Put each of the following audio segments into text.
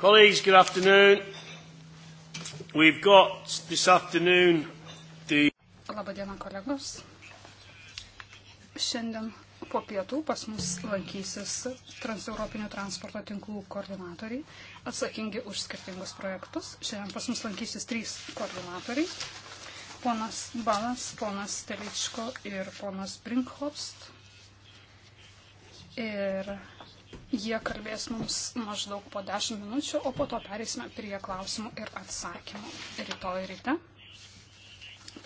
Colleagues, good afternoon. We've got this afternoon the... Labadiena, kolegos. Šiandien po pietų pas mus lankysis transeuropinio transporto tinklų koordinatoriai, atsakingi už skirtingus projektus. Šiandien pas mus lankysis trys koordinatoriai. Ponas Balas, ponas Teličko ir ponas Brinkhost. Ir Jie kalbės mums maždaug po 10 minučių, o po to pereisime prie klausimų ir atsakymų. Rytoj ryte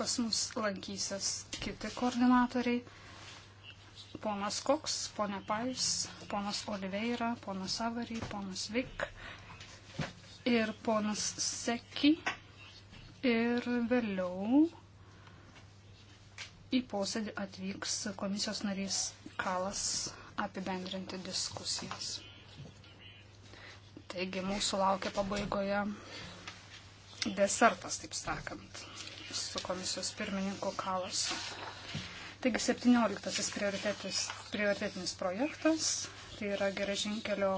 pas mus lankysis kiti koordinatoriai. Ponas Koks, ponė Pais, ponas Oliveira, ponas Savary, ponas Vik ir ponas Seki. Ir vėliau į posėdį atvyks komisijos narys Kalas apibendrinti diskusijas. Taigi mūsų laukia pabaigoje desertas, taip sakant, su komisijos pirmininku Kalasu. Taigi 17 prioritetinis projektas, tai yra geležinkelio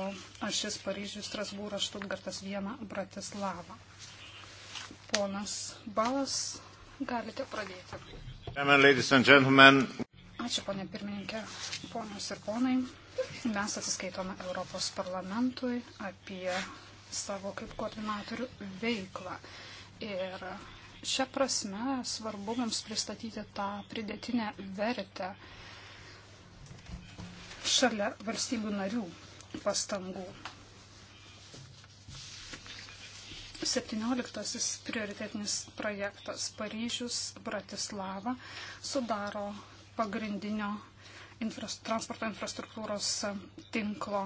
ašis Paryžius, Strasbūras, Štutgartas, Viena, Bratislava. Ponas Balas, galite pradėti. Ačiū, ponė pirmininkė, ponios ir ponai. Mes atsiskaitome Europos parlamentui apie savo kaip koordinatorių veiklą. Ir šią prasme svarbu mums pristatyti tą pridėtinę vertę šalia valstybių narių pastangų. 17 prioritetinis projektas Paryžius Bratislava sudaro pagrindinio infras, transporto infrastruktūros tinklo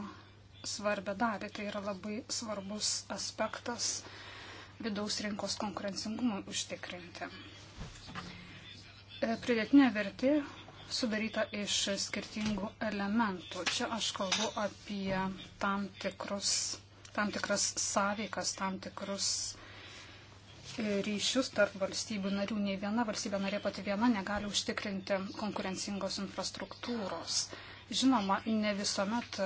svarbę dalį. Tai yra labai svarbus aspektas vidaus rinkos konkurencingumui užtikrinti. E, pridėtinė vertė sudaryta iš skirtingų elementų. Čia aš kalbu apie tam, tikrus, tam tikras sąveikas, tam tikrus ryšius tarp valstybių narių. Nei viena valstybė narė pati viena negali užtikrinti konkurencingos infrastruktūros. Žinoma, ne visuomet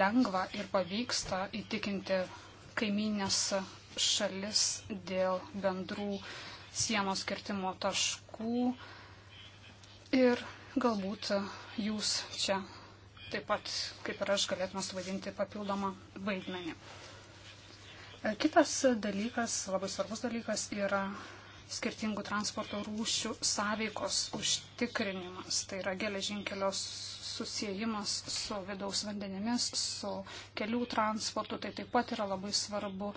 lengva ir pavyksta įtikinti kaiminės šalis dėl bendrų sienos kirtimo taškų. Ir galbūt jūs čia taip pat, kaip ir aš, galėtume suvaidinti papildomą vaidmenį. Kitas dalykas, labai svarbus dalykas yra skirtingų transporto rūšių sąveikos užtikrinimas. Tai yra geležinkelio susijimas su vidaus vandenimis, su kelių transportu. Tai taip pat yra labai svarbu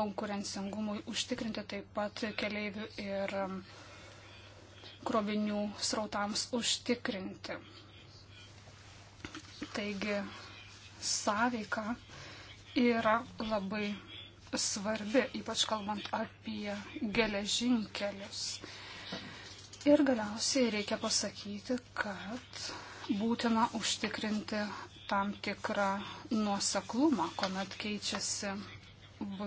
konkurencingumui užtikrinti, taip pat keleivių ir um, krovinių srautams užtikrinti. Taigi sąveika yra labai svarbi, ypač kalbant apie geležinkelius. Ir galiausiai reikia pasakyti, kad būtina užtikrinti tam tikrą nuoseklumą, kuomet keičiasi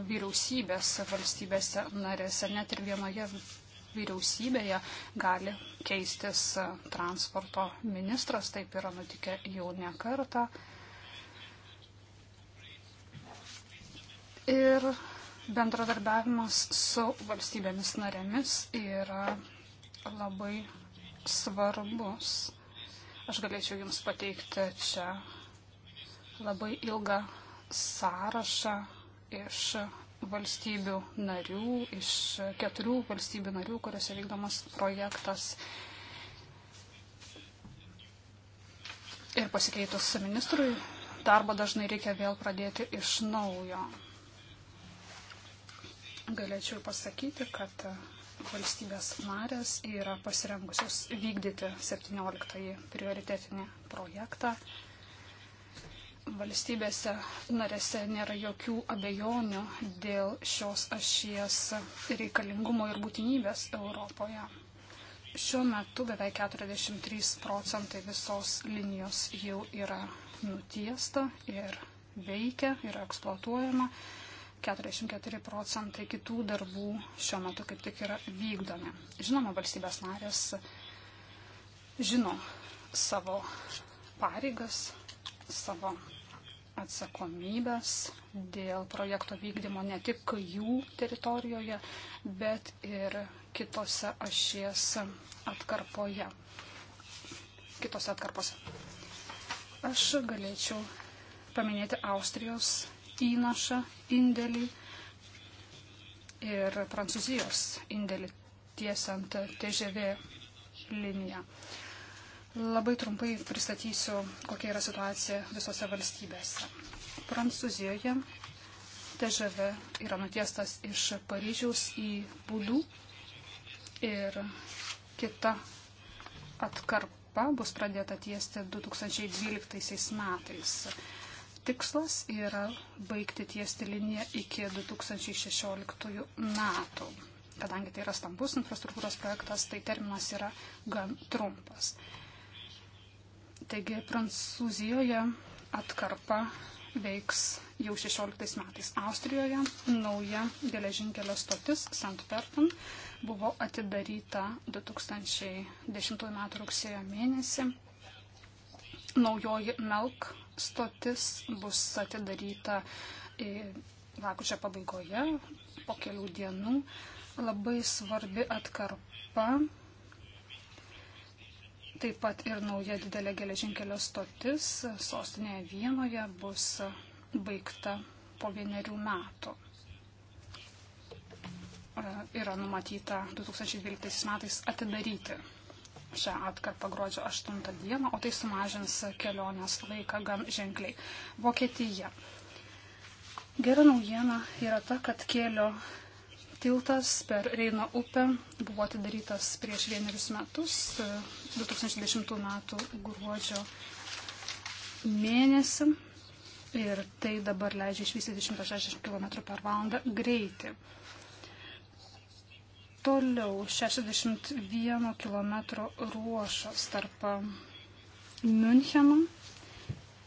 vyriausybės valstybėse narėse, net ir vienoje vyriausybėje gali keistis transporto ministras, taip yra nutikę jau ne kartą. Ir bendradarbiavimas su valstybėmis narėmis yra labai svarbus. Aš galėčiau Jums pateikti čia labai ilgą sąrašą iš valstybių narių, iš keturių valstybių narių, kuriuose vykdomas projektas. Ir pasikeitus ministrui, darbą dažnai reikia vėl pradėti iš naujo galėčiau pasakyti, kad valstybės narės yra pasirengusios vykdyti 17-ąjį prioritetinį projektą. Valstybėse narėse nėra jokių abejonių dėl šios ašies reikalingumo ir būtinybės Europoje. Šiuo metu beveik 43 procentai visos linijos jau yra nutiesta ir veikia, yra eksploatuojama. 44 procentai kitų darbų šiuo metu kaip tik yra vykdomi. Žinoma, valstybės narės žino savo pareigas, savo atsakomybės dėl projekto vykdymo ne tik jų teritorijoje, bet ir kitose ašies atkarpoje. Kitose atkarpose. Aš galėčiau paminėti Austrijos įnašą, indėlį ir Prancūzijos indėlį tiesiant TŽV liniją. Labai trumpai pristatysiu, kokia yra situacija visose valstybėse. Prancūzijoje TŽV yra nutiestas iš Paryžiaus į Būdų ir kita atkarpa bus pradėta tiesti 2012 metais tikslas yra baigti tiesti liniją iki 2016 metų. Kadangi tai yra stambus infrastruktūros projektas, tai terminas yra gan trumpas. Taigi Prancūzijoje atkarpa veiks jau 16 metais. Austrijoje nauja geležinkelio stotis St. Perton buvo atidaryta 2010 m. rugsėjo mėnesį. Naujoji Melk stotis bus atidaryta lakučio pabaigoje po kelių dienų. Labai svarbi atkarpa. Taip pat ir nauja didelė geležinkelio stotis sostinėje Vienoje bus baigta po vienerių metų yra numatyta 2012 metais atidaryti šią atkarpą gruodžio 8 dieną, o tai sumažins kelionės laiką gan ženkliai. Vokietija. Gera naujiena yra ta, kad kėlio tiltas per Reino upę buvo atidarytas prieš vienerius metus, 2010 m. gruodžio mėnesį. Ir tai dabar leidžia išvystyti 160 km per valandą greitį. Toliau 61 km ruošas tarp Müncheno um,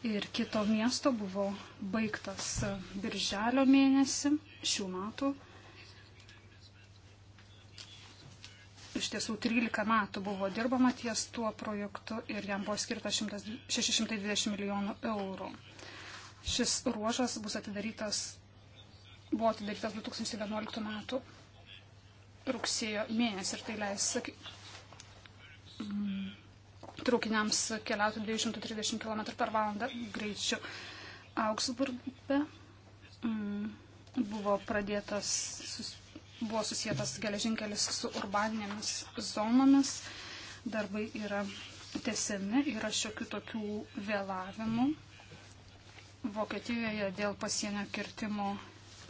ir kito miesto buvo baigtas um, birželio mėnesį šių metų. Iš tiesų 13 metų buvo dirbama ties tuo projektu ir jam buvo skirta 620 milijonų eurų. Šis ruožas bus atidarytas, buvo atidarytas 2011 metų rugsėjo mėnesį ir tai leis mm, traukiniams keliauti 230 km per valandą greičiu. Augsburgbe mm, buvo pradėtas, buvo susijęs geležinkelis su urbaninėmis zonomis. Darbai yra tesiami, yra šiokių tokių vėlavimų. Vokietijoje dėl pasienio kirtimo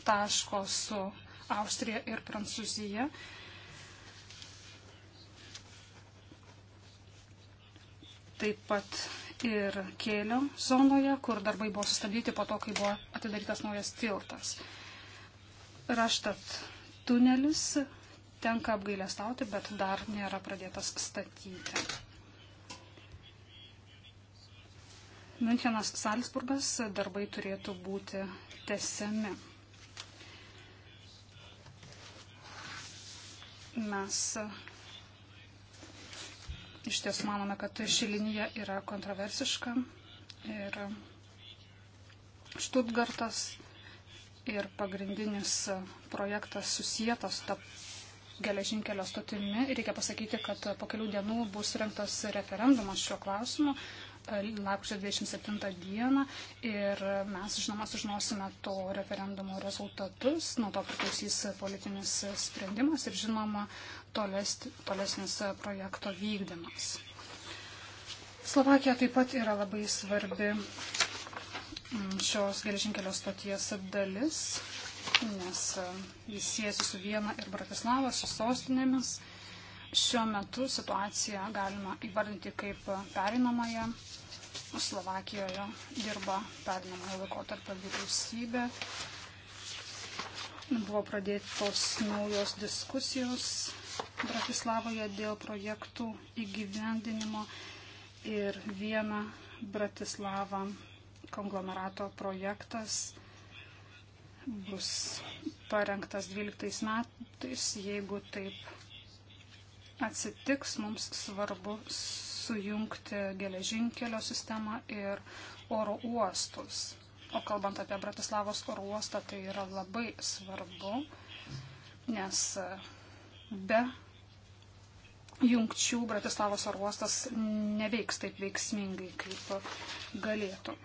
taško su Austrija ir Prancūzija. Taip pat ir kėlio zonoje, kur darbai buvo sustabdyti po to, kai buvo atidarytas naujas tiltas. Raštat tunelis tenka apgailestauti, bet dar nėra pradėtas statyti. Münchenas Salzburgas darbai turėtų būti tesiami. Mes iš tiesų manome, kad ši linija yra kontroversiška ir Štutgartas ir pagrindinis projektas susijęs su ta geležinkelio stotimi. Reikia pasakyti, kad po kelių dienų bus rinktas referendumas šiuo klausimu lapkričio 27 dieną ir mes, žinoma, sužinosime to referendumo rezultatus, nuo to priklausys politinis sprendimas ir, žinoma, toles, tolesnis projekto vykdymas. Slovakija taip pat yra labai svarbi mm, šios geležinkelio stoties dalis, nes mm, jis siejasi su Viena ir Bratislava, su sostinėmis. Šiuo metu situaciją galima įvardinti kaip perinamąją. Slovakijoje dirba perinamojo laikotarpio vyriausybė. Buvo pradėtos naujos diskusijos Bratislavoje dėl projektų įgyvendinimo ir viena Bratislava konglomerato projektas bus parengtas 12 metais, jeigu taip atsitiks, mums svarbu sujungti geležinkelio sistemą ir oro uostus. O kalbant apie Bratislavos oro uostą, tai yra labai svarbu, nes e, be jungčių Bratislavos oro uostas neveiks taip veiksmingai, kaip galėtų.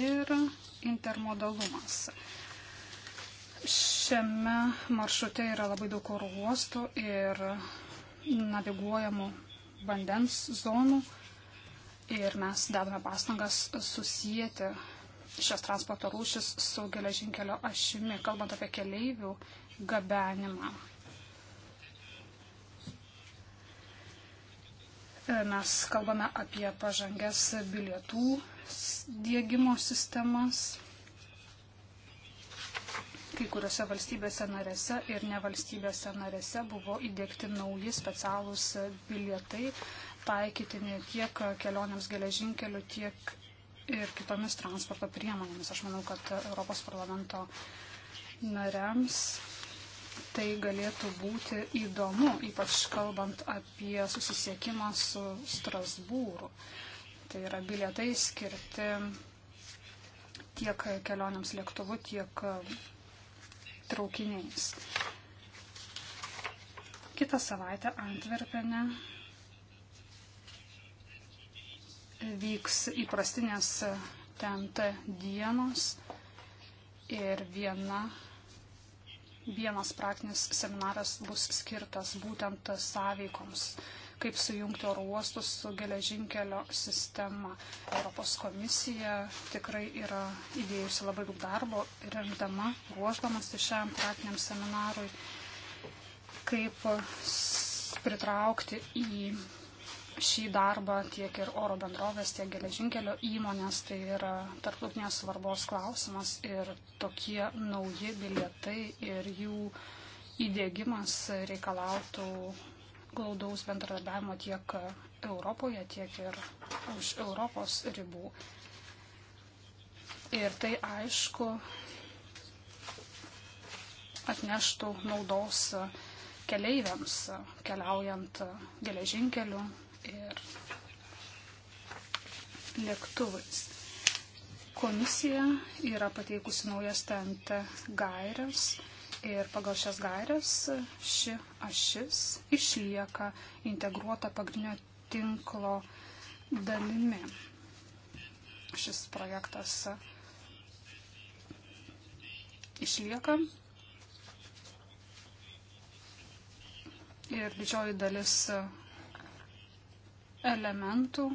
Ir intermodalumas. Šiame maršrute yra labai daug oro uostų ir naviguojamų vandens zonų ir mes dedame pastangas susijęti šias transporto rūšis su geležinkelio ašimi, kalbant apie keleivių gabenimą. Mes kalbame apie pažangės bilietų dėgymo sistemas Kai kuriuose valstybėse narėse ir nevalstybėse narėse buvo įdėkti nauji specialūs bilietai, taikytini tiek kelionėms geležinkeliu, tiek ir kitomis transporto priemonėmis. Aš manau, kad Europos parlamento nariams tai galėtų būti įdomu, ypač kalbant apie susisiekimą su Strasbūru. Tai yra bilietai skirti tiek kelionėms lėktuvu, tiek traukiniais. Kitą savaitę Antverpene vyks įprastinės TNT dienos ir viena, vienas praktinis seminaras bus skirtas būtent sąveikoms kaip sujungti oro uostus su geležinkelio sistema. Europos komisija tikrai yra įdėjusi labai daug darbo ir remdama, ruoždamasi šiam praktiniam seminarui, kaip pritraukti į šį darbą tiek ir oro bendrovės, tiek geležinkelio įmonės, tai yra tarptautinės svarbos klausimas ir tokie nauji bilietai ir jų įdėgymas reikalautų glaudaus bendradarbiavimo tiek Europoje, tiek ir už Europos ribų. Ir tai aišku atneštų naudos keleiviams keliaujant geležinkeliu ir lėktuvais. Komisija yra pateikusi naujas TNT gairias Ir pagal šias gairias ši ašis išlieka integruota pagrindinio tinklo dalimi. Šis projektas išlieka ir didžioji dalis elementų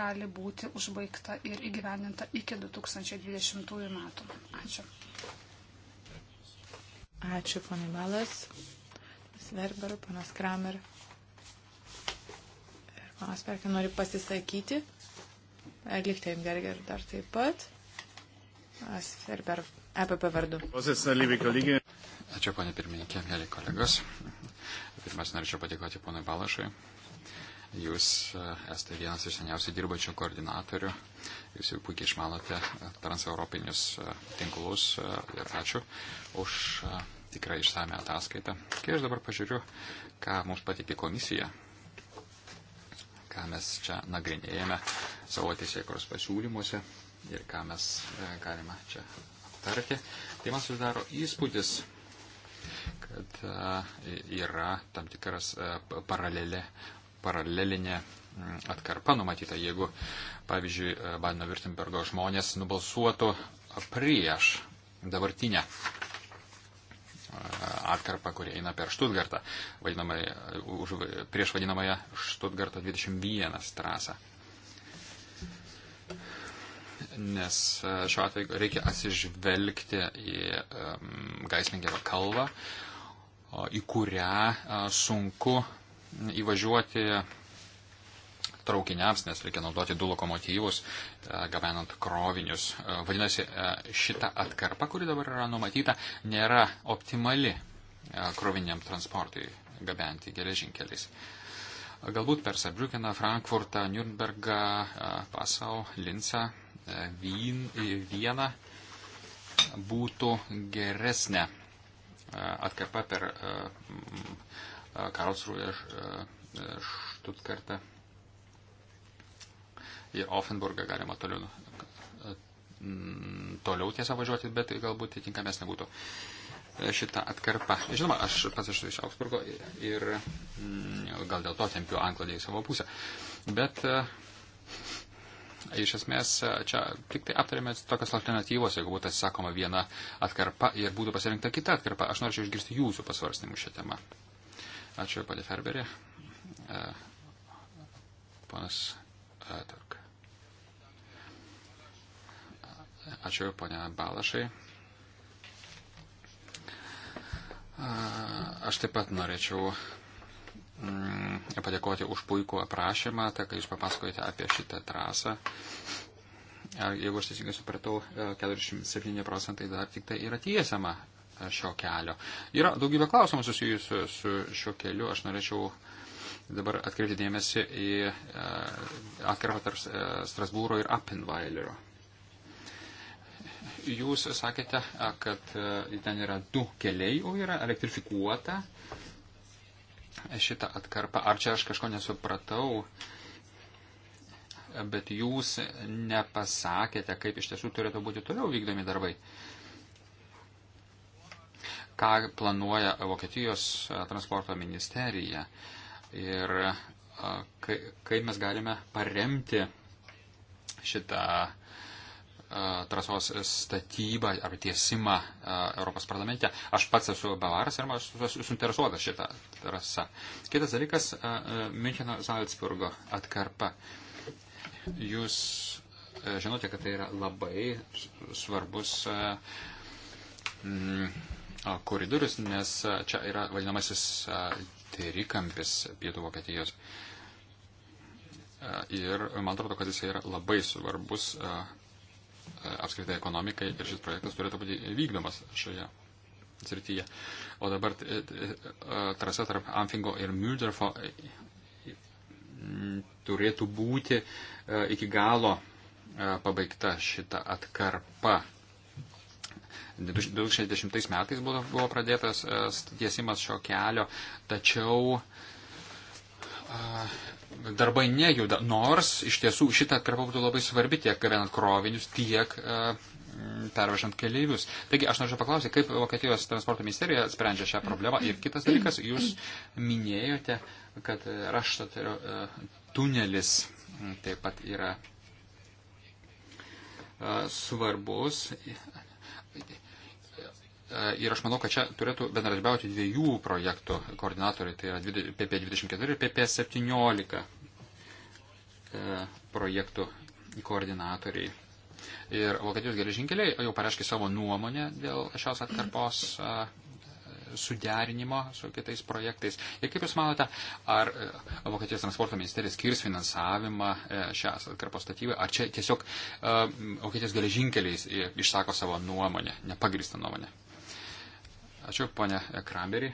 gali būti užbaigta ir įgyvendinta iki 2020 metų. Ačiū. Ačiū, ponai Balas, Sverber, panas Kramer. Ir panas Perkė nori pasisakyti. Lichtenberger dar taip pat. Sverber, EPP vardu. Ačiū, ponė pirmininkė, mėly kolegos. Pirmiausia, norėčiau padėkoti ponui Balašui Jūs e, esate vienas iš seniausiai dirbačių koordinatorių. Jūs jau puikiai išmanote e, transeuropinius e, tinklus ir ačiū už tikrai išsame ataskaitą. Kai aš dabar pažiūriu, ką mums patikė komisija, ką mes čia nagrinėjame savo teisėkros pasiūlymuose ir ką mes galime čia aptarti, tai man susidaro įspūdis, kad yra tam tikras paralelė paralelinė mm, atkarpa numatyta, jeigu, pavyzdžiui, Badeno-Virtembergo žmonės nubalsuotų prieš dabartinę e, atkarpą, kurie eina per Štutgartą, už, prieš vadinamąją Štutgarto 21 trasą. Nes e, šiuo atveju reikia atsižvelgti į um, e, Gaislingerio kalvą, į kurią sunku įvažiuoti traukiniams, nes reikia naudoti du lokomotyvus, e, gabenant krovinius. E, vadinasi, e, šita atkarpa, kuri dabar yra numatyta, nėra optimali kroviniam transportui gabenti geležinkeliais. Galbūt per Sabriukeną, Frankfurtą, Nürnbergą, Pasau, Lincą, Vien, Vieną būtų geresnė atkarpa per Karlsruhe, Štutkartą e, e, į Offenburgą galima toliau, e, toliau tiesą važiuoti, bet galbūt tinkamesnė būtų šita atkarpa. Žinoma, aš pats esu iš Augsburgo ir gal dėl to tempiu anklodį į savo pusę. Bet iš esmės čia tik tai aptarėme tokias alternatyvos, jeigu būtų atsisakoma viena atkarpa ir būtų pasirinkta kita atkarpa. Aš norėčiau išgirsti jūsų pasvarstymų šią temą. Ačiū, padė Ferberė. E, ponas e, Turk. Ačiū, ponia Balašai. E, aš taip pat norėčiau mm, padėkoti už puikų aprašymą, tai kai jūs papasakojate apie šitą trasą. Jeigu aš teisingai supratau, 47 procentai dar tik tai yra tiesiama šio kelio. Yra daugybė klausimų susijusių su šiuo keliu. Aš norėčiau dabar atkreipti dėmesį į e, atkarpą tarp e, Strasbūro ir Appenvailerio. Jūs sakėte, e, kad ten yra du keliai, o yra elektrifikuota šitą atkarpą. Ar čia aš kažko nesupratau? Bet jūs nepasakėte, kaip iš tiesų turėtų būti toliau vykdomi darbai. Uh, ką planuoja Vokietijos e, transporto ministerija ir e, kaip mes galime paremti šitą e, trasos statybą ar tiesimą Europos parlamente. Aš pats esu bavaras ir aš esu suinteresuotas šitą trasą. Kitas dalykas - Müncheno Salzburgo atkarpa. Jūs žinote, kad tai yra labai svarbus koridorius, nes čia yra vadinamasis trikampis pietų Vokietijos. Ir man atrodo, kad jis yra labai svarbus apskritai ekonomikai ir šis projektas turėtų būti vykdomas šioje srityje. O dabar trasa tarp Amfingo ir Müldorfo turėtų būti iki galo pabaigta šita atkarpa. 2010 metais buvo, buvo pradėtas e, tiesimas šio kelio, tačiau e, darbai nejuda, nors iš tiesų šitą atkarpą būtų labai svarbi tiek gabenant krovinius, tiek e, pervežant keleivius. Taigi aš noriu paklausyti, kaip Vokietijos transporto ministerija sprendžia šią problemą. Ir kitas dalykas, jūs minėjote, kad Raštaterio tunelis taip pat yra svarbus. E, ir aš manau, kad čia turėtų bendradarbiauti dviejų projektų koordinatoriai, tai yra PP24 ir PP17 e, projektų koordinatoriai. Ir Vokietijos geležinkeliai jau pareiškė savo nuomonę dėl šios atkarpos e, suderinimo su kitais projektais. Ir kaip Jūs manote, ar Vokietijos transporto ministerija skirs finansavimą šią atkarpos statybą, ar čia tiesiog Vokietijos geležinkeliais išsako savo nuomonę, nepagristą nuomonę? Ačiū, ponia Kramberį.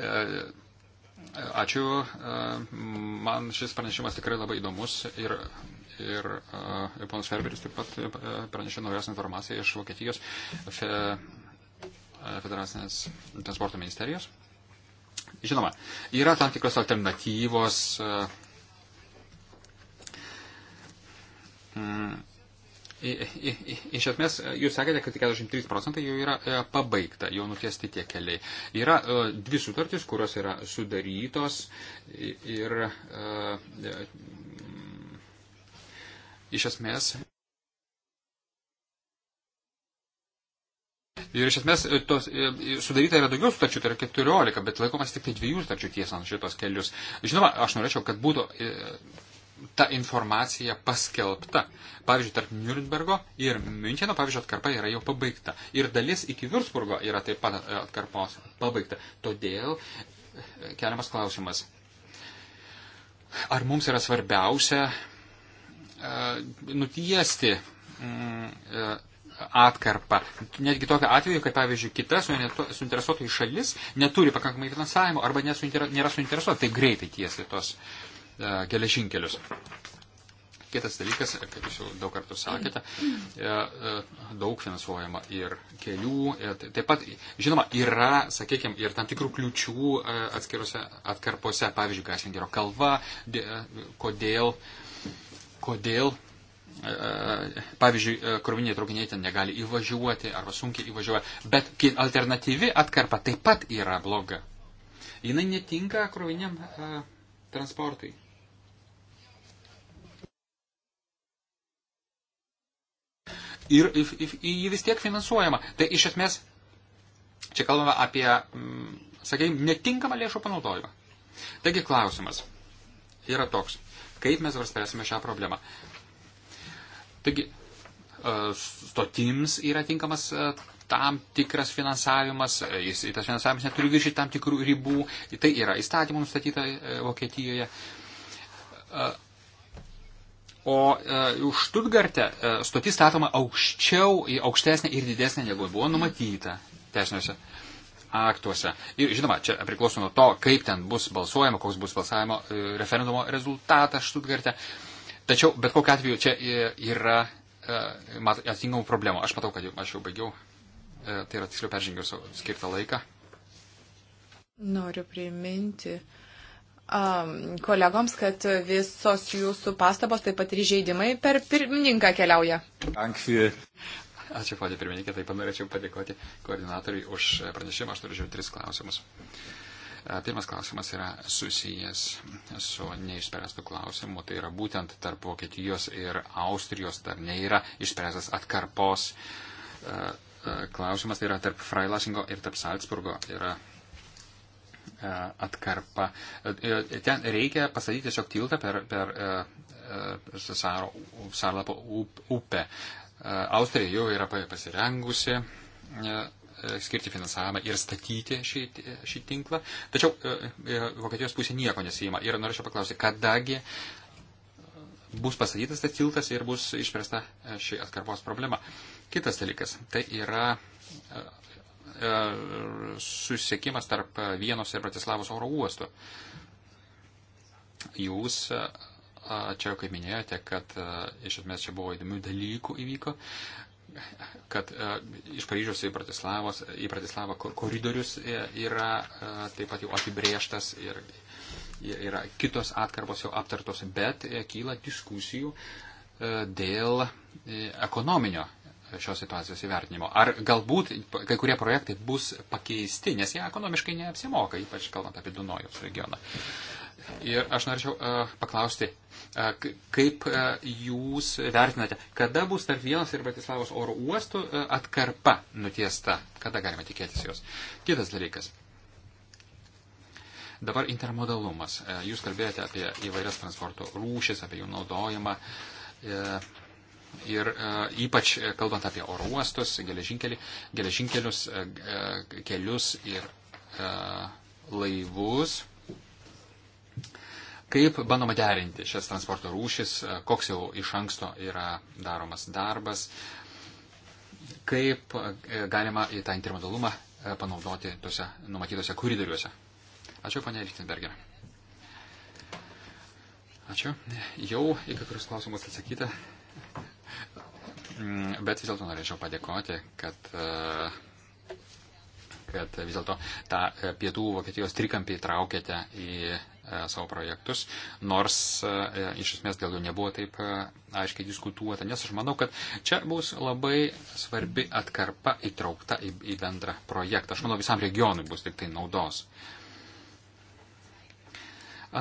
E, ačiū. E, man šis pranešimas tikrai labai įdomus ir, ir, e, ir ponas Ferberis taip pat pranešė naujas informaciją iš Vokietijos fe, federacinės transporto ministerijos. Žinoma, yra tam tikros alternatyvos. Mm Iš esmės, e, jūs sakėte, kad 43 procentai jau yra e, pabaigta, jau nutiesti tie keliai. Yra e, dvi sutartys, kurios yra sudarytos ir iš esmės. Ir iš esmės tos, sudaryta yra daugiau sutarčių, tai yra 14, bet laikomas tik tai dviejų sutarčių tiesant šitos kelius. Žinoma, aš norėčiau, kad būtų ta informacija paskelbta. Pavyzdžiui, tarp Nürnbergo ir Müncheno, pavyzdžiui, atkarpa yra jau pabaigta. Ir dalis iki Würzburgo yra taip pat atkarpos pabaigta. Todėl e, keliamas klausimas. Ar mums yra svarbiausia e, nutiesti mm, e, atkarpą. Netgi tokiu atveju, kai pavyzdžiui kita suinteresuotojų šalis neturi pakankamai finansavimo arba nėra suinteresuota, tai greitai tiesi tos E, geležinkelius. Kitas dalykas, kaip jūs jau daug kartų sakėte, e, e, daug finansuojama ir kelių. Taip pat, žinoma, yra, sakykime, ir tam tikrų kliučių atskirose atkarpose, pavyzdžiui, Gaslingero kalva, kodėl, kodėl pavyzdžiui, kroviniai traukiniai ten negali įvažiuoti arba sunkiai įvažiuoja, bet alternatyvi atkarpa taip pat yra bloga. Jis netinka kroviniam transportui. ir jį vis tiek finansuojama. Tai iš esmės čia kalbame apie, mm, sakėjim, netinkamą lėšų panaudojimą. Taigi klausimas yra toks, kaip mes spręsime šią problemą. Taigi, e, stotims yra tinkamas e, tam tikras finansavimas, e, jis, tas finansavimas neturi viršyti tam tikrų ribų, tai yra įstatymų nustatyta Vokietijoje. O e, už Stuttgartę e, stotis statoma aukščiau, aukštesnė ir didesnė, negu buvo numatyta teisiniuose aktuose. Ir žinoma, čia priklauso nuo to, kaip ten bus balsuojama, koks bus balsavimo e, referendumo rezultatas Stuttgartė. Tačiau bet kokiu atveju čia e, yra e, atitinkamų problemų. Aš matau, kad jau, aš jau baigiau. E, tai yra tiksliau peržengiau savo skirtą laiką. Noriu priminti Um, kolegoms, kad visos jūsų pastabos, taip pat ir žaidimai per pirmininką keliauja. Anksti. Ačiū, ponė pirmininkė, taip pat norėčiau padėkoti koordinatoriui už pranešimą. Aš turiu tris klausimus. E, pirmas klausimas yra susijęs su neišspręstu klausimu, tai yra būtent tarp Vokietijos ir Austrijos dar nėra išspręstas atkarpos e, e, klausimas, tai yra tarp Freilasingo ir tarp Salzburgo yra E, atkarpa. E, ten reikia pastatyti tiesiog tiltą per, per e, Sarlapo upę. Austrija jau yra pasirengusi skirti finansavimą ir statyti šį, šį tinklą. Tačiau Vokietijos pusė nieko nesijima. Ir norėčiau paklausti, kadagi bus pastatytas tas tiltas ir bus išspręsta ši atkarpos problema. Kitas dalykas, tai yra E, susiekimas tarp Vienos ir Bratislavos oro uostų. Jūs e, čia jau kaip minėjote, kad e, iš esmės čia buvo įdomių dalykų įvyko kad iš Paryžiaus į, Bratislavos, į Bratislavą koridorius yra taip pat jau apibrėžtas ir yra kitos atkarpos jau aptartos, bet kyla diskusijų dėl ekonominio šios situacijos įvertinimo. Ar galbūt kai kurie projektai bus pakeisti, nes jie ekonomiškai neapsimoka, ypač kalbant apie Dunojaus regioną. Ir aš norėčiau uh, paklausti, uh, kaip uh, jūs vertinate, kada bus tarp vienas ir Bratislavos oro uostų uh, atkarpa nutiesta, kada galime tikėtis jos. Kitas dalykas. Dabar intermodalumas. Jūs kalbėjote apie įvairias transporto rūšis, apie jų naudojimą. Uh, Ir e, ypač e, kalbant apie oro uostus, geležinkelius, e, e, kelius ir e, laivus, kaip bandoma derinti šias transporto rūšis, e, koks jau iš anksto yra daromas darbas, kaip galima į tą intermodalumą panaudoti tuose numatytose koridoriuose. Ačiū, ponė Lichtenberger. Ačiū. Jau į kai kurius klausimus atsakyta. Mm, bet vis dėlto norėčiau padėkoti, kad, e, kad vis dėlto tą e, pietų Vokietijos trikampį traukėte į e, savo projektus, nors iš esmės dėl jų nebuvo taip aiškiai diskutuota, nes aš manau, kad čia bus labai svarbi atkarpa įtraukta į, į bendrą projektą. Aš manau, visam regionui bus tik tai naudos.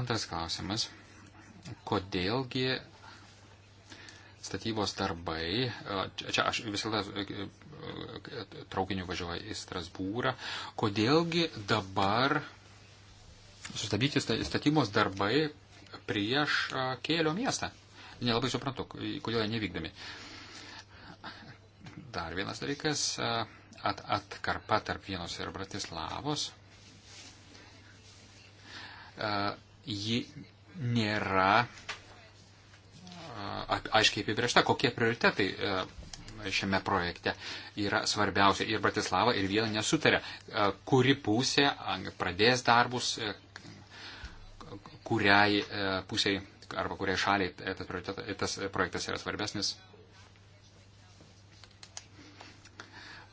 Antras klausimas. Kodėlgi statybos darbai, čia aš visada traukiniu važiuoju į Strasbūrą, kodėlgi dabar sustabdyti statybos darbai prieš Kėlio miestą? Nelabai suprantu, kodėl jie nevykdami. Dar vienas dalykas, at, atkarpa tarp Vienos ir Bratislavos. Ji nėra aiškiai apibriešta, kokie prioritetai e, šiame projekte yra svarbiausia. Ir Bratislava ir Viena nesutarė, e, kuri pusė pradės darbus, e, kuriai pusiai arba kuriai šaliai tas, tas projektas yra svarbesnis.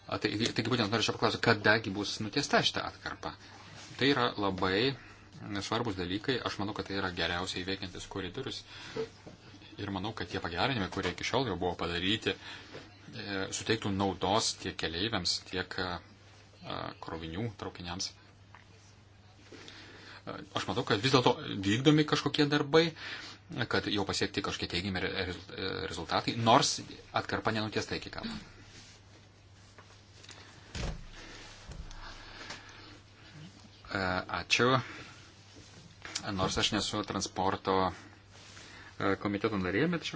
Taigi, taigi būtent norėčiau paklausti, kadagi bus nutiesta šitą atkarpą. Tai yra labai svarbus dalykai, aš manau, kad tai yra geriausiai veikiantis koridorius ir manau, kad tie pagerinimai, kurie iki šiol jau buvo padaryti, e, suteiktų naudos tiek keleiviams, tiek e, e, krovinių traukiniams. Aš matau, kad vis dėlto vykdomi kažkokie darbai, kad jau pasiekti kažkokie teigiami rezultatai, nors atkarpa nenutiesta iki galo. Ačiū. Nors aš nesu transporto E, komiteto narė, bet,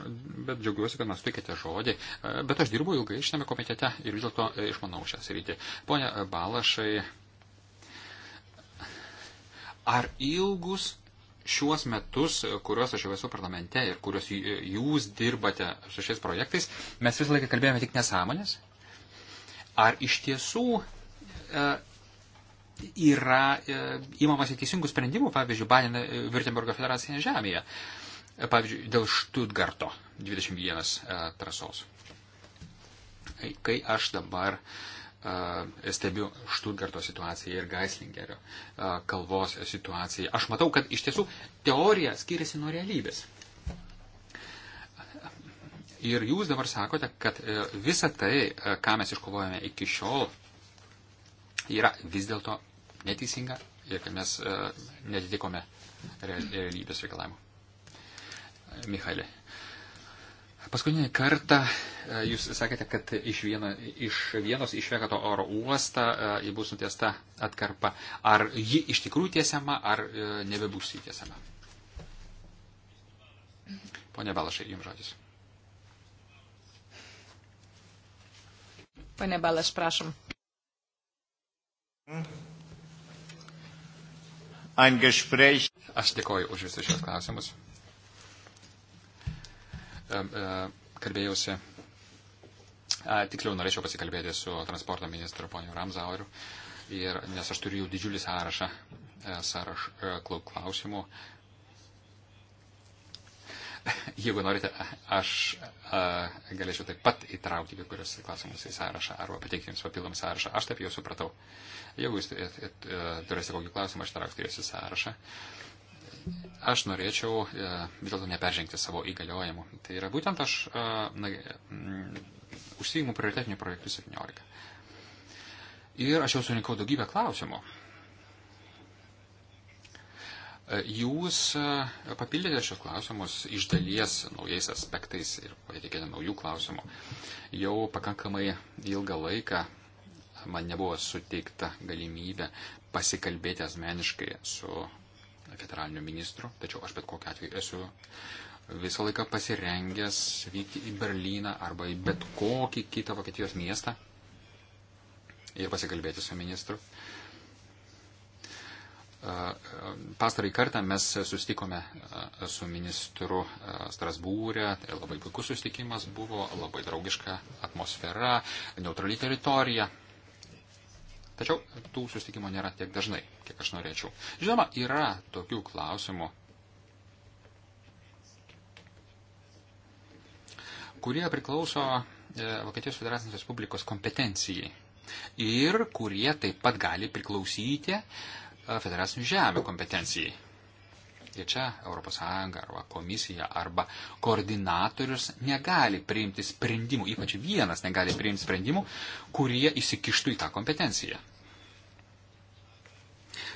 bet džiaugiuosi, kad man sutikėte žodį. E, bet aš dirbu ilgai šitame komitete ir vis dėlto e, išmanau šią sritį. Pone Balašai, ar ilgus šiuos metus, kuriuos aš jau esu parlamente ir kuriuos jūs dirbate su šiais projektais, mes visą laiką kalbėjome tik nesąmonės? Ar iš tiesų e, yra e, įmamasi teisingų sprendimų, pavyzdžiui, Banin Virtembergo federacinėje žemėje? E, pavyzdžiui, dėl Štutgarto 21 e, trasos. Kai aš dabar e, stebiu Štutgarto situaciją ir Geislingerio e, kalvos situaciją, aš matau, kad iš tiesų teorija skiriasi nuo realybės. Ir jūs dabar sakote, kad visa tai, ką mes iškovojame iki šiol, yra vis dėlto neteisinga ir kad mes netitikome realybės reikalavimų. Mihailė. Paskutinį kartą e, jūs sakėte, kad iš, vieno, iš vienos išvekato oro uostą e, ji bus nutiesta atkarpa. Ar ji iš tikrųjų tiesiama, ar e, nebebūs jį tiesiama? Pone Balašai, jums žodis. Pane Balaš, prašom. Aš dėkoju už visus šios klausimus. E, e, kalbėjausi, tiksliau norėčiau pasikalbėti su transporto ministru poniu Ramzauriu, ir, nes aš turiu jau didžiulį sąrašą, e, sąrašą klausimų. Jeigu norite, aš a, galėčiau taip pat įtraukti kai kurios klausimus į sąrašą arba pateikti jums papildomą sąrašą. Aš taip jau supratau. Jeigu jūs turėsite kokį klausimą, aš trauksiu jūsų sąrašą. Aš norėčiau e, vis dėlto neperžengti savo įgaliojimų. Tai yra būtent aš e, na, mm, užsijimu prioritetinių projektų 17. Ir aš jau surinkau daugybę klausimų. E, jūs papildėte šios klausimus iš dalies naujais aspektais ir pateikėte naujų klausimų. Jau pakankamai ilgą laiką man nebuvo suteikta galimybė pasikalbėti asmeniškai su federaliniu ministru, tačiau aš bet kokiu atveju esu visą laiką pasirengęs vykti į Berliną arba į bet kokį kitą Vokietijos miestą ir pasikalbėti su ministru. Pastarai kartą mes sustikome su ministru Strasbūrė, tai labai puikus sustikimas buvo, labai draugiška atmosfera, neutrali teritorija, Tačiau tų susitikimų nėra tiek dažnai, kiek aš norėčiau. Žinoma, yra tokių klausimų, kurie priklauso e, Vokietijos Federacinės Respublikos kompetencijai ir kurie taip pat gali priklausyti e, federacinių žemė kompetencijai. Ir čia ES arba komisija arba koordinatorius negali priimti sprendimų, ypač vienas negali priimti sprendimų, kurie įsikištų į tą kompetenciją.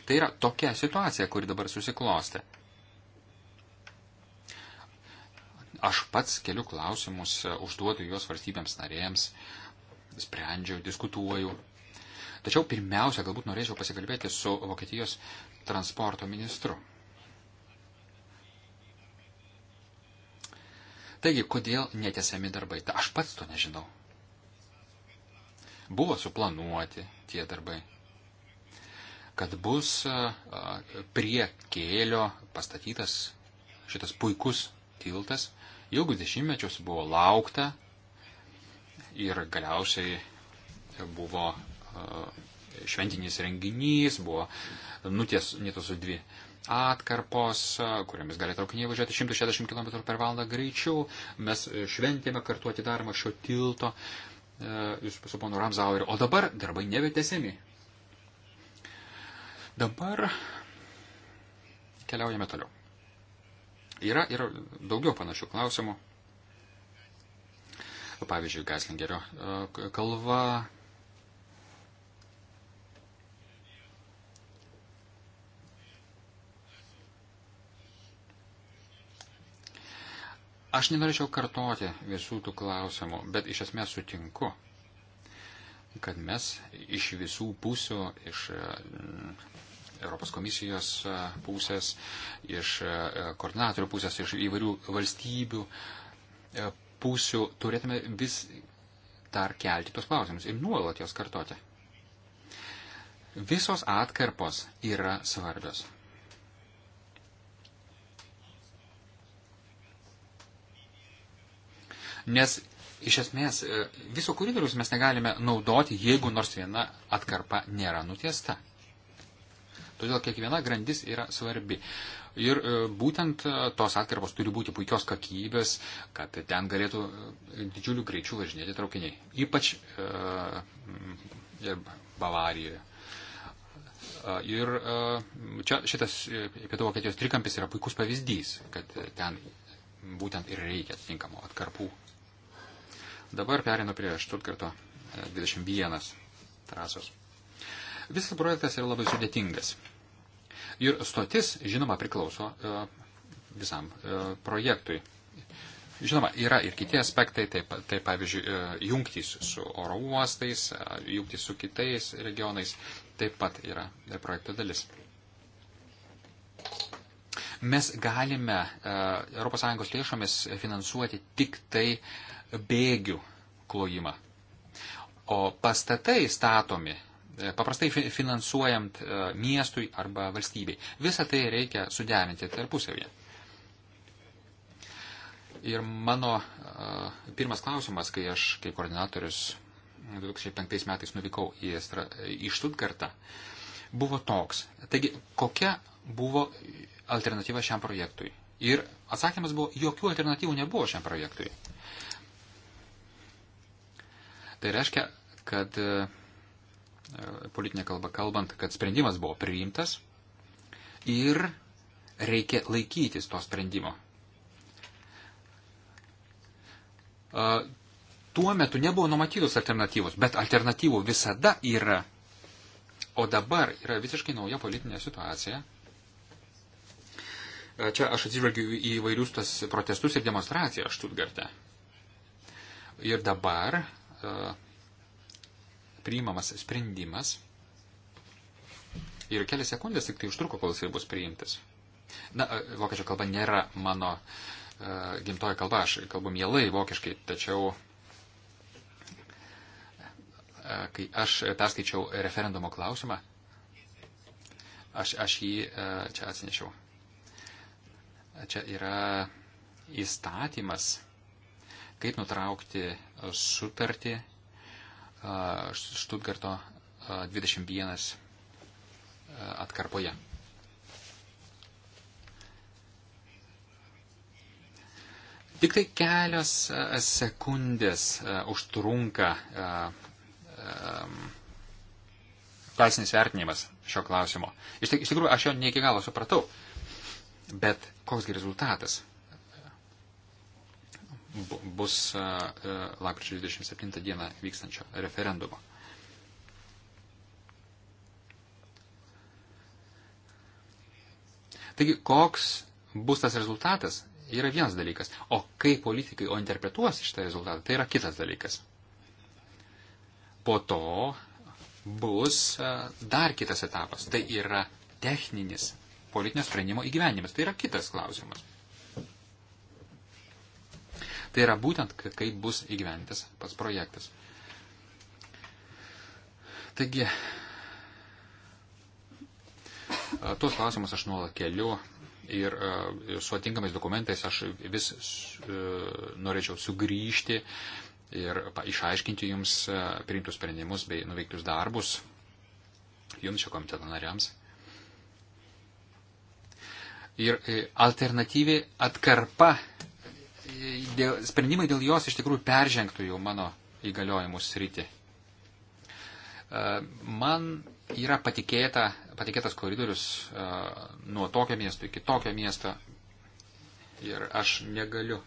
Tai yra tokia situacija, kuri dabar susiklosti. Aš pats keliu klausimus, užduodu juos valstybėms narėms, sprendžiu, diskutuoju. Tačiau pirmiausia, galbūt norėčiau pasikalbėti su Vokietijos transporto ministru. Taigi, kodėl netesiami darbai? Ta aš pats to nežinau. Buvo suplanuoti tie darbai kad bus prie kėlio pastatytas šitas puikus tiltas. Ilgus dešimtmečius buvo laukta ir galiausiai buvo šventinis renginys, buvo nutiesos dvi atkarpos, kuriamis gali traukiniai važiuoti 160 km per valandą greičiau. Mes šventėme kartu atidarimą šio tilto jūs su ponu Ramzaueriu. O dabar darbai nebetesiami. Dabar keliaujame toliau. Yra ir daugiau panašių klausimų. Pavyzdžiui, Gaslingerio e, kalva. Aš nenorėčiau kartoti visų tų klausimų, bet iš esmės sutinku, kad mes iš visų pusių, iš Europos komisijos e, pusės, iš e, koordinatorių pusės, iš įvairių valstybių e, pusių turėtume vis dar kelti tos klausimus ir nuolat jos kartoti. Visos atkarpos yra svarbios. Nes iš esmės viso koridorius mes negalime naudoti, jeigu nors viena atkarpa nėra nutiesta. Todėl kiekviena grandis yra svarbi. Ir e, būtent e, tos atkarpos turi būti puikios kokybės, kad ten galėtų e, didžiulių greičių važinėti traukiniai. Ypač e, Bavarijoje. Ir čia šitas Pietų Vokietijos trikampis yra puikus pavyzdys, kad ten būtent ir reikia atitinkamų atkarpų. Dabar perinu prie Štutgarto 21 trasos. Visas projektas yra labai sudėtingas. Ir stotis, žinoma, priklauso e, visam e, projektui. Žinoma, yra ir kiti aspektai, taip, taip pavyzdžiui, e, jungtys su oro uostais, jungtys su kitais regionais, taip pat yra projekto dalis. Mes galime ES lėšomis finansuoti tik tai bėgių klojimą. O pastatai statomi E, paprastai finansuojant e, miestui arba valstybei. Visą tai reikia suderinti tarpusavėje. Ir mano e, pirmas klausimas, kai aš kaip koordinatorius 2005 metais nuvykau į, į Štutgartą, buvo toks. Taigi, kokia buvo alternatyva šiam projektui? Ir atsakymas buvo, jokių alternatyvų nebuvo šiam projektui. Tai reiškia, kad uh, politinė kalba kalbant, kad sprendimas buvo priimtas ir reikia laikytis to sprendimo. Tuo metu nebuvo numatytos alternatyvos, bet alternatyvų visada yra. O dabar yra visiškai nauja politinė situacija. Čia aš atsižvelgiu į vairius tas protestus ir demonstracijas Štutgarte. Ir dabar priimamas sprendimas ir kelias sekundės tik tai užtruko, kol jisai bus priimtas. Na, e, vokiečių kalba nėra mano uh, gimtoji kalba, aš kalbu mielai vokiškai, tačiau uh, kai aš perskaičiau referendumo klausimą, aš, aš jį uh, čia atsinešiau. Čia yra įstatymas, kaip nutraukti sutartį Štutgarto 21 atkarpoje. Tik tai kelios sekundės užtrunka klasinis vertinimas šio klausimo. Iš tikrųjų, aš jo ne iki galo supratau, bet koksgi rezultatas bus e, e, lapkričio 27 dieną vykstančio referendumo. Taigi, koks bus tas rezultatas, yra vienas dalykas. O kai politikai o interpretuos šitą rezultatą, tai yra kitas dalykas. Po to bus e, dar kitas etapas. Tai yra techninis politinio sprendimo įgyvenimas. Tai yra kitas klausimas. Tai yra būtent, kaip bus įgyventis pats projektas. Taigi, tuos klausimus aš nuolat keliu ir su atinkamais dokumentais aš vis e, norėčiau sugrįžti ir išaiškinti jums priimtus sprendimus bei nuveiktus darbus jums šio komiteto nariams. Ir e, alternatyvi atkarpa dėl, sprendimai dėl jos iš tikrųjų peržengtų jau mano įgaliojimus rytį. E, man yra patikėta, patikėtas koridorius e, nuo tokio miesto iki tokio miesto ir aš negaliu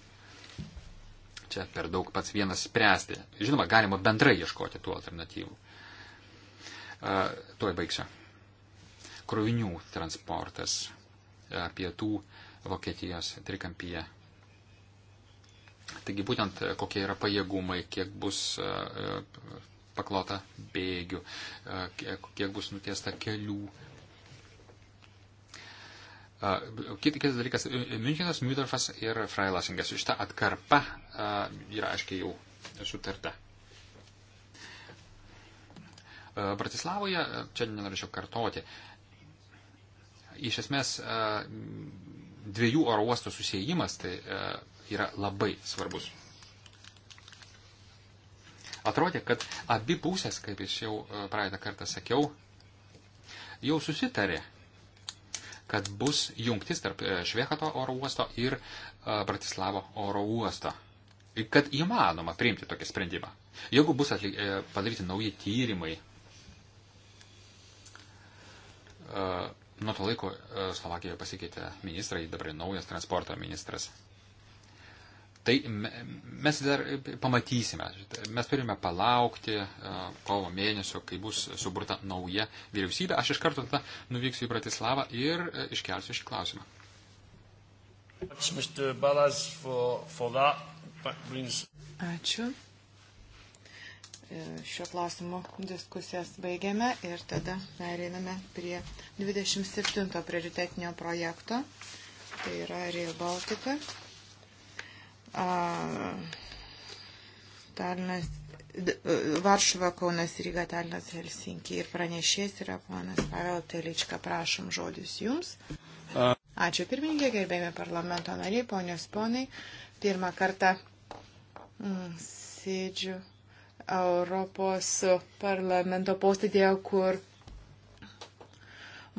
čia per daug pats vienas spręsti. Žinoma, galima bendrai ieškoti tų alternatyvų. E, tuoj baigsiu. Krovinių transportas pietų Vokietijos trikampyje Taigi būtent e, kokie yra pajėgumai, kiek bus e, e, paklota bėgių, kiek bus nutiesta kelių. Kitas dalykas, Münchenas, Müdorfas ir Freilasingas. Šita atkarpa yra aiškiai jau sutarta. Bratislavoje, čia nenorėčiau kartoti, iš esmės dviejų oro uostų susijimas, tai yra labai svarbus. Atrodė, kad abi pusės, kaip aš jau e, praeitą kartą sakiau, jau susitarė, kad bus jungtis tarp e, Švehato oro uosto ir e, Bratislavo oro uosto. Kad įmanoma priimti tokį sprendimą. Jeigu bus atlik, padaryti nauji tyrimai, nuo to laiko Slovakijoje pasikeitė ministrai, dabar naujas transporto ministras. Tai mes dar pamatysime, mes turime palaukti e, kovo mėnesio, kai bus suburta nauja vyriausybė. Aš iš karto tada nuvyksiu į Bratislavą ir e, iškelsiu šį klausimą. Ačiū. E, šiuo klausimu diskusijas baigiame ir tada pereiname prie 27 prioritetinio projekto. Tai yra Rail Baltica. Talinas, e, Varšuva, Kaunas, Ryga, Talinas, Helsinkiai ir pranešės yra ponas Pavel Telička, prašom žodis jums. Ačiū pirmininkė, gerbėjami parlamento nariai, ponios ponai. Pirmą kartą mm, sėdžiu Europos parlamento postėdėje, kur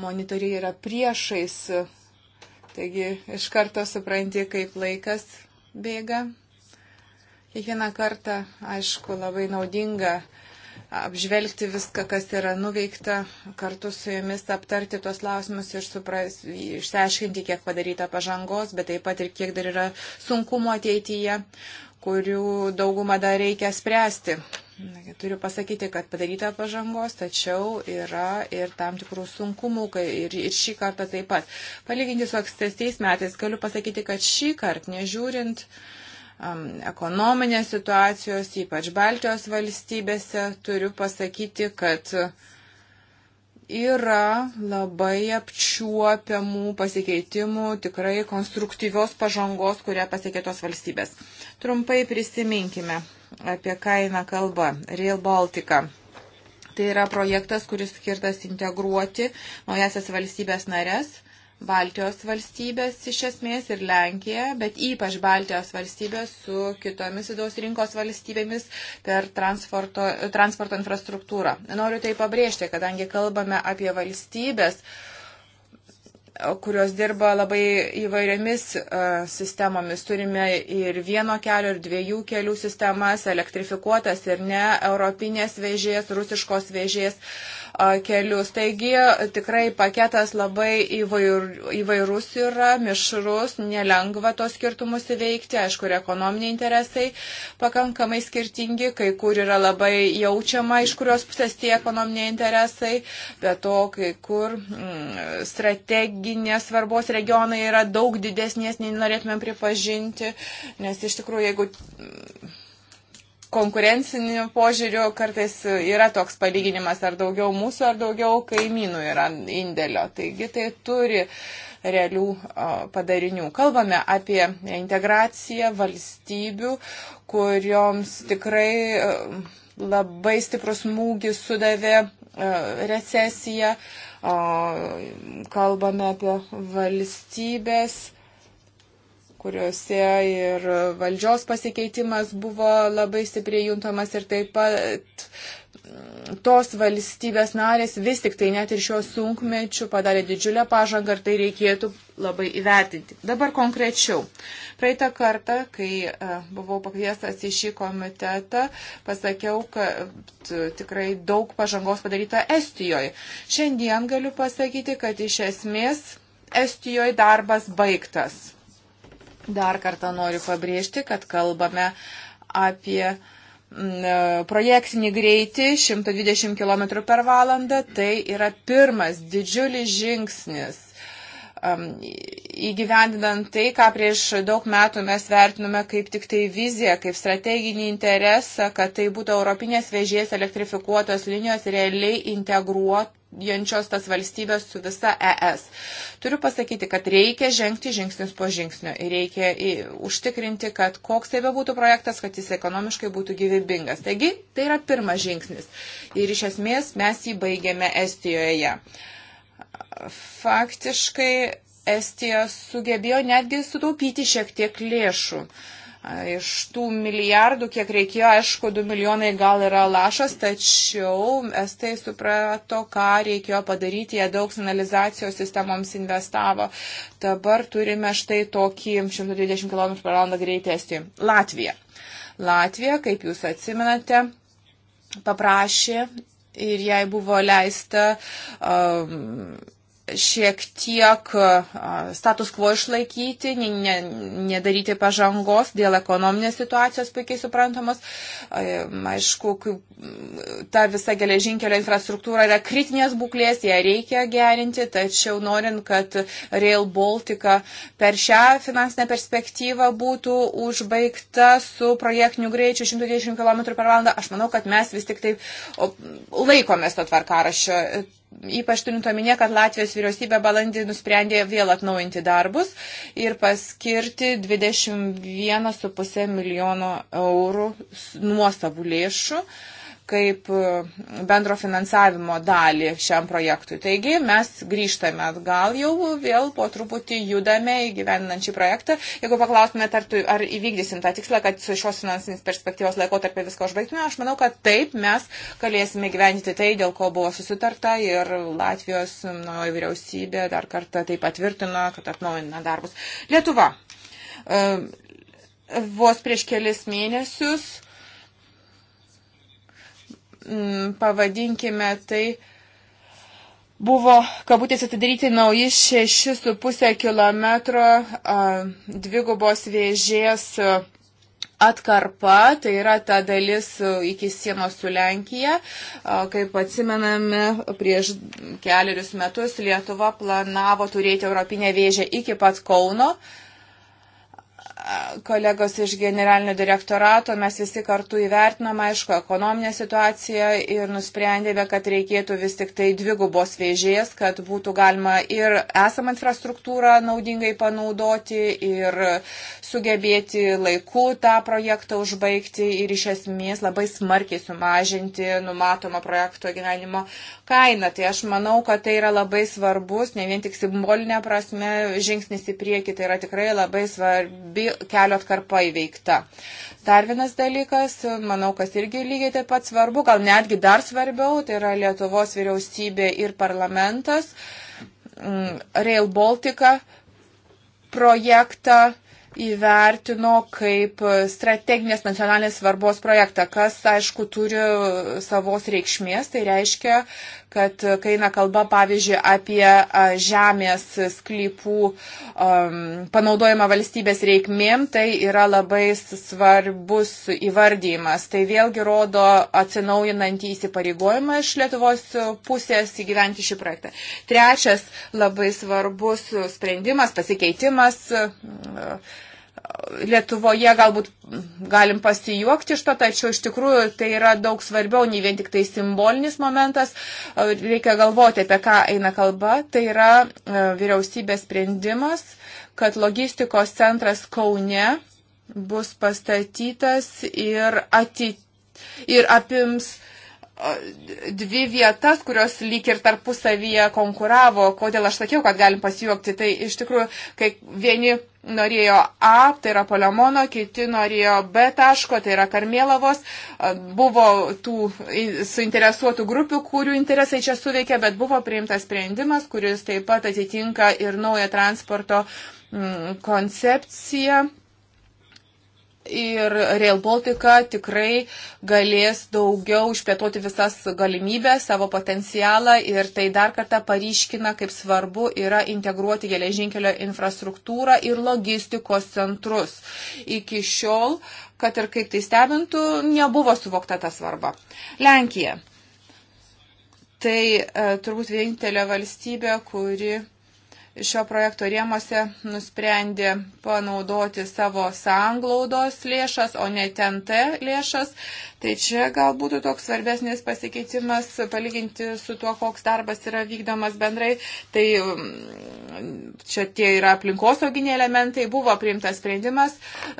monitoriai yra priešais. Taigi iš karto supranti, kaip laikas bėga. Kiekvieną kartą, aišku, labai naudinga apžvelgti viską, kas yra nuveikta, kartu su jumis aptarti tuos klausimus ir supras, išsiaiškinti, kiek padaryta pažangos, bet taip pat ir kiek dar yra sunkumo ateityje kurių daugumą dar reikia spręsti. Turiu pasakyti, kad padaryta pažangos, tačiau yra ir tam tikrų sunkumų ir, ir šį kartą taip pat. Palyginti su ankstesniais metais, galiu pasakyti, kad šį kartą, nežiūrint um, ekonominės situacijos, ypač Baltijos valstybėse, turiu pasakyti, kad yra labai apčiuopiamų pasikeitimų, tikrai konstruktyvios pažangos, kurią pasiekė tos valstybės. Trumpai prisiminkime, apie ką eina kalba Real Baltica. Tai yra projektas, kuris skirtas integruoti naujasias valstybės narės, Baltijos valstybės iš esmės ir Lenkija, bet ypač Baltijos valstybės su kitomis vidaus rinkos valstybėmis per transporto, transporto infrastruktūrą. Noriu tai pabrėžti, kadangi kalbame apie valstybės, uh, kurios dirba labai įvairiomis e, sistemomis. Turime ir vieno kelio, ir dviejų kelių sistemas, elektrifikuotas ir ne, europinės vežės, rusiškos vežės kelius. Taigi tikrai paketas labai įvair, įvairus yra, mišrus, nelengva tos skirtumus įveikti, aišku, ir ekonominiai interesai pakankamai skirtingi, kai kur yra labai jaučiama, iš kurios pusės tie ekonominiai interesai, bet to kai kur mm, strateginės svarbos regionai yra daug didesnės, nei norėtumėm pripažinti, nes iš tikrųjų, jeigu. Mm, konkurenciniu požiūriu kartais yra toks palyginimas, ar daugiau mūsų, ar daugiau kaimynų yra indėlio. Taigi tai turi realių padarinių. Kalbame apie integraciją valstybių, kurioms tikrai labai stiprus mūgis sudavė recesija. Kalbame apie valstybės kuriuose ir valdžios pasikeitimas buvo labai stipriai juntamas ir taip pat mm, tos valstybės narės vis tik tai net ir šiuo sunkmečiu padarė didžiulę pažangą ir tai reikėtų labai įvertinti. Dabar konkrečiau. Praeitą kartą, kai e, buvau pakviestas į šį komitetą, pasakiau, kad tikrai daug pažangos padaryta Estijoje. Šiandien galiu pasakyti, kad iš esmės Estijoje darbas baigtas Dar kartą noriu pabrėžti, kad kalbame apie mm, e, projektinį greitį 120 km per valandą. Tai yra pirmas didžiulis žingsnis įgyvendinant tai, ką prieš daug metų mes vertinome kaip tik tai viziją, kaip strateginį interesą, kad tai būtų europinės vežės elektrifikuotos linijos realiai integruojančios tas valstybės su visa ES. Turiu pasakyti, kad reikia žengti žingsnis po žingsnio ir reikia užtikrinti, kad koks tai bebūtų projektas, kad jis ekonomiškai būtų gyvybingas. Taigi, tai yra pirmas žingsnis ir iš esmės mes jį baigėme Estijoje. Uh, faktiškai Estija sugebėjo netgi sutaupyti šiek tiek lėšų. Iš tų milijardų, kiek reikėjo, aišku, 2 milijonai gal yra lašas, tačiau estai suprato, ką reikėjo padaryti, jie daug signalizacijos sistemoms investavo. Dabar turime štai tokį 120 km per valandą greitį Estijų. Latvija. Latvija, kaip jūs atsimenate, paprašė ir jai buvo leista um, šiek tiek status quo išlaikyti, ne, ne, nedaryti pažangos dėl ekonominės situacijos puikiai suprantamos. Aišku, ta visa geležinkelio infrastruktūra yra kritinės būklės, ją reikia gerinti, tačiau norint, kad Rail Baltica per šią finansinę perspektyvą būtų užbaigta su projektiniu greičiu 120 km per valandą, aš manau, kad mes vis tik taip laikomės to tvarkarašio Ypač turint omenyje, kad Latvijos vyriausybė balandį nusprendė vėl atnaujinti darbus ir paskirti 21,5 milijono eurų nuosavų lėšų. Uh, kaip e, bendro finansavimo dalį šiam projektui. Taigi mes grįžtame atgal jau vėl po truputį judame įgyveninant šį projektą. Jeigu paklaustumėte, ar, tu, ar įvykdysim tą tikslą, kad su šios finansinės perspektyvos laikotarpį viską užbaigtume, aš manau, kad taip mes galėsime gyventi tai, dėl ko buvo susitarta ir Latvijos naujoji vyriausybė dar kartą tai patvirtino, kad atnaujina darbus. Lietuva. E, vos prieš kelis mėnesius Mm, pavadinkime tai, buvo, kabutės, atidaryti nauji 6,5 km dvigubos vėžės atkarpa, tai yra ta dalis iki sienos su Lenkija. Kaip atsimename, prieš keliarius metus Lietuva planavo turėti Europinę vėžę iki pat Kauno kolegos iš generalinio direktorato, mes visi kartu įvertinom, aišku, ekonominę situaciją ir nusprendėme, kad reikėtų vis tik tai dvigubos vėžės, kad būtų galima ir esamą infrastruktūrą naudingai panaudoti ir sugebėti laiku tą projektą užbaigti ir iš esmės labai smarkiai sumažinti numatomą projekto gyvenimo kainą. Tai aš manau, kad tai yra labai svarbus, ne vien tik simbolinė prasme, žingsnis į priekį, tai yra tikrai labai svarbi kelio atkarpa įveikta. Dar vienas dalykas, manau, kas irgi lygiai taip pat svarbu, gal netgi dar svarbiau, tai yra Lietuvos vyriausybė ir parlamentas, mm, Rail Baltica projektą įvertino kaip strateginės nacionalinės svarbos projektą, kas, aišku, turi savos reikšmės, tai reiškia, kad e, kai eina kalba, pavyzdžiui, apie e, žemės sklypų um, panaudojimą valstybės reikmėm, tai yra labai svarbus įvardymas. Tai vėlgi rodo atsinaujinantį įsipareigojimą iš Lietuvos pusės įgyventi šį projektą. Trečias labai svarbus sprendimas, pasikeitimas Lietuvoje galbūt galim pasijuokti iš to, tačiau iš tikrųjų tai yra daug svarbiau, nei vien tik tai simbolinis momentas. E, reikia galvoti, apie ką eina kalba. Tai yra e, vyriausybės sprendimas, kad logistikos centras Kaune bus pastatytas ir, atit... ir apims uh, dvi vietas, kurios lyg ir tarpusavyje konkuravo. Kodėl aš sakiau, kad galim pasijuokti? Tai iš tikrųjų, kai vieni norėjo A, tai yra Poliamono, kiti norėjo B taško, tai yra Karmėlavos. Buvo tų suinteresuotų grupių, kurių interesai čia suveikė, bet buvo priimtas sprendimas, kuris taip pat atitinka ir naują transporto mm, koncepciją ir Real Baltica tikrai galės daugiau išplėtoti visas galimybės, savo potencialą ir tai dar kartą paryškina, kaip svarbu yra integruoti geležinkelio infrastruktūrą ir logistikos centrus. Iki šiol, kad ir kaip tai stebintų, nebuvo suvokta ta svarba. Lenkija. Tai e, turbūt vienintelė valstybė, kuri šio projekto rėmose nusprendė panaudoti savo sanglaudos lėšas, o ne TNT lėšas. Tai čia gal būtų toks svarbesnis pasikeitimas, palyginti su tuo, koks darbas yra vykdomas bendrai. Tai mm, čia tie yra aplinkosauginiai elementai, buvo priimtas sprendimas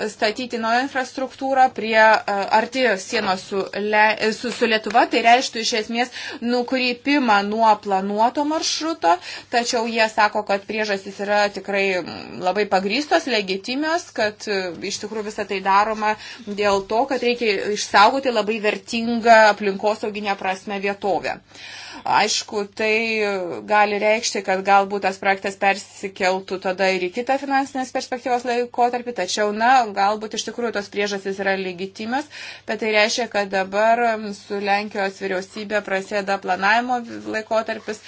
statyti naują infrastruktūrą prie e, arti sienos su, Le, su, su Lietuva. Tai reikštų iš esmės nukrypimą nuo planuoto maršruto, tačiau jie sako, kad kad priežastys yra tikrai labai pagrystos, legitimios, kad e, iš tikrųjų visą tai daroma dėl to, kad reikia išsaugoti labai vertingą aplinkosauginę prasme vietovę. Aišku, tai e, gali reikšti, kad galbūt tas projektas persikeltų tada ir į kitą finansinės perspektyvos laikotarpį, tačiau, na, galbūt iš tikrųjų tos priežastys yra legitimios, bet tai reiškia, kad dabar su Lenkijos vyriausybė prasideda planavimo laikotarpis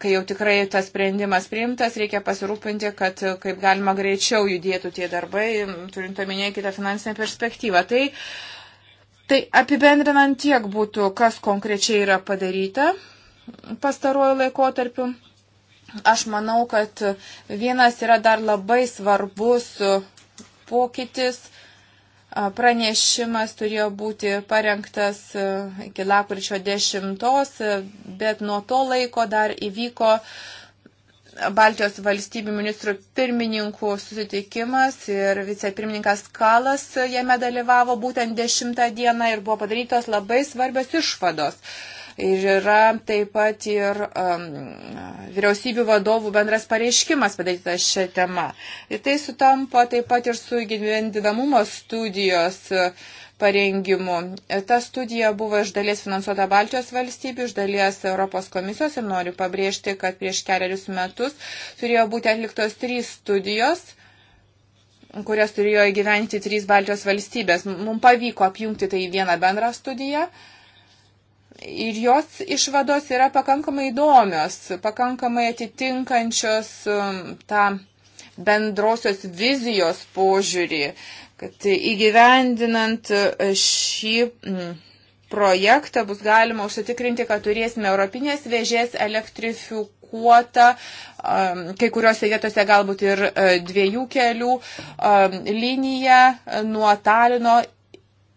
kai jau tikrai tas sprendimas priimtas, reikia pasirūpinti, kad kaip galima greičiau judėtų tie darbai, turint omenyje kitą finansinę perspektyvą. Tai, tai apibendrinant tiek būtų, kas konkrečiai yra padaryta pastaruoju laikotarpiu. Aš manau, kad vienas yra dar labai svarbus pokytis Pranešimas turėjo būti parengtas iki lapkričio 10, bet nuo to laiko dar įvyko Baltijos valstybių ministrų pirmininkų susitikimas ir vicepirmininkas Kalas jame dalyvavo būtent 10 dieną ir buvo padarytos labai svarbios išvados. Uh, Ir yra taip pat ir um, vyriausybių vadovų bendras pareiškimas padarytas šią temą. Ir tai sutampa taip pat ir su gyvendinamumo studijos uh, parengimu. Ta studija buvo iš dalies finansuota Baltijos valstybių, iš dalies Europos komisijos ir noriu pabrėžti, kad prieš keliarius metus turėjo būti atliktos trys studijos kurias turėjo įgyventi trys Baltijos valstybės. Mums pavyko apjungti tai į vieną bendrą studiją. Uh, Ir jos išvados yra pakankamai įdomios, pakankamai atitinkančios um, tą bendrosios vizijos požiūrį, kad įgyvendinant e, šį mm, projektą bus galima užsitikrinti, kad turėsime europinės vėžės elektrifikuotą, um, kai kuriuose vietose galbūt ir e, dviejų kelių um, liniją e, nuo Talino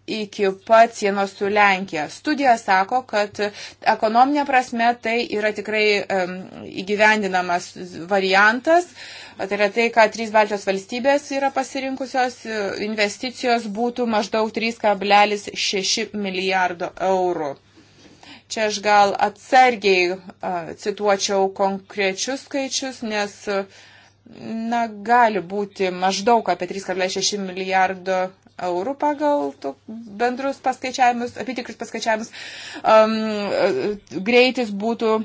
iki pat sienos su Lenkija. Studija sako, kad ekonominė prasme tai yra tikrai um, įgyvendinamas variantas. Tai yra tai, kad trys Baltijos valstybės yra pasirinkusios, investicijos būtų maždaug 3,6 milijardo eurų. Čia aš gal atsargiai uh, cituočiau konkrečius skaičius, nes uh, na, gali būti maždaug apie 3,6 milijardo eurų pagal bendrus paskaičiavimus, apitikrus paskaičiavimus. Um, greitis būtų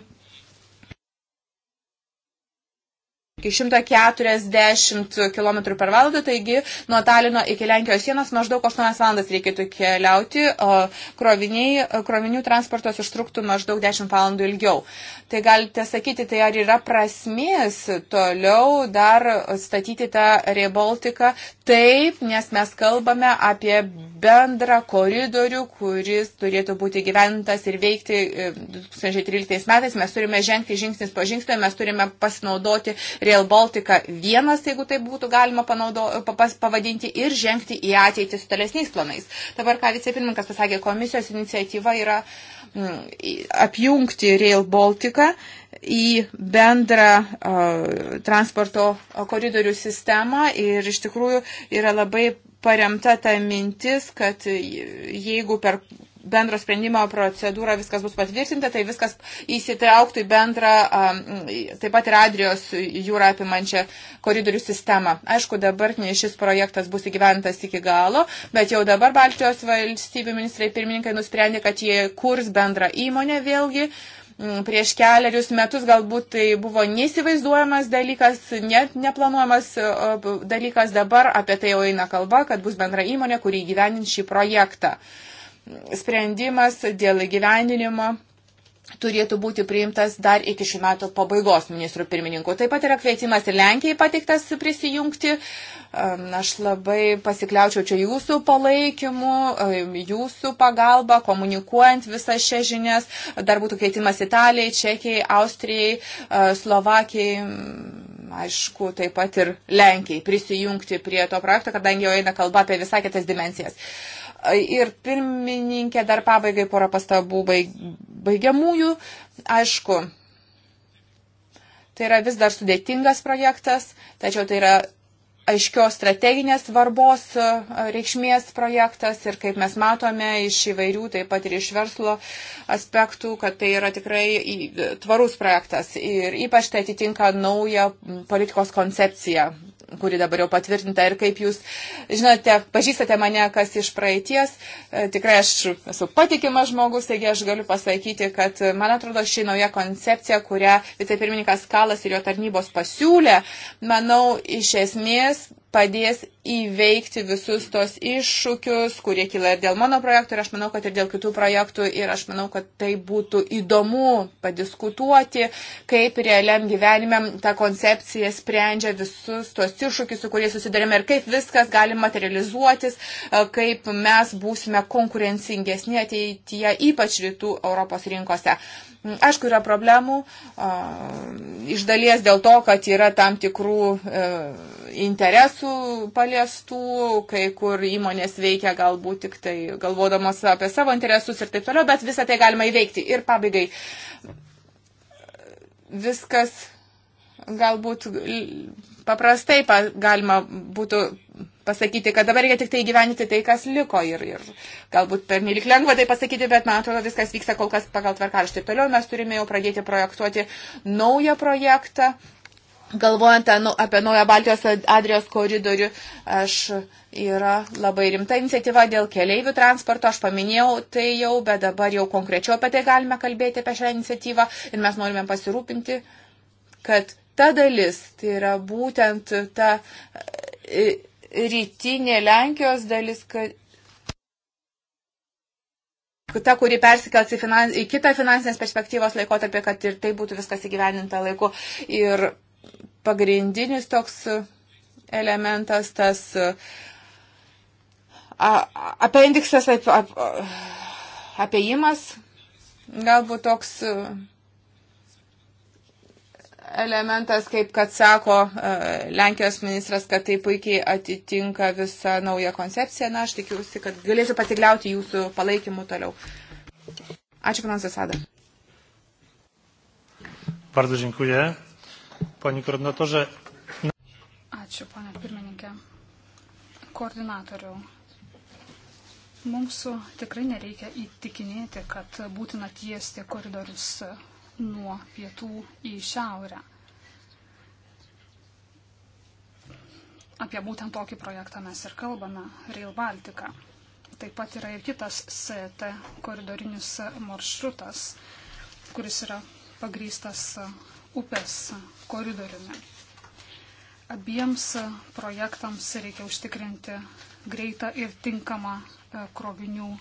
iki 140 km per valandą, taigi nuo Talino iki Lenkijos sienos maždaug 8 valandas reikėtų keliauti, o kroviniai, krovinių transportas užtruktų maždaug 10 valandų ilgiau. Tai galite sakyti, tai ar yra prasmės toliau dar statyti tą rebaltiką? Taip, nes mes kalbame apie bendrą koridorių, kuris turėtų būti gyventas ir veikti 2013 e, metais. Mes turime žengti žingsnis po žingsnio, mes turime pasinaudoti Rail Baltica vienas, jeigu tai būtų galima panaudo, papas, pavadinti, ir žengti į ateitį su tolesniais planais. Dabar, ką vicepirmininkas pasakė, komisijos iniciatyva yra m, mm, apjungti Rail Baltica į bendrą uh, transporto koridorių sistemą ir iš tikrųjų yra labai paremta ta mintis, kad jeigu per bendro sprendimo procedūrą viskas bus patvirtinta, tai viskas įsitrauktų į bendrą, taip pat ir Adrijos jūrą apimančią koridorių sistemą. Aišku, dabar ne šis projektas bus įgyventas iki galo, bet jau dabar Baltijos valstybių ministrai pirmininkai nusprendė, kad jie kurs bendrą įmonę vėlgi mm, prieš keliarius metus galbūt tai buvo neįsivaizduojamas dalykas, net neplanuojamas e, e, dalykas, dabar apie tai jau eina kalba, kad bus bendra įmonė, kuri įgyvenins šį projektą. Uh, sprendimas dėl įgyvendinimo turėtų būti priimtas dar iki šių metų pabaigos ministrų pirmininkų. Taip pat yra kvietimas ir Lenkijai pateiktas prisijungti. Aš labai pasikliaučiau čia jūsų palaikymu, jūsų pagalba, komunikuojant visas šias žinias. Dar būtų kvietimas Italijai, Čekijai, Austrijai, e, Slovakijai, aišku, taip pat ir Lenkijai prisijungti prie to projekto, kadangi jau eina kalba apie visai kitas dimencijas. Uh, Ir pirmininkė dar pabaigai porą pastabų baigiamųjų. Aišku, tai yra vis dar sudėtingas projektas, tačiau tai yra aiškios strateginės svarbos e, reikšmės projektas ir kaip mes matome iš įvairių, taip pat ir iš verslo aspektų, kad tai yra tikrai tvarus projektas ir ypač tai atitinka naują politikos koncepciją, kuri dabar jau patvirtinta ir kaip jūs žinote, pažįstate mane, kas iš praeities, e, tikrai aš esu patikimas žmogus, taigi aš galiu pasakyti, kad e, man atrodo ši nauja koncepcija, kurią vicepirmininkas Kalas ir jo tarnybos pasiūlė, manau, iš esmės padės įveikti visus tos iššūkius, kurie kyla ir dėl mano projektų, ir aš manau, kad ir dėl kitų projektų, ir aš manau, kad tai būtų įdomu padiskutuoti, kaip realiam gyvenime ta koncepcija sprendžia visus tos iššūkius, su kuriais susidarėme, ir kaip viskas gali materializuotis, e, kaip mes būsime konkurencingesni ateityje, ypač rytų Europos rinkose. Aišku, yra problemų iš dalies dėl to, kad yra tam tikrų e, interesų paliestų, kai kur įmonės veikia galbūt tik tai galvodamos apie savo interesus ir taip toliau, bet visą tai galima įveikti. Ir pabaigai viskas galbūt Paprastai pa, galima būtų pasakyti, kad dabar reikia tik tai gyventi tai, kas liko. Ir, ir galbūt per nelik lengva tai pasakyti, bet man atrodo, viskas vyksta kol kas pagal tvarkaraštį. Toliau mes turime jau pradėti projektuoti naują projektą. Galvojant apie naują Baltijos Adrijos koridorių, aš yra labai rimta iniciatyva dėl keleivių transporto, aš paminėjau tai jau, bet dabar jau konkrečiau apie tai galime kalbėti apie šią iniciatyvą ir mes norime pasirūpinti, kad ta dalis, tai yra būtent ta e, rytinė Lenkijos dalis, kad ta, kuri persikels į, finans, į kitą finansinės perspektyvos laikotarpį, kad ir tai būtų viskas įgyvendinta laiku. Ir pagrindinis toks elementas, tas apendiksas, ap, ap, apėjimas, galbūt toks elementas, kaip kad sako e, Lenkijos ministras, kad tai puikiai atitinka visą naują koncepciją. Na, aš tikiuosi, kad galėsiu pasikliauti jūsų palaikymu toliau. Ačiū, panas Zasada. Bardzo dziękuję. Panie koordynatorze. Ačiū, pana pirmininkė. Koordinatoriau. Mums tikrai nereikia įtikinėti, kad būtina tiesti koridorius nuo pietų į šiaurę. Apie būtent tokį projektą mes ir kalbame - Rail Baltica. Taip pat yra ir kitas ST e koridorinis maršrutas, kuris yra pagrystas upės koridoriumi. Abiems projektams reikia užtikrinti greitą ir tinkamą e, krovinių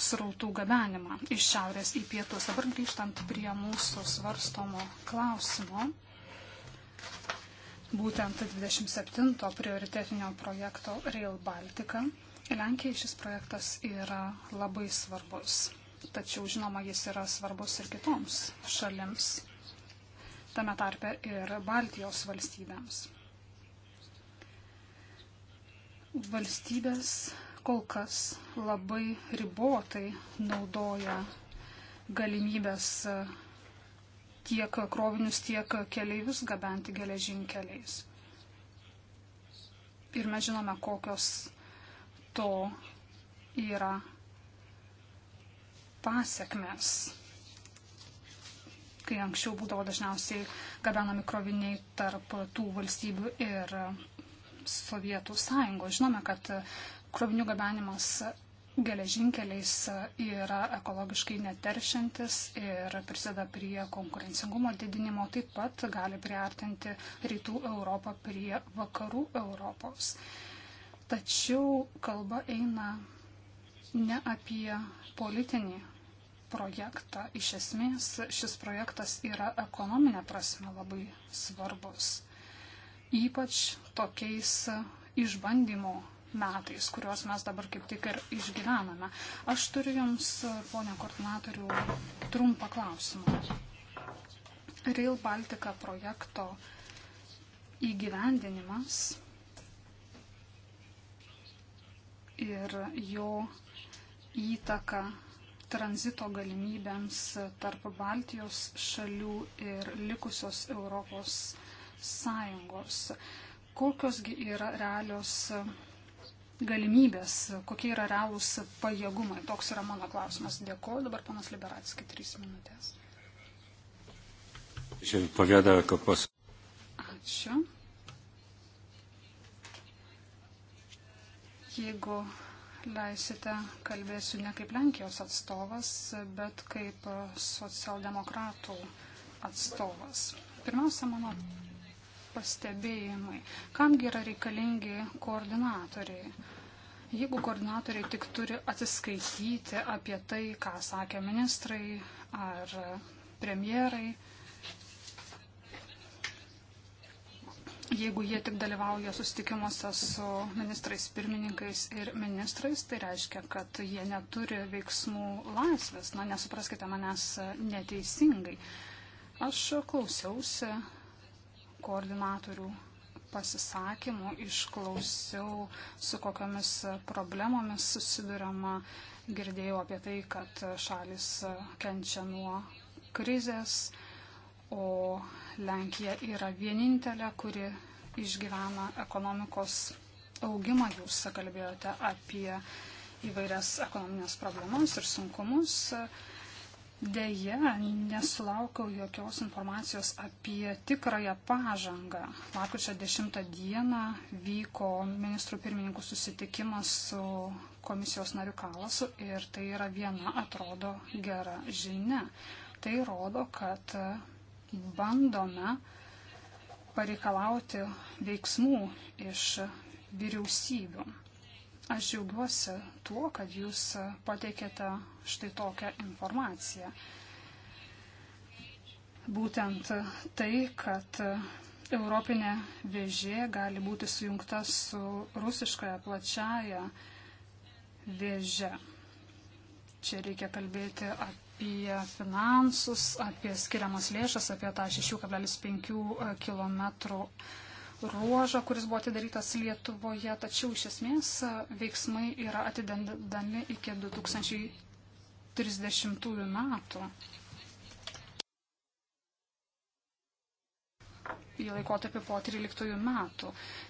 srautų gabenimą iš šiaurės į pietus. Dabar grįžtant prie mūsų svarstomo klausimo, būtent 27 prioritetinio projekto Rail Baltica, Lenkijai šis projektas yra labai svarbus. Tačiau, žinoma, jis yra svarbus ir kitoms šalims, tame tarpe ir Baltijos valstybėms valstybės kol kas labai ribotai naudoja galimybės e, tiek krovinius, tiek keleivius gabenti geležinkeliais. Ir mes žinome, kokios to yra pasiekmes. Kai anksčiau būdavo dažniausiai gabenami kroviniai tarp tų valstybių ir Sovietų sąjungos. Žinome, kad Krovinių gabenimas geležinkeliais yra ekologiškai neteršiantis ir prisideda prie konkurencingumo didinimo, taip pat gali priartinti rytų Europą prie vakarų Europos. Tačiau kalba eina ne apie politinį projektą. Iš esmės šis projektas yra ekonominė prasme labai svarbus. Ypač tokiais išbandymo metais, kuriuos mes dabar kaip tik ir išgyvename. Aš turiu Jums, ponia koordinatorių, trumpą klausimą. Rail Baltica projekto įgyvendinimas ir jo įtaka tranzito galimybėms tarp Baltijos šalių ir likusios Europos Sąjungos. Kokiosgi yra realios galimybės, kokie yra realūs pajėgumai. Toks yra mano klausimas. Dėkuoju, dabar panas Liberatskis, trys minutės. Ačiū. Jeigu leisite, kalbėsiu ne kaip Lenkijos atstovas, bet kaip socialdemokratų atstovas. Pirmiausia, mano pastebėjimai. Kamgi yra reikalingi koordinatoriai? Jeigu koordinatoriai tik turi atsiskaityti apie tai, ką sakė ministrai ar premjerai, jeigu jie tik dalyvauja susitikimuose su ministrais pirmininkais ir ministrais, tai reiškia, kad jie neturi veiksmų laisvės. Na, nesupraskite manęs neteisingai. Aš klausiausi koordinatorių pasisakymų, išklausiau, su kokiamis problemomis susidurama, girdėjau apie tai, kad šalis kenčia nuo krizės, o Lenkija yra vienintelė, kuri išgyvena ekonomikos augimą. Jūs kalbėjote apie įvairias ekonominės problemas ir sunkumus. Uh, Deja, nesulaukiau jokios informacijos apie tikrąją pažangą. Lakučio 10 dieną vyko ministrų pirmininkų susitikimas su komisijos nariu Kalasu ir tai yra viena, atrodo, gera žinia. Tai rodo, kad bandome pareikalauti veiksmų iš vyriausybių. Aš džiaugiuosi tuo, kad jūs pateikėte štai tokią informaciją. Būtent tai, kad Europinė vėžė gali būti sujungta su rusiškoje plačiaja vėže. Čia reikia kalbėti apie finansus, apie skiriamas lėšas, apie tą 6,5 km ruožą, kuris buvo atidarytas Lietuvoje, tačiau iš esmės e, veiksmai yra atidendami iki 2030 metų. į laikotarpį po 13 metų.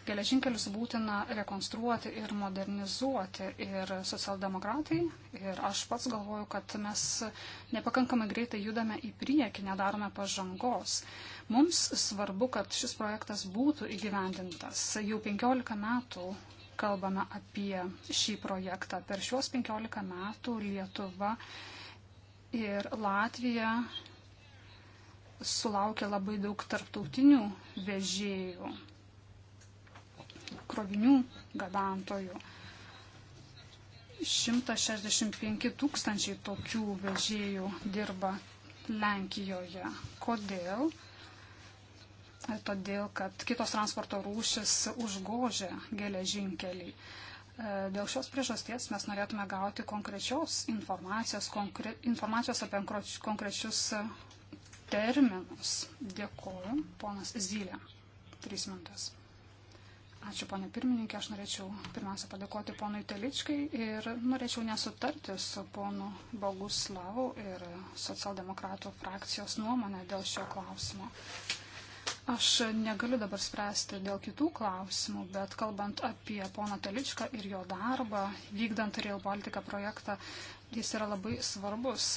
Geležinkelius būtina rekonstruoti ir modernizuoti. Ir socialdemokratai, ir aš pats galvoju, kad mes nepakankamai greitai judame į priekį, nedarome pažangos. Mums svarbu, kad šis projektas būtų įgyvendintas. Jau 15 metų kalbame apie šį projektą. Per šiuos 15 metų Lietuva ir Latvija sulaukia labai daug tarptautinių vežėjų, krovinių gabentojų. 165 tūkstančiai tokių vežėjų dirba Lenkijoje. Kodėl? Todėl, kad kitos transporto rūšis užgožia geležinkelį. E, dėl šios priežasties mes norėtume gauti konkrečios informacijos, konkre, informacijos apie konkrečius terminus. Dėkoju, ponas Zylė. Trys minutės. Ačiū, ponė pirmininkė. Aš norėčiau pirmiausia padėkoti ponui Teličkai ir norėčiau nesutarti su ponu Boguslavu ir socialdemokratų frakcijos nuomonę dėl šio klausimo. Aš negaliu dabar spręsti dėl kitų klausimų, bet kalbant apie poną Teličką ir jo darbą, vykdant Rail Baltica projektą, jis yra labai svarbus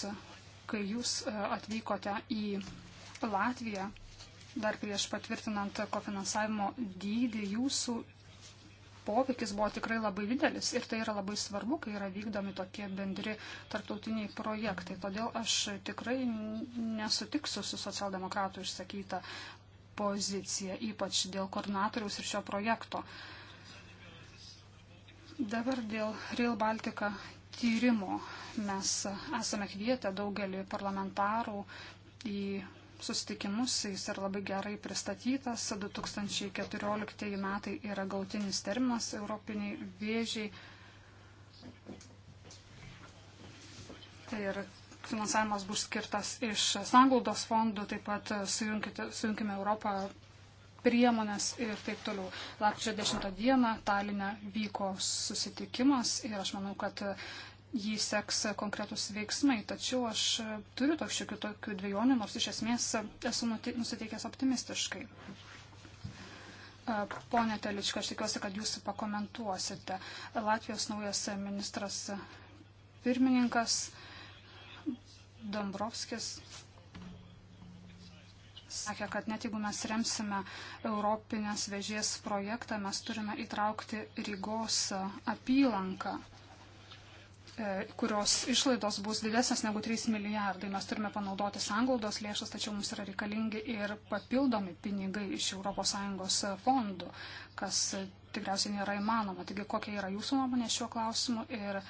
kai jūs e, atvykote į Latviją, dar prieš patvirtinant kofinansavimo dydį, jūsų poveikis buvo tikrai labai didelis ir tai yra labai svarbu, kai yra vykdomi tokie bendri tarptautiniai projektai. Todėl aš tikrai nesutiksiu su socialdemokratų išsakyta pozicija, ypač dėl koordinatoriaus ir šio projekto. Dabar dėl Real Baltica tyrimo. Mes esame kvietę daugelį parlamentarų į susitikimus, jis yra labai gerai pristatytas. 2014 metai yra gautinis terminas europiniai vėžiai. Ir finansavimas bus skirtas iš sanglaudos fondų, taip pat sujunkime Europą priemonės ir taip toliau. Lapkričio 10 dieną Taline vyko susitikimas ir aš manau, kad jį seks konkretus veiksmai, tačiau aš turiu tokių šiokių tokių dviejonių, nors iš esmės esu nusiteikęs optimistiškai. Pone Telička, aš tikiuosi, kad jūs pakomentuosite. Latvijos naujas ministras pirmininkas Dombrovskis sakė, kad net jeigu mes remsime Europinės vežės projektą, mes turime įtraukti Rygos apylanką e, kurios išlaidos bus didesnės negu 3 milijardai. Mes turime panaudoti sanglaudos lėšas, tačiau mums yra reikalingi ir papildomi pinigai iš ES fondų, kas tikriausiai nėra įmanoma. Taigi, kokia yra jūsų nuomonė šiuo klausimu ir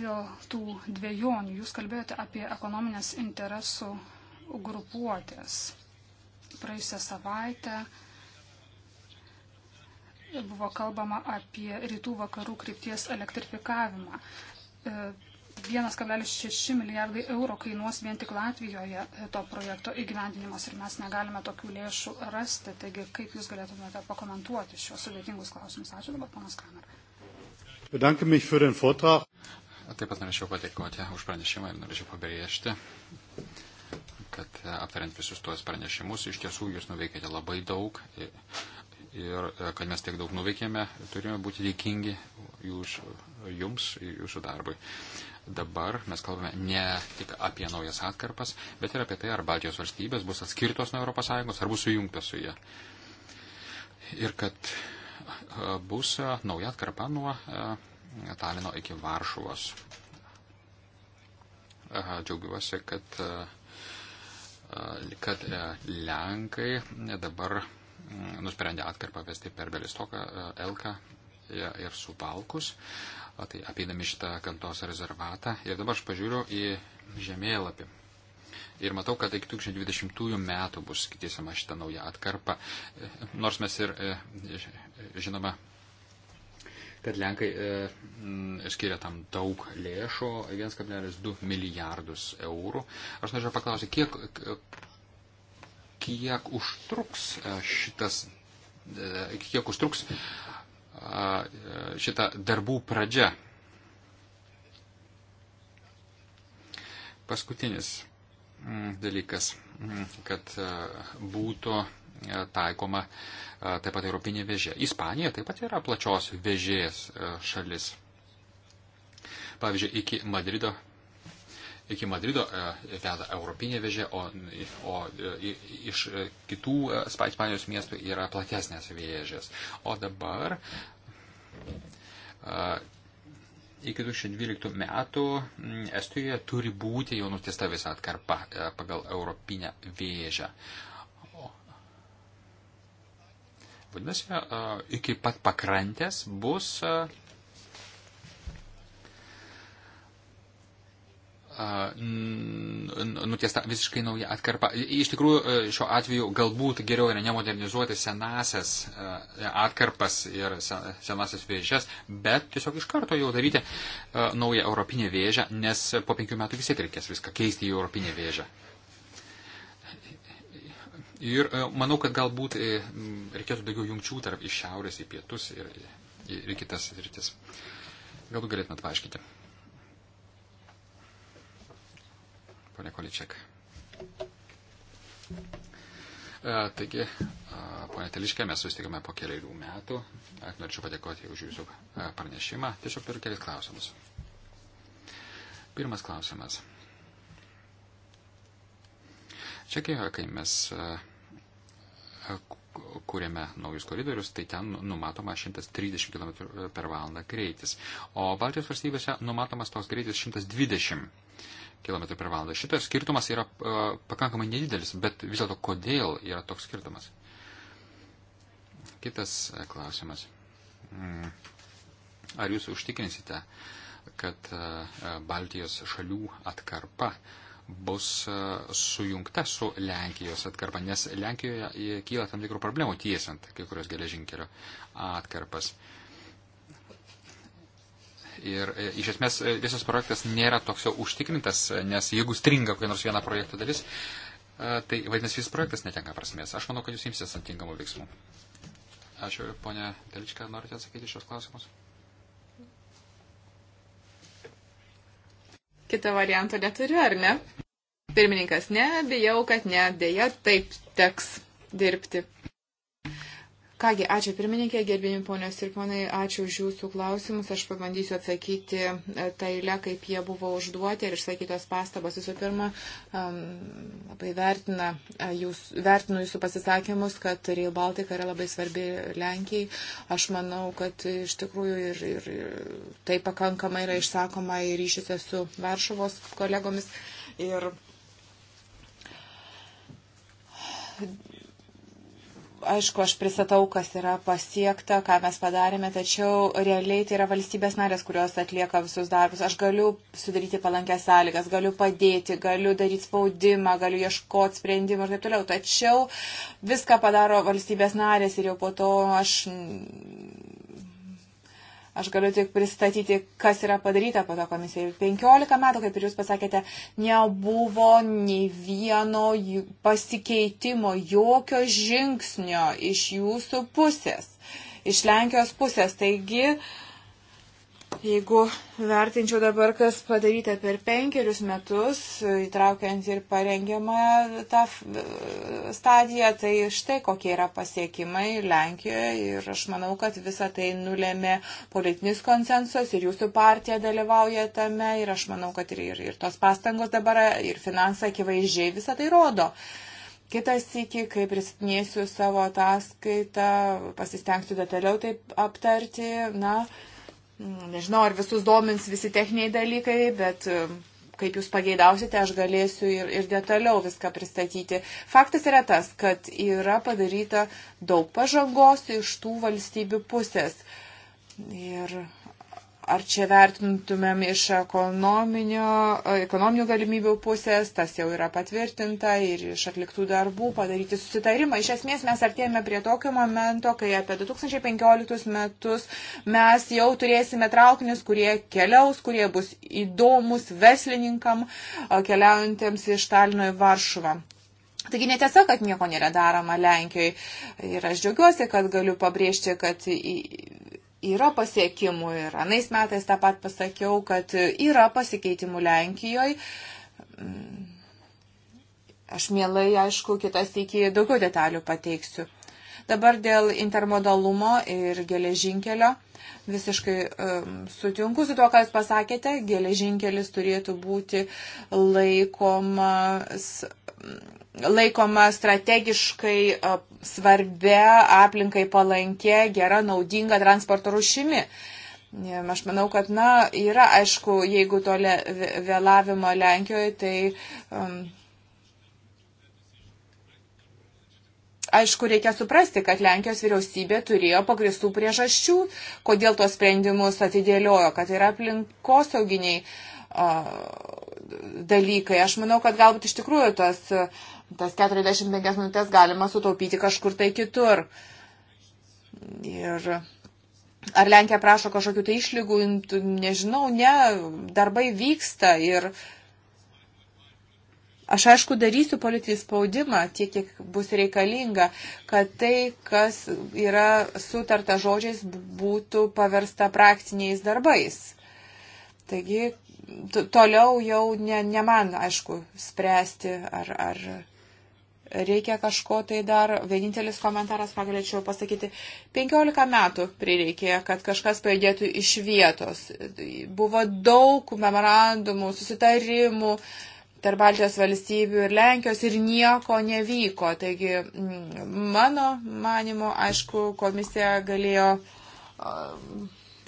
dėl tų dviejonių. Jūs kalbėjote apie ekonominės interesų grupuotės. Praėjusią savaitę buvo kalbama apie rytų vakarų krypties elektrifikavimą. 1,6 e, milijardai eurų kainuos vien tik Latvijoje e, to projekto įgyvendinimas ir mes negalime tokių lėšų rasti. Taigi, kaip Jūs galėtumėte pakomentuoti šios sudėtingus klausimus? Ačiū dabar, panas Kramer. Taip pat norėčiau padėkoti už pranešimą ir norėčiau pabrėžti, kad e, aptariant visus tuos pranešimus, iš tiesų jūs nuveikėte labai daug ir e, kad mes tiek daug nuveikėme, turime būti dėkingi jūs, jums ir jūsų darbui. Dabar mes kalbame ne tik apie naujas atkarpas, bet ir apie tai, ar Baltijos valstybės bus atskirtos nuo ES, ar bus sujungtos su jie. Ir kad e, bus nauja atkarpa nuo Talino iki Varšuvos. Džiaugiuosi, kad kad e, Lenkai dabar mm, nusprendė atkarpą vesti per Belistoką, e, Elką ir Subalkus, tai apėdami šitą gamtos rezervatą. Ir dabar aš pažiūriu į žemėlapį. Ir matau, kad iki 2020 metų bus skitysama šitą naują atkarpą. E, nors mes ir, žinoma, kad Lenkai e, skiria tam daug lėšų, 1,2 milijardus eurų. Aš norėčiau paklausyti, kiek, kiek užtruks e, šitas, e, kiek užtruks e, šita darbų pradžia. Paskutinis dalykas, kad būtų E, taikoma e, taip pat europinė vėžė. Ispanija taip pat yra plačios vėžės e, šalis. Pavyzdžiui, iki Madrido. Iki Madrido veda europinė vėžė, o, o iš kitų Ispanijos miestų yra platesnės vėžės. O dabar iki 2012 metų Estijoje turi būti jau nutista visa atkarpa pagal europinę vėžę. Vadinasi, iki pat pakrantės bus nutiesta visiškai nauja atkarpa. Iš tikrųjų, šiuo atveju galbūt geriau yra nemodernizuoti senasias atkarpas ir senasias vėžes, bet tiesiog iš karto jau daryti naują europinę vėžę, nes po penkių metų vis tiek reikės viską keisti į europinę vėžę. Ir e, manau, kad galbūt e, reikėtų daugiau jungčių tarp iš šiaurės į pietus ir, ir, ir kitas rytis. Galbūt galėtumėt paaiškinti. Pone Količiak. E, taigi, ponė Teliškė, mes susitikome po keliarių metų. Norėčiau padėkoti už jūsų pranešimą. Tiesiog turiu kelis klausimus. Pirmas klausimas. Čekijoje, kai mes kūrėme naujus koridorius, tai ten numatoma 130 km e, per valandą greitis. O Baltijos valstybėse numatomas toks greitis 120 km per valandą. Šitas skirtumas yra uh, pakankamai nedidelis, bet vis dėlto kodėl yra toks skirtumas? Kitas e, klausimas. Mm. Ar jūs užtikrinsite, kad Baltijos šalių atkarpa uh, bus e, sujungta su Lenkijos atkarpa, nes Lenkijoje e, kyla tam tikrų problemų tiesiant kai kurios geležinkelio atkarpas. Ir e, iš esmės visas projektas nėra toks jau užtikrintas, nes jeigu stringa kokia nors viena projekto dalis, tai vadinasi visas projektas netenka prasmės. Aš manau, kad jūs imsitės atitinkamų veiksmų. Ačiū, ponė Telička, norite atsakyti šios klausimus? Kito varianto neturiu, ar ne? Pirmininkas, ne, bijau, kad ne, dėja taip teks dirbti. Kągi, ačiū pirmininkė, gerbėjim ponios ir ponai, ačiū už jūsų klausimus. Aš pabandysiu atsakyti e, tailę, kaip jie buvo užduoti ir išsakytos pastabas. Visų pirma, labai vertina, e, jūs, vertinu jūsų pasisakymus, kad Rail Baltica yra labai svarbi Lenkijai. Aš manau, kad iš tikrųjų ir, ir, ir tai pakankamai yra išsakoma ir ryšiuose su Varšuvos kolegomis. Ir aišku, aš pristatau, kas yra pasiekta, ką mes padarėme, tačiau realiai tai yra valstybės narės, kurios atlieka visus darbus. Aš galiu sudaryti palankęs sąlygas, galiu padėti, galiu daryti spaudimą, galiu ieškoti sprendimų ir taip toliau. Tačiau viską padaro valstybės narės ir jau po to aš Aš galiu tik pristatyti, kas yra padaryta po to komisijai. 15 metų, kaip ir jūs pasakėte, nebuvo nei vieno pasikeitimo, jokio žingsnio iš jūsų pusės, iš Lenkijos pusės. Taigi, uh, Jeigu vertinčiau dabar, kas padaryta per penkerius metus, įtraukiant ir parengiamą tą e, stadiją, tai štai kokie yra pasiekimai Lenkijoje ir aš manau, kad visa tai nulėmė politinis konsensus ir jūsų partija dalyvauja tame ir aš manau, kad ir, ir, ir tos pastangos dabar ir finansai akivaizdžiai visą tai rodo. Kitas iki, kai pristatinėsiu savo ataskaitą, pasistengsiu detaliau taip aptarti, na, uh, Nežinau, ar visus domins visi techniniai dalykai, bet um, kaip jūs pageidausite, aš galėsiu ir, ir detaliau viską pristatyti. Faktas yra tas, kad yra padaryta daug pažangos iš tų valstybių pusės. Ir Ar čia vertintumėm iš ekonominių galimybių pusės, tas jau yra patvirtinta ir iš atliktų darbų padaryti susitarimą. Iš esmės mes artėjame prie tokio momento, kai apie 2015 metus mes jau turėsime traukinius, kurie keliaus, kurie bus įdomus verslininkam keliaujantiems iš Talino į Varšuvą. Taigi netiesa, kad nieko nėra daroma Lenkijoje. Ir aš džiaugiuosi, kad galiu pabrėžti, kad yra pasiekimų ir anais metais tą pat pasakiau, kad yra pasikeitimų Lenkijoje. Mm, aš mielai, aišku, kitas iki daugiau detalių pateiksiu. Dabar dėl intermodalumo ir geležinkelio. Visiškai um, sutinku su tuo, ką Jūs pasakėte. Geležinkelis turėtų būti laikomas laikoma strategiškai svarbia, aplinkai palankia, gera, naudinga transporto rušimi. Aš manau, kad, na, yra, aišku, jeigu to le, vėlavimo Lenkijoje, tai. Um, Aišku, reikia suprasti, kad Lenkijos vyriausybė turėjo pagristų priežasčių, kodėl tuos sprendimus atidėliojo, kad yra aplinkosauginiai uh, dalykai. Aš manau, kad galbūt iš tikrųjų tas, tas 45 minutės galima sutaupyti kažkur tai kitur. Ir ar Lenkija prašo kažkokių tai išlygų, nežinau, ne, darbai vyksta ir aš aišku darysiu politinį spaudimą tiek, kiek bus reikalinga, kad tai, kas yra sutarta žodžiais, būtų paversta praktiniais darbais. Taigi toliau jau ne, ne man, aišku, spręsti, ar, ar reikia kažko tai dar. Vienintelis komentaras, ką galėčiau pasakyti, 15 metų prireikė, kad kažkas pajudėtų iš vietos. Buvo daug memorandumų, susitarimų tarp Baltijos valstybių ir Lenkijos ir nieko nevyko. Taigi mano manimo, aišku, komisija galėjo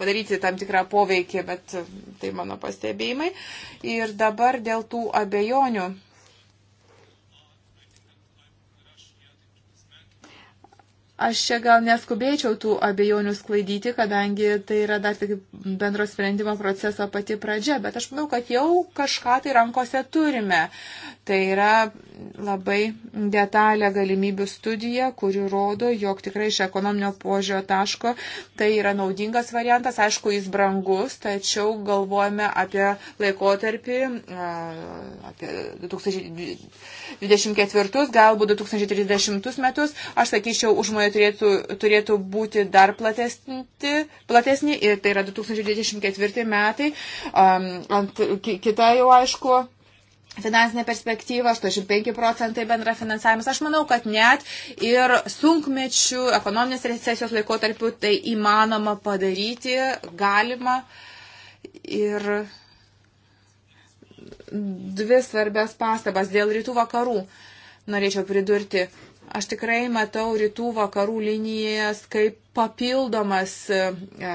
padaryti tam tikrą poveikį, bet tai mano pastebėjimai. Ir dabar dėl tų abejonių Aš čia gal neskubėčiau tų abejonių sklaidyti, kadangi tai yra dar tik bendro sprendimo proceso pati pradžia, bet aš manau, kad jau kažką tai rankose turime. Tai yra labai detalė galimybių studija, kuri rodo, jog tikrai iš ekonominio požio taško tai yra naudingas variantas, aišku, jis brangus, tačiau galvojame apie laikotarpį, apie 2024, galbūt 2030 metus, aš sakyčiau, užmoje turėtų, turėtų būti dar platesni, platesni ir tai yra 2024 metai. Um, ant, kita jau aišku, finansinė perspektyva, 85 procentai bendra finansavimas. Aš manau, kad net ir sunkmečių ekonominės recesijos laikotarpiu tai įmanoma padaryti, galima. Ir dvi svarbias pastabas dėl rytų vakarų norėčiau pridurti. Aš tikrai matau rytų vakarų linijas kaip papildomas e, e,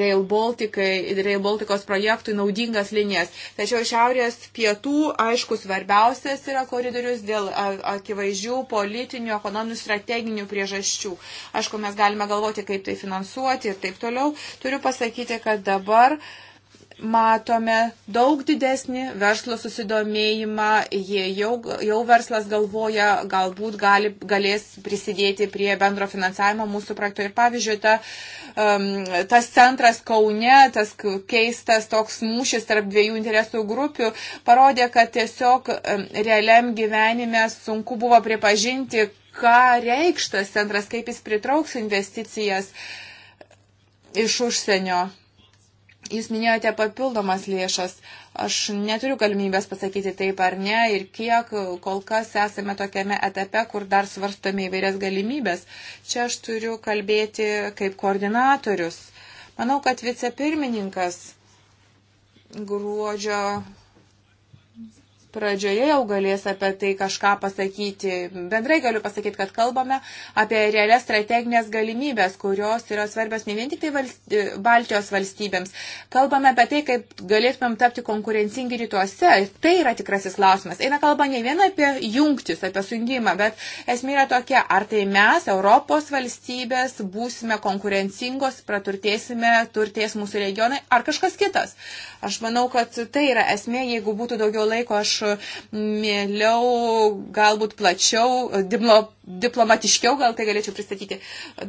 Rail, Balticai, Rail Baltikos projektui naudingas linijas. Tačiau šiaurės pietų, aišku, svarbiausias yra koridorius dėl akivaizdžių politinių, ekonominių, strateginių priežasčių. Aišku, mes galime galvoti, kaip tai finansuoti ir taip toliau. Turiu pasakyti, kad dabar uh, matome daug didesnį verslo susidomėjimą, jie jau, jau verslas galvoja, galbūt gali, galės prisidėti prie bendro finansavimo mūsų projekto. Ir pavyzdžiui, ta, um, tas centras Kaune, tas keistas toks mūšis tarp dviejų interesų grupių, parodė, kad tiesiog um, realiam gyvenime sunku buvo pripažinti, ką reikštas centras, kaip jis pritrauks investicijas iš užsienio. Jūs minėjote papildomas lėšas. Aš neturiu galimybės pasakyti taip ar ne ir kiek kol kas esame tokiame etape, kur dar svarstome įvairias galimybės. Čia aš turiu kalbėti kaip koordinatorius. Manau, kad vicepirmininkas gruodžio pradžioje jau galės apie tai kažką pasakyti. Bendrai galiu pasakyti, kad kalbame apie realias strateginės galimybės, kurios yra svarbios ne vien tik tai valsty, e, Baltijos valstybėms. Kalbame apie tai, kaip galėtumėm tapti konkurencingi rytuose. Tai yra tikrasis klausimas. Eina kalba ne vien apie jungtis, apie sujungimą, bet esmė yra tokia, ar tai mes, Europos valstybės, būsime konkurencingos, praturtėsime, turtės mūsų regionai, ar kažkas kitas. Aš manau, kad tai yra esmė, jeigu būtų daugiau laiko, aš mieliau, galbūt plačiau, diplo, diplomatiškiau gal tai galėčiau pristatyti.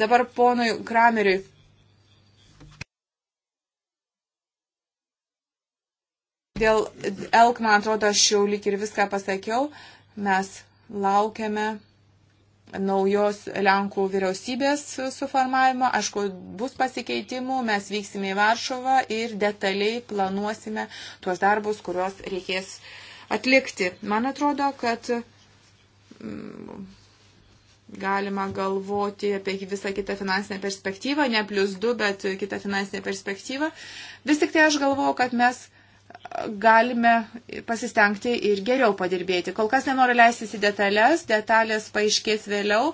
Dabar ponui Krameriui. Dėl Elk, man atrodo, aš jau lik ir viską pasakiau. Mes laukiame naujos Lenkų vyriausybės suformavimo. Aišku, bus pasikeitimų, mes vyksime į Varšuvą ir detaliai planuosime tuos darbus, kuriuos reikės atlikti. Man atrodo, kad mm, galima galvoti apie visą kitą finansinę perspektyvą, ne plus du, bet kitą finansinę perspektyvą. Vis tik tai aš galvoju, kad mes galime pasistengti ir geriau padirbėti. Kol kas nenoriu leistis į detalės, detalės paaiškės vėliau,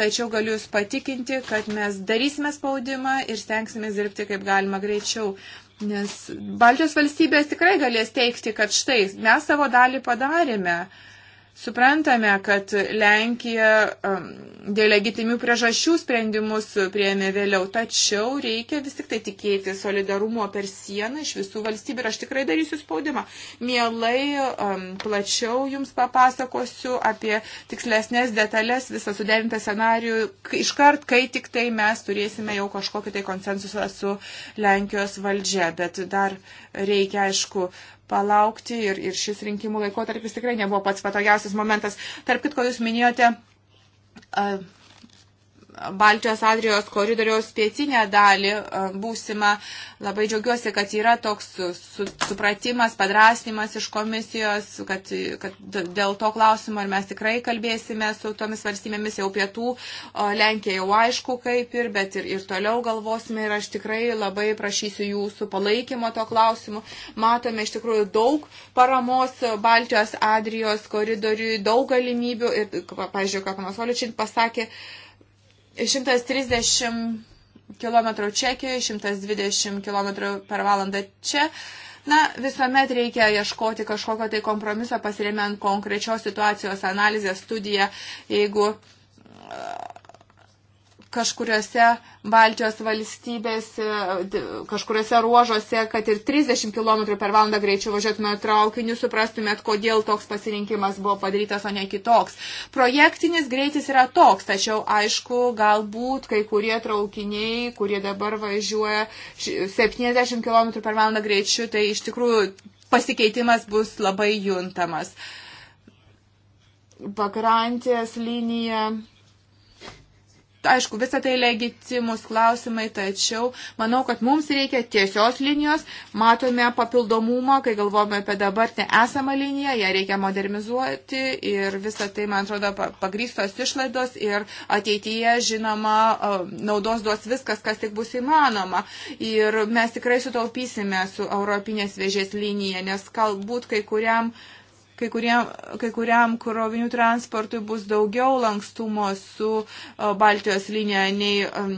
tačiau galiu Jūs patikinti, kad mes darysime spaudimą ir stengsime dirbti kaip galima greičiau. Nes Baltijos valstybės tikrai galės teikti, kad štai mes savo dalį padarėme. Suprantame, kad Lenkija um, dėl legitimių priežasčių sprendimus prieėmė vėliau, tačiau reikia vis tik tai tikėti solidarumo per sieną iš visų valstybių ir aš tikrai darysiu spaudimą. Mielai um, plačiau jums papasakosiu apie tikslesnės detalės, visą suderintą scenarių iškart, kai tik tai mes turėsime jau kažkokį tai konsensusą su Lenkijos valdžia. Bet dar reikia, aišku, uh, palaukti ir, ir šis rinkimų laikotarpis tikrai nebuvo pats patogiausias momentas. Tarp kitko, jūs minėjote uh, Baltijos Adrijos koridoriaus pietinę dalį e, būsimą. Labai džiaugiuosi, kad yra toks su, supratimas, padrasnimas iš komisijos, kad, kad dėl to klausimo ar mes tikrai kalbėsime su tomis valstybėmis jau pietų, Lenkija jau aišku kaip ir, bet ir, ir toliau galvosime ir aš tikrai labai prašysiu jūsų palaikymo to klausimu. Matome iš tikrųjų daug paramos Baltijos Adrijos koridoriui, daug galimybių ir, pažiūrėjau, ką panas Oličin pasakė, 130 km Čekijoje, 120 km per valandą čia. Na, visuomet reikia ieškoti kažkokio tai kompromiso pasiremiant konkrečios situacijos analizę, studiją, jeigu kažkuriuose Baltijos valstybėse, kažkuriuose ruožuose, kad ir 30 km per valandą greičiau važiuotumėt traukiniu, suprastumėt, kodėl toks pasirinkimas buvo padarytas, o ne kitoks. Projektinis greitis yra toks, tačiau aišku, galbūt kai kurie traukiniai, kurie dabar važiuoja 70 km per valandą greičiu, tai iš tikrųjų pasikeitimas bus labai juntamas. Pakrantės linija aišku, visą tai legitimus klausimai, tačiau manau, kad mums reikia tiesios linijos, matome papildomumą, kai galvojame apie dabartinę esamą liniją, ją reikia modernizuoti ir visą tai, man atrodo, pagrystos išlaidos ir ateityje, žinoma, naudos duos viskas, kas tik bus įmanoma. Ir mes tikrai sutaupysime su Europinės vėžės linija, nes galbūt kai kuriam uh, Kai, kuriem, kai kuriam krovinių transportui bus daugiau lankstumo su uh, Baltijos linija, nei um,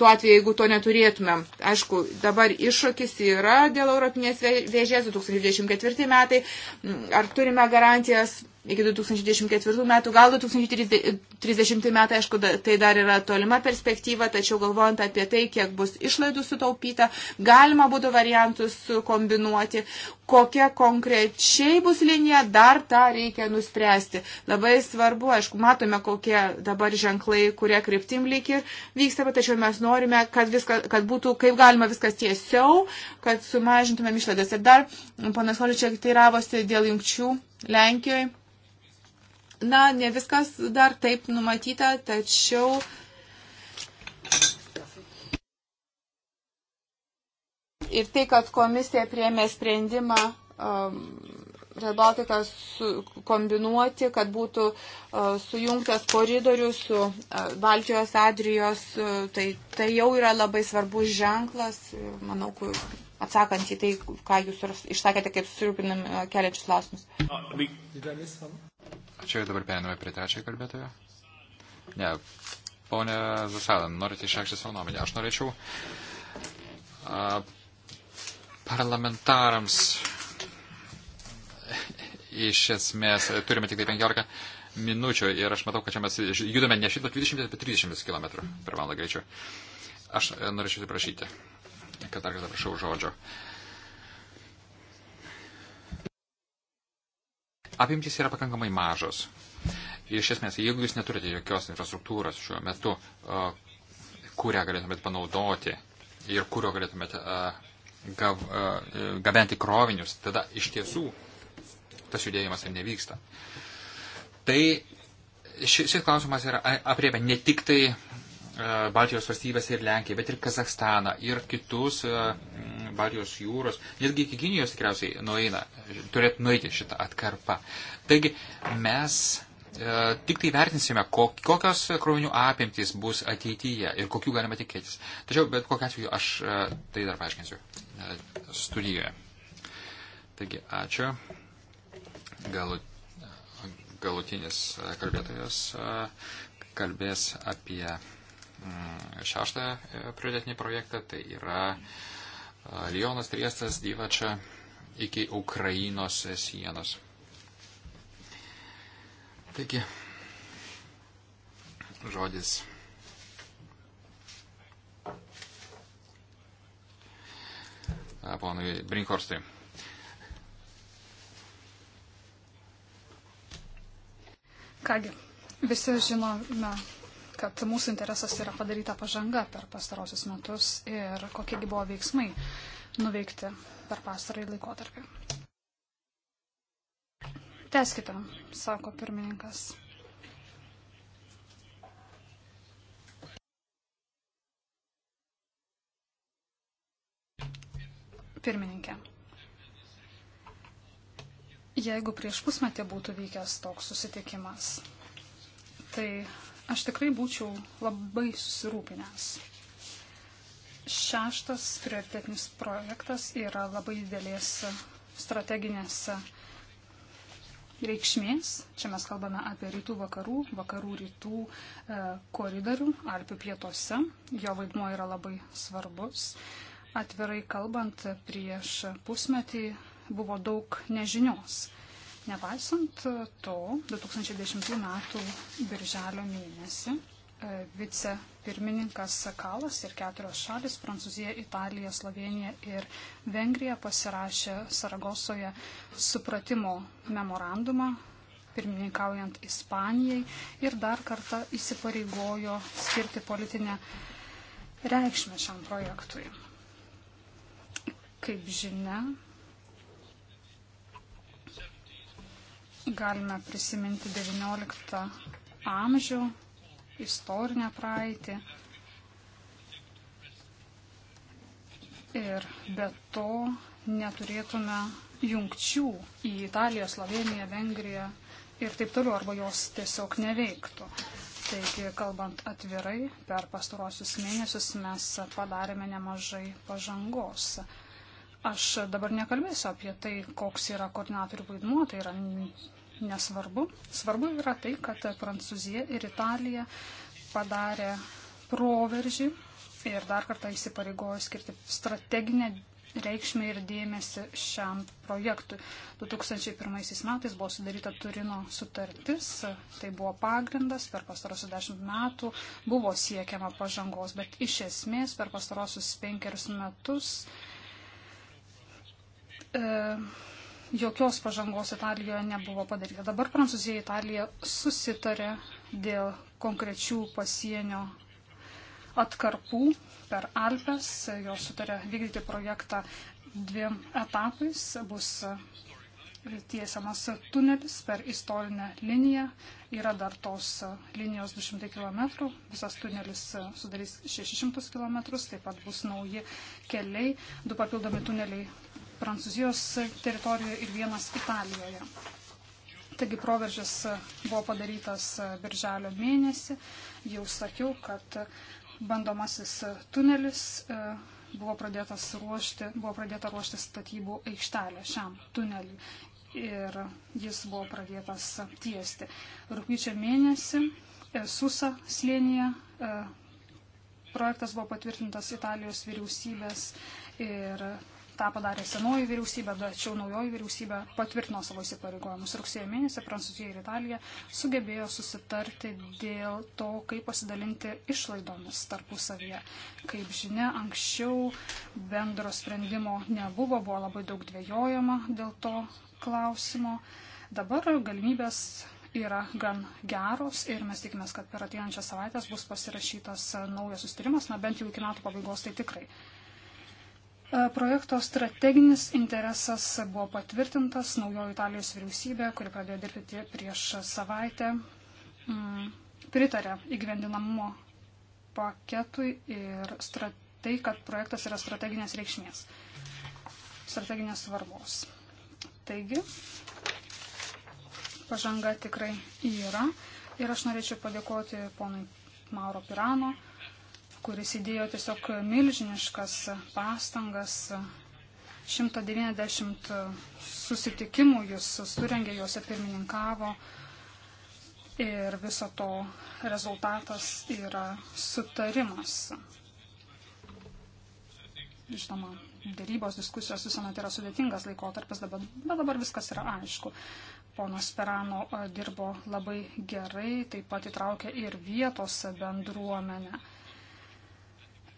tuo atveju, jeigu to neturėtumėm. Aišku, dabar iššūkis yra dėl Europinės vėžės 2024 metai. Mm, ar turime garantijas iki 2024 metų, gal 2030 metai, aišku, tai dar yra tolima perspektyva, tačiau galvojant apie tai, kiek bus išlaidų sutaupyta, galima būtų variantus kombinuoti, kokia konkrečiai bus linija, dar tą reikia nuspręsti. Labai svarbu, aišku, matome, kokie dabar ženklai, kurie kryptim lyg ir vyksta, bet tačiau mes norime, kad, viskas, kad būtų kaip galima viskas tiesiau, kad sumažintumėm išlaidas. Ir dar, panas Holičiak, teiravosi dėl jungčių Lenkijoje Na, ne viskas dar taip numatyta, tačiau. Ir tai, kad komisija priemė sprendimą um, Red Baltica su, kombinuoti, kad būtų uh, sujungtas koridorius su uh, Baltijos Adrijos, uh, tai, tai jau yra labai svarbus ženklas, manau, kur, atsakant į tai, ką jūs išsakėte, kaip susirūpinam uh, keliačius klausimus. Uh, Ačiū, dabar perėmėme prie trečiojo kalbėtojo. Ne, ponė Zasada, norite išreikšti savo nuomonę. Aš norėčiau a, parlamentarams iš esmės turime tik tai 15 minučių ir aš matau, kad čia mes judame ne 120, bet 30 km per valandą greičiu. Aš norėčiau atsiprašyti, kad dar kartą prašau žodžio. A, apimtis yra pakankamai mažos. Iš esmės, jeigu jūs neturite jokios infrastruktūros šiuo metu, kurią galėtumėte panaudoti ir kurio galėtumėte gav, e, gabenti krovinius, tada iš tiesų tas judėjimas ir nevyksta. Tai šis klausimas yra apriepia ne tik tai E, Baltijos valstybės ir Lenkiją, bet ir Kazakstaną ir kitus e, Baltijos jūros, netgi iki Kinijos tikriausiai nueina, turėtų nueiti šitą atkarpą. Taigi mes e, tik tai vertinsime, kokios krovinių apimtys bus ateityje ir kokių galima tikėtis. Tačiau bet kokiu atveju aš tai dar paaiškinsiu studijoje. Taigi, ačiū. Galut, galutinis kalbėtojas kalbės apie Mm, šeštą e, prioritetinį projektą, tai yra e, Lionas Triestas Dyvačia iki Ukrainos sienos. Taigi, žodis. E, ponui Brinkorstui. Kągi, visi žinome kad mūsų interesas yra padaryta pažanga per pastarosius metus ir kokiegi buvo veiksmai nuveikti per pastarąjį laikotarpį. Teskite, sako pirmininkas. Pirmininkė. Jeigu prieš pusmetį būtų vykęs toks susitikimas, tai aš tikrai būčiau labai susirūpinęs. Šeštas prioritetinis projektas yra labai didelės strateginės reikšmės. Čia mes kalbame apie rytų vakarų, vakarų rytų e, koridorių, Alpių pietuose. Jo vaidmuo yra labai svarbus. Atvirai kalbant, prieš pusmetį buvo daug nežinios. E, Nepaisant to, 2010 m. birželio mėnesį e, vicepirmininkas Sakalas ir keturios šalis - Prancūzija, Italija, Slovenija ir Vengrija - pasirašė Saragosoje supratimo memorandumą, pirmininkaujant Ispanijai ir dar kartą įsipareigojo skirti politinę reikšmę šiam projektui. Kaip žinia, Galime prisiminti XIX amžių, istorinę praeitį. Ir be to neturėtume jungčių į Italiją, Sloveniją, Vengriją ir taip toliau, arba jos tiesiog neveiktų. Taigi, kalbant atvirai, per pastarosius mėnesius mes padarėme nemažai pažangos. Aš dabar nekalbėsiu apie tai, koks yra koordinatorių vaidmuo, tai yra nesvarbu. Svarbu yra tai, kad Prancūzija ir Italija padarė proveržį ir dar kartą įsipareigojo skirti strateginę reikšmę ir dėmesį šiam projektui. 2001 metais buvo sudaryta Turino sutartis, tai buvo pagrindas, per pastarosius dešimt metų buvo siekiama pažangos, bet iš esmės per pastarosius penkerius metus e, jokios pažangos Italijoje nebuvo padaryta. Dabar Prancūzija ir Italija susitarė dėl konkrečių pasienio atkarpų per Alpes. Jos sutarė vykdyti projektą dviem etapais. Bus tiesiamas tunelis per istorinę liniją. Yra dar tos linijos 200 km, visas tunelis sudarys 600 km, taip pat bus nauji keliai, du papildomi tuneliai Prancūzijos teritorijoje ir vienas Italijoje. Taigi proveržis buvo padarytas birželio mėnesį. Jau sakiau, kad bandomasis tunelis e, buvo, ruošti, buvo pradėta ruošti statybų aikštelę šiam tuneliui. Ir jis buvo pradėtas tiesti. Rūpyčio mėnesį e, Susa slėnyje e, projektas buvo patvirtintas Italijos vyriausybės ir tą padarė senoji vyriausybė, tačiau naujoji vyriausybė patvirtino savo įsipareigojimus. Rugsėjo mėnesį Prancūzija ir Italija sugebėjo susitarti dėl to, kaip pasidalinti išlaidomis tarpusavyje. Kaip žinia, anksčiau bendro sprendimo nebuvo, buvo labai daug dvėjojama dėl to klausimo. Dabar galimybės yra gan geros ir mes tikimės, kad per ateinančią savaitę bus pasirašytas naujas sustarimas, na bent jau iki metų pabaigos tai tikrai. E, projekto strateginis interesas buvo patvirtintas naujojo Italijos vyriausybė, kuri pradėjo dirbti prieš savaitę, mm, pritarė įgyvendinamumo paketui ir tai, kad projektas yra strateginės reikšmės, strateginės svarbos. Taigi, pažanga tikrai yra ir aš norėčiau padėkoti ponui Mauro Pirano kuris įdėjo tiesiog milžiniškas pastangas. 190 susitikimų jis surengė, juose pirmininkavo. Ir viso to rezultatas yra sutarimas. Žinoma, dėrybos diskusijos visuomet yra sudėtingas laikotarpis, dabar, bet dabar viskas yra aišku. Ponas Perano dirbo labai gerai, taip pat įtraukė ir vietos bendruomenę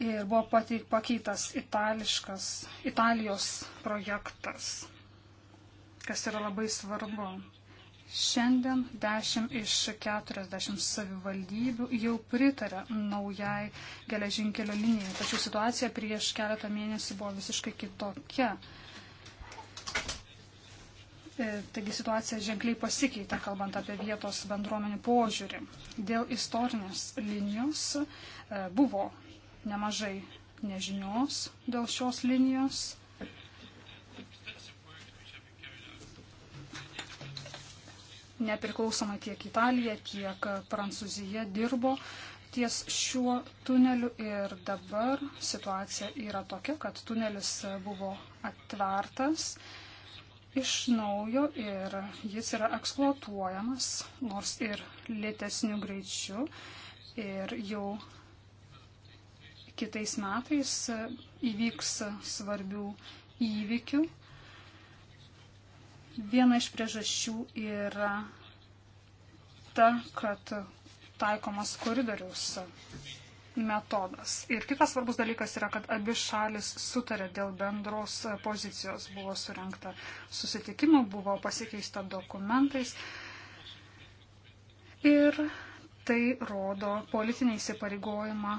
ir buvo pateik, pakeitas itališkas, Italijos projektas, kas yra labai svarbu. Šiandien 10 iš 40 savivaldybių jau pritarė naujai geležinkelio linijai, tačiau situacija prieš keletą mėnesių buvo visiškai kitokia. E, taigi situacija ženkliai pasikeitė, kalbant apie vietos bendruomenių požiūrį. Dėl istorinės linijos e, buvo nemažai nežinios dėl šios linijos. Nepriklausomai tiek Italija, tiek Prancūzija dirbo ties šiuo tuneliu ir dabar situacija yra tokia, kad tunelis buvo atvertas iš naujo ir jis yra eksploatuojamas, nors ir lėtesniu greičiu ir jau kitais metais įvyks svarbių įvykių. Viena iš priežasčių yra ta, kad taikomas koridoriaus metodas. Ir kitas svarbus dalykas yra, kad abi šalis sutarė dėl bendros pozicijos. Buvo surinkta susitikimų, buvo pasikeista dokumentais. Ir tai rodo politinį įsipareigojimą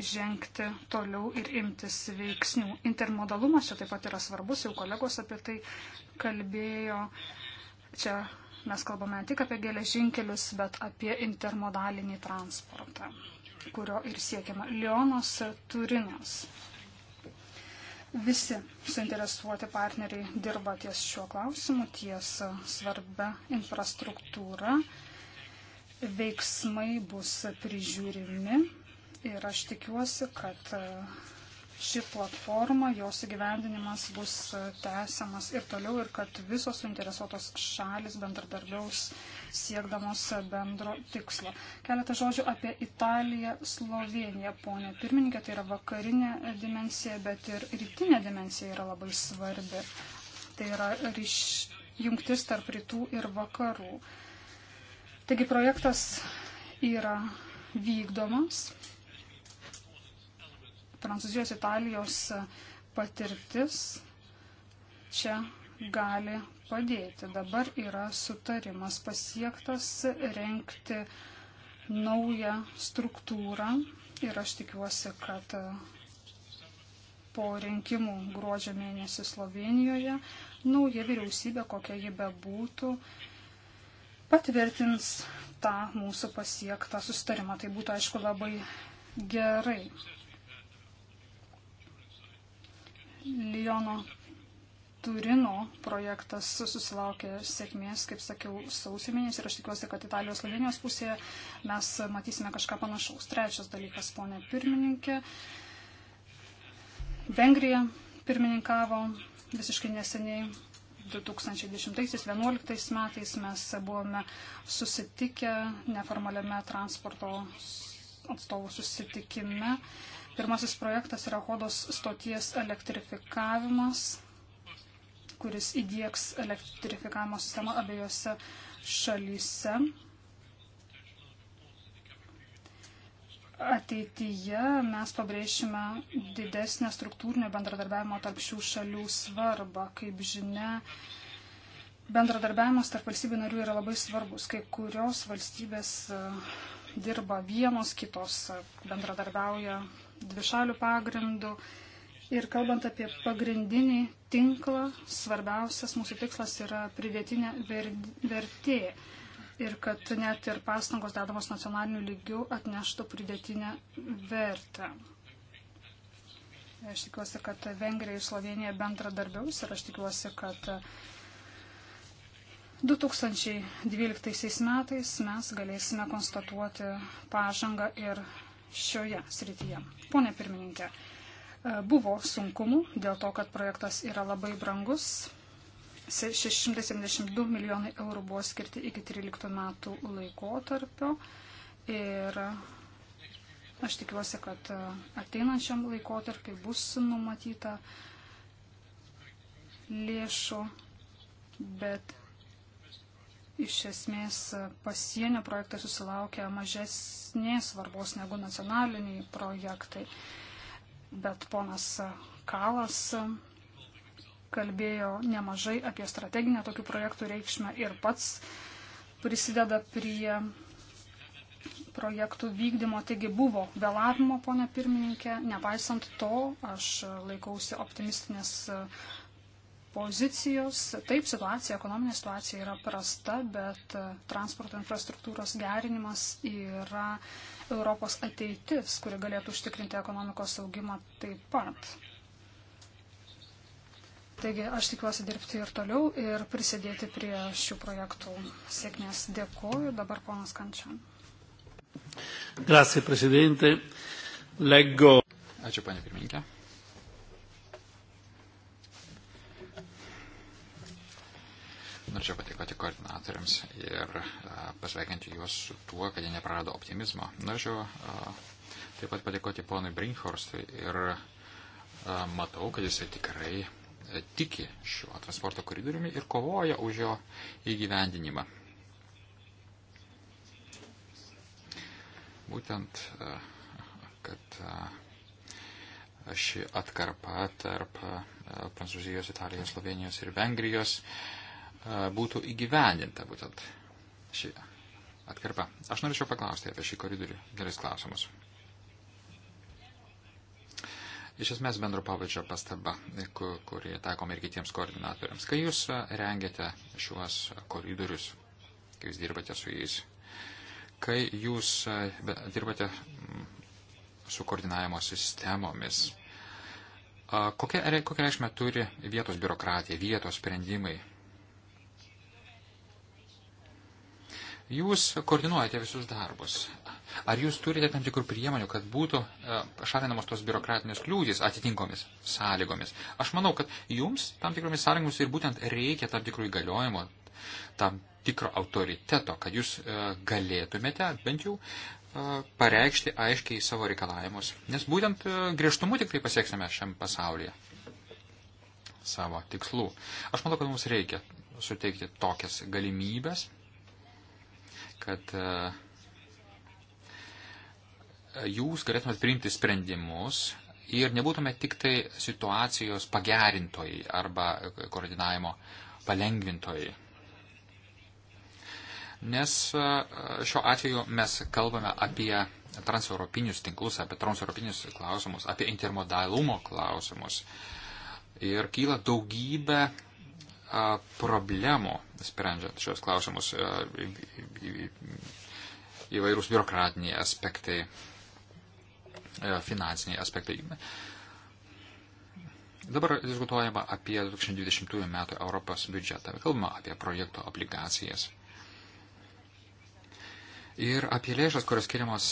žengti toliau ir imtis veiksnių. Intermodalumas čia taip pat yra svarbus, jau kolegos apie tai kalbėjo. Čia mes kalbame ne tik apie geležinkelius, bet apie intermodalinį transportą, kurio ir siekiama Lionos Turinas. Visi suinteresuoti partneriai dirba ties šiuo klausimu, ties svarbia infrastruktūra. Veiksmai bus prižiūrimi Ir aš tikiuosi, kad e, ši platforma, jos įgyvendinimas bus e, tęsiamas ir toliau ir kad visos suinteresuotos šalis bendradarbiaus siekdamos bendro tikslo. Keletą žodžių apie Italiją, Sloveniją, ponė pirmininkė, tai yra vakarinė dimensija, bet ir rytinė dimensija yra labai svarbi. Tai yra ryš, jungtis tarp rytų ir vakarų. Taigi projektas yra vykdomas Prancūzijos, Italijos patirtis čia gali padėti. Dabar yra sutarimas pasiektas renkti naują struktūrą ir aš tikiuosi, kad po rinkimų gruodžio mėnesį Slovenijoje nauja vyriausybė, kokia ji bebūtų, patvirtins tą mūsų pasiektą sustarimą. Tai būtų, aišku, labai gerai. Liono Turino projektas susilaukė sėkmės, kaip sakiau, sausio mėnesį ir aš tikiuosi, kad Italijos Slovenijos pusėje mes matysime kažką panašaus. Trečias dalykas, ponė pirmininkė. Vengrija pirmininkavo visiškai neseniai. 2010-2011 metais mes buvome susitikę neformaliame transporto atstovų susitikime Pirmasis projektas yra Hodos stoties elektrifikavimas, kuris įdėks elektrifikavimo sistemą abiejose šalyse. Ateityje mes pabrėšime didesnę struktūrinio bendradarbiavimo tarp šių šalių svarbą. Kaip žinia, bendradarbiavimas tarp valstybių narių yra labai svarbus. Kai kurios valstybės e, dirba vienos, kitos e, bendradarbiauja dvišalių pagrindų. Ir kalbant apie pagrindinį tinklą, svarbiausias mūsų tikslas yra pridėtinė vertė. Ir kad net ir pastangos dedamos nacionaliniu lygiu atneštų pridėtinę vertę. Aš tikiuosi, kad Vengrija ir Slovenija bendradarbiaus ir aš tikiuosi, kad 2012 metais mes galėsime konstatuoti pažangą ir šioje srityje. Pone pirmininkė, e, buvo sunkumų dėl to, kad projektas yra labai brangus. 672 milijonai eurų buvo skirti iki 13 metų laikotarpio ir aš tikiuosi, kad e, ateinančiam laikotarpiai bus numatyta lėšų, bet iš esmės pasienio projektai susilaukia mažesnės svarbos negu nacionaliniai projektai. Bet ponas Kalas kalbėjo nemažai apie strateginę tokių projektų reikšmę ir pats prisideda prie projektų vykdymo. Taigi buvo vėlavimo, ponė pirmininkė. Nepaisant to, aš laikausi optimistinės pozicijos. Taip, situacija, ekonominė situacija yra prasta, bet e, transporto infrastruktūros gerinimas yra Europos ateitis, kuri galėtų užtikrinti ekonomikos augimą taip pat. Taigi aš tikiuosi dirbti ir toliau ir prisidėti prie šių projektų. Sėkmės dėkuoju. Dabar ponas Kančian. Grazie, prezidente. Leggo. Ačiū, panė pirmininkė. Norėčiau patikoti koordinatoriams ir e, pasveikinti juos su tuo, kad jie neprarado optimizmo. Norėčiau e, taip pat patikoti ponui Brinkhorstui ir a, e, matau, kad jisai tikrai tiki šiuo transporto koridoriumi ir kovoja už jo įgyvendinimą. Būtent, a, kad a, ši atkarpa tarp Prancūzijos, Italijos, Slovenijos ir Vengrijos uh, būtų įgyvendinta būtent ši atkarpa. Aš norėčiau paklausti apie šį koridorių. Geras klausimas. Iš esmės bendro pavadžio pastaba, kurį taikome ir kitiems koordinatoriams. Kai jūs rengiate šiuos koridorius, kai jūs dirbate su jais, kai jūs dirbate su koordinavimo sistemomis, kokią, kokią reikšmę turi vietos biurokratija, vietos sprendimai Jūs koordinuojate visus darbus. Ar jūs turite tam tikrų priemonių, kad būtų e, šalinamos tos biurokratinės kliūtis atitinkomis sąlygomis? Aš manau, kad jums tam tikromis sąlygomis ir būtent reikia tam tikrų įgaliojimo, tam tikro autoriteto, kad jūs e, galėtumėte bent jau e, pareikšti aiškiai savo reikalavimus. Nes būtent griežtumu tik tai pasieksime šiam pasaulyje savo tikslų. Aš manau, kad mums reikia suteikti tokias galimybės kad e, jūs galėtumėt priimti sprendimus ir nebūtumėt tik tai situacijos pagerintojai arba koordinavimo palengvintojai. Nes e, šiuo atveju mes kalbame apie transeuropinius tinklus, apie transeuropinius klausimus, apie intermodalumo klausimus. Ir kyla daugybė problemų sprendžiant šios klausimus įvairūs biurokratiniai aspektai, finansiniai aspektai. Dabar diskutuojama apie 2020 metų Europos biudžetą. Kalbama apie projekto obligacijas. Ir apie lėšas, kurios skiriamos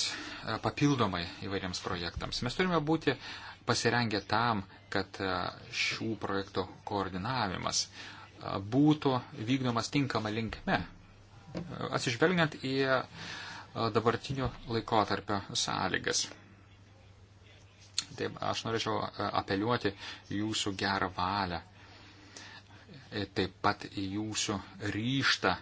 papildomai įvairiams projektams. Mes turime būti pasirengę tam, kad šių projektų koordinavimas būtų vykdomas tinkama linkme, atsižvelgiant į e, dabartinių laikotarpio sąlygas. Taip, aš norėčiau e, apeliuoti jūsų gerą valią, e, taip pat į jūsų ryštą,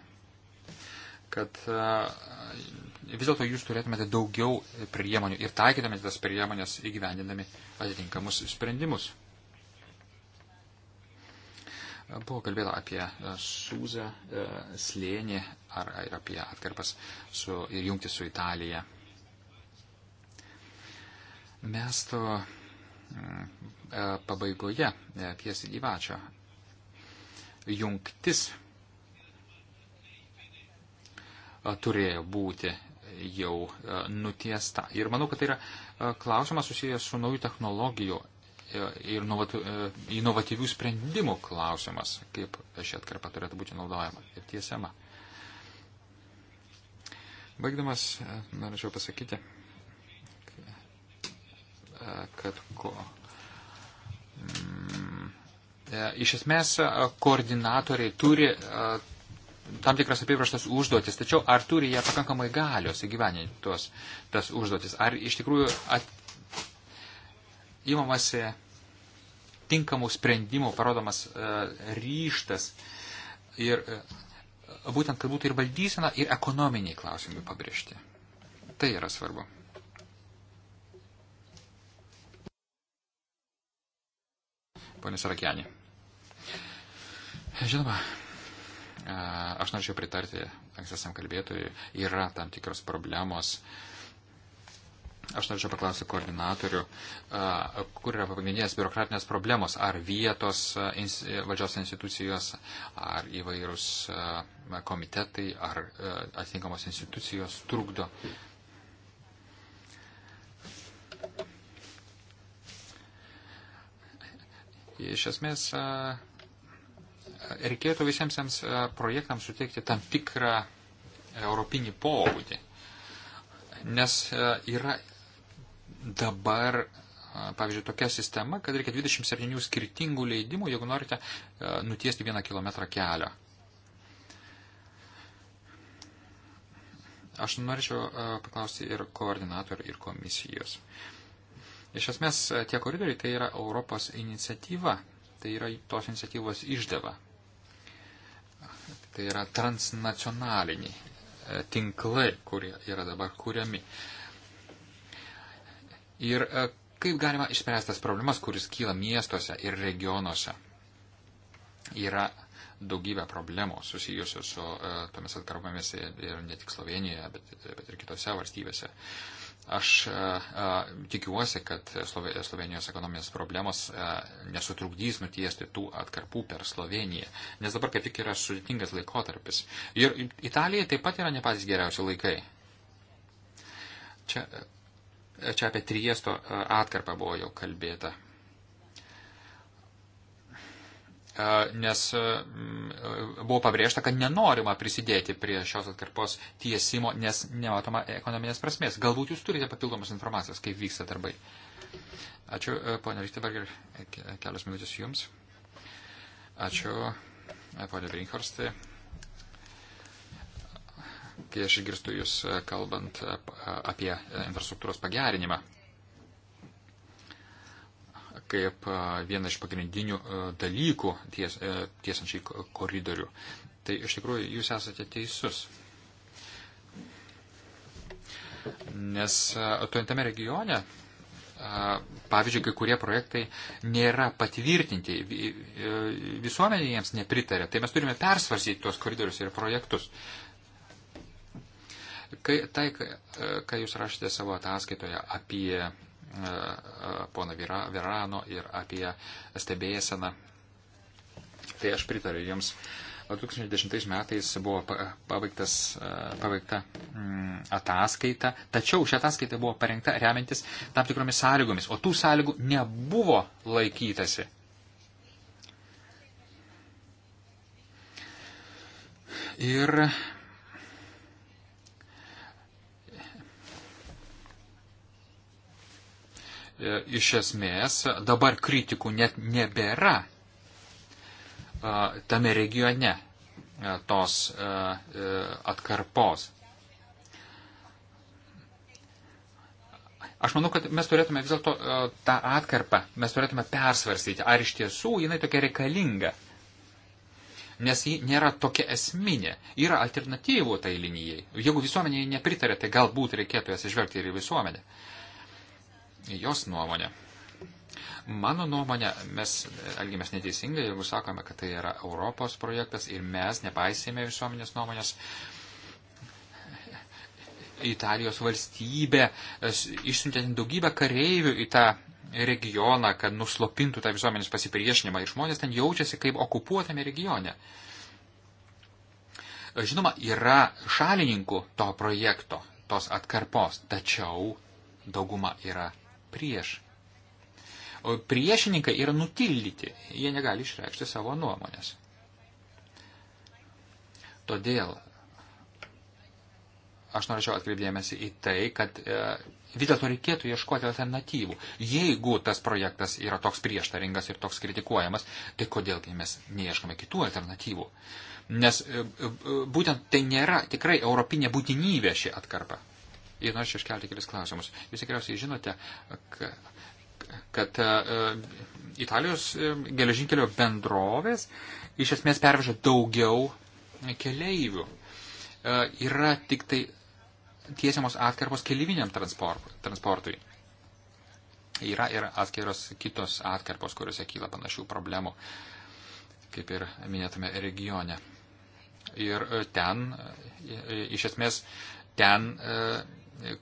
kad vis dėlto jūs turėtumėte daugiau priemonių ir taikytumėte tas priemonės įgyvendinami atitinkamus sprendimus. Buvo kalbėta apie e, Sūzą e, slėnį ar, ar apie atkarpas su, ir jungti su Italija. Mes to mm, e, pabaigoje piesi gyvačio jungtis turėjo būti jau nutiesta. Ir manau, kad tai yra klausimas susijęs su naujų technologijų E, ir e, inovatyvių sprendimų klausimas, kaip ši atkarpa turėtų būti naudojama ir tiesiama. Baigdamas, e, norėčiau pasakyti, kad ko. Mm, iš esmės, koordinatoriai turi tam tikras apibrieštas užduotis, tačiau ar turi jie pakankamai galios įgyveninti tuos, tas užduotis, ar iš tikrųjų at, imamasi tinkamų sprendimų, parodomas e, ryštas ir e, būtent, kad būtų ir valdysena, ir ekonominiai klausimai pabrėžti. Tai yra svarbu. Pone Sarakianį. Žinoma, e, aš norėčiau pritarti ankstesiam kalbėtojui, yra tam tikros problemos, uh, Aš norėčiau paklausti koordinatorių, kur yra pagrindinės biurokratinės problemos, ar vietos e, valdžios institucijos, ar įvairūs komitetai, ar atitinkamos institucijos trukdo. Iš esmės, reikėtų visiems jiems projektams suteikti tam tikrą europinį pobūdį, nes yra dabar, pavyzdžiui, tokia sistema, kad reikia 27 skirtingų leidimų, jeigu norite nutiesti vieną kilometrą kelio. Aš norėčiau paklausti ir koordinatorių, ir komisijos. Iš esmės, tie koridoriai tai yra Europos iniciatyva, tai yra tos iniciatyvos išdava. Tai yra transnacionaliniai tinklai, kurie yra dabar kūriami. Uh, ir e, kaip galima išspręsti tas problemas, kuris kyla miestuose ir regionuose. Yra daugybė problemų susijusių su e, tomis atkarbomis ir ne tik Slovenijoje, bet, bet ir kitose valstybėse. Aš a, e, a, tikiuosi, kad Slovenijos ekonominės problemos a, nesutrukdys nutiesti tų atkarpų per Sloveniją, nes dabar kaip tik yra sudėtingas laikotarpis. Ir Italijai taip pat yra ne patys geriausi laikai. Čia Čia apie Triesto e, atkarpą buvo jau kalbėta. E, nes e, buvo pabrėžta, kad nenorima prisidėti prie šios atkarpos tiesimo, nes nematoma ekonominės prasmės. Galbūt jūs turite papildomas informacijos, kaip vyksta darbai. Ačiū, ponia Richteberger, kelios minutės jums. Ačiū, ponia Brinkhorstai kai aš išgirstu Jūs e, kalbant e, e, apie infrastruktūros pagerinimą kaip vieną iš pagrindinių dalykų ties, tiesančiai koridorių. Tai iš tikrųjų Jūs esate teisus. Nes tuintame regione, pavyzdžiui, kai kurie projektai nėra patvirtinti, visuomenė jiems nepritarė, tai mes turime persvarsyti tuos koridorius ir projektus. Uh, Kai, tai, kai jūs rašėte savo ataskaitoje apie e, e, pono Virano ir apie stebėseną, tai aš pritariu jums. 2010 metais buvo pabaigtas, e, pabaigta mm, ataskaita, tačiau ši ataskaita buvo parengta remiantis tam tikromis sąlygomis, o tų sąlygų nebuvo laikytasi. Ir E, iš esmės dabar kritikų net nebėra e, tame regione e, tos atkarpos. Aš manau, kad mes turėtume vis dėlto tą atkarpą, mes turėtume persvarstyti, ar iš tiesų jinai tokia reikalinga. Nes ji nėra tokia esminė. Yra alternatyvų tai linijai. Jeigu visuomenė nepritarė, tai galbūt reikėtų jas išvelgti ir į visuomenę. Uh, jos nuomonę. Mano nuomonė, mes elgiamės neteisingai, jeigu sakome, kad tai yra Europos projektas ir mes nepaisėme visuomenės nuomonės. Italijos valstybė išsiuntė daugybę kareivių į tą regioną, kad nuslopintų tą visuomenės pasipriešinimą ir žmonės ten jaučiasi kaip okupuotame regione. Žinoma, yra šalininkų to projekto, tos atkarpos, tačiau dauguma yra prieš. O priešininkai yra nutildyti, jie negali išreikšti savo nuomonės. Todėl aš norėčiau atkreipdėmėsi į tai, kad e, vis dėlto reikėtų ieškoti alternatyvų. Jeigu tas projektas yra toks prieštaringas ir toks kritikuojamas, tai kodėlgi mes neieškome kitų alternatyvų? Nes e, e, būtent tai nėra tikrai europinė būtinybė ši atkarpa. Ir norėčiau iškelti kelis klausimus. Jūs tikriausiai žinote, kad e, Italijos e, geležinkelio bendrovės iš esmės perveža daugiau keleivių. E, yra tik tai tiesiamos atkarpos kelyviniam transportui. Yra ir atskiros kitos atkarpos, kuriuose kyla panašių problemų, kaip ir minėtame regione. Ir ten, iš esmės, ten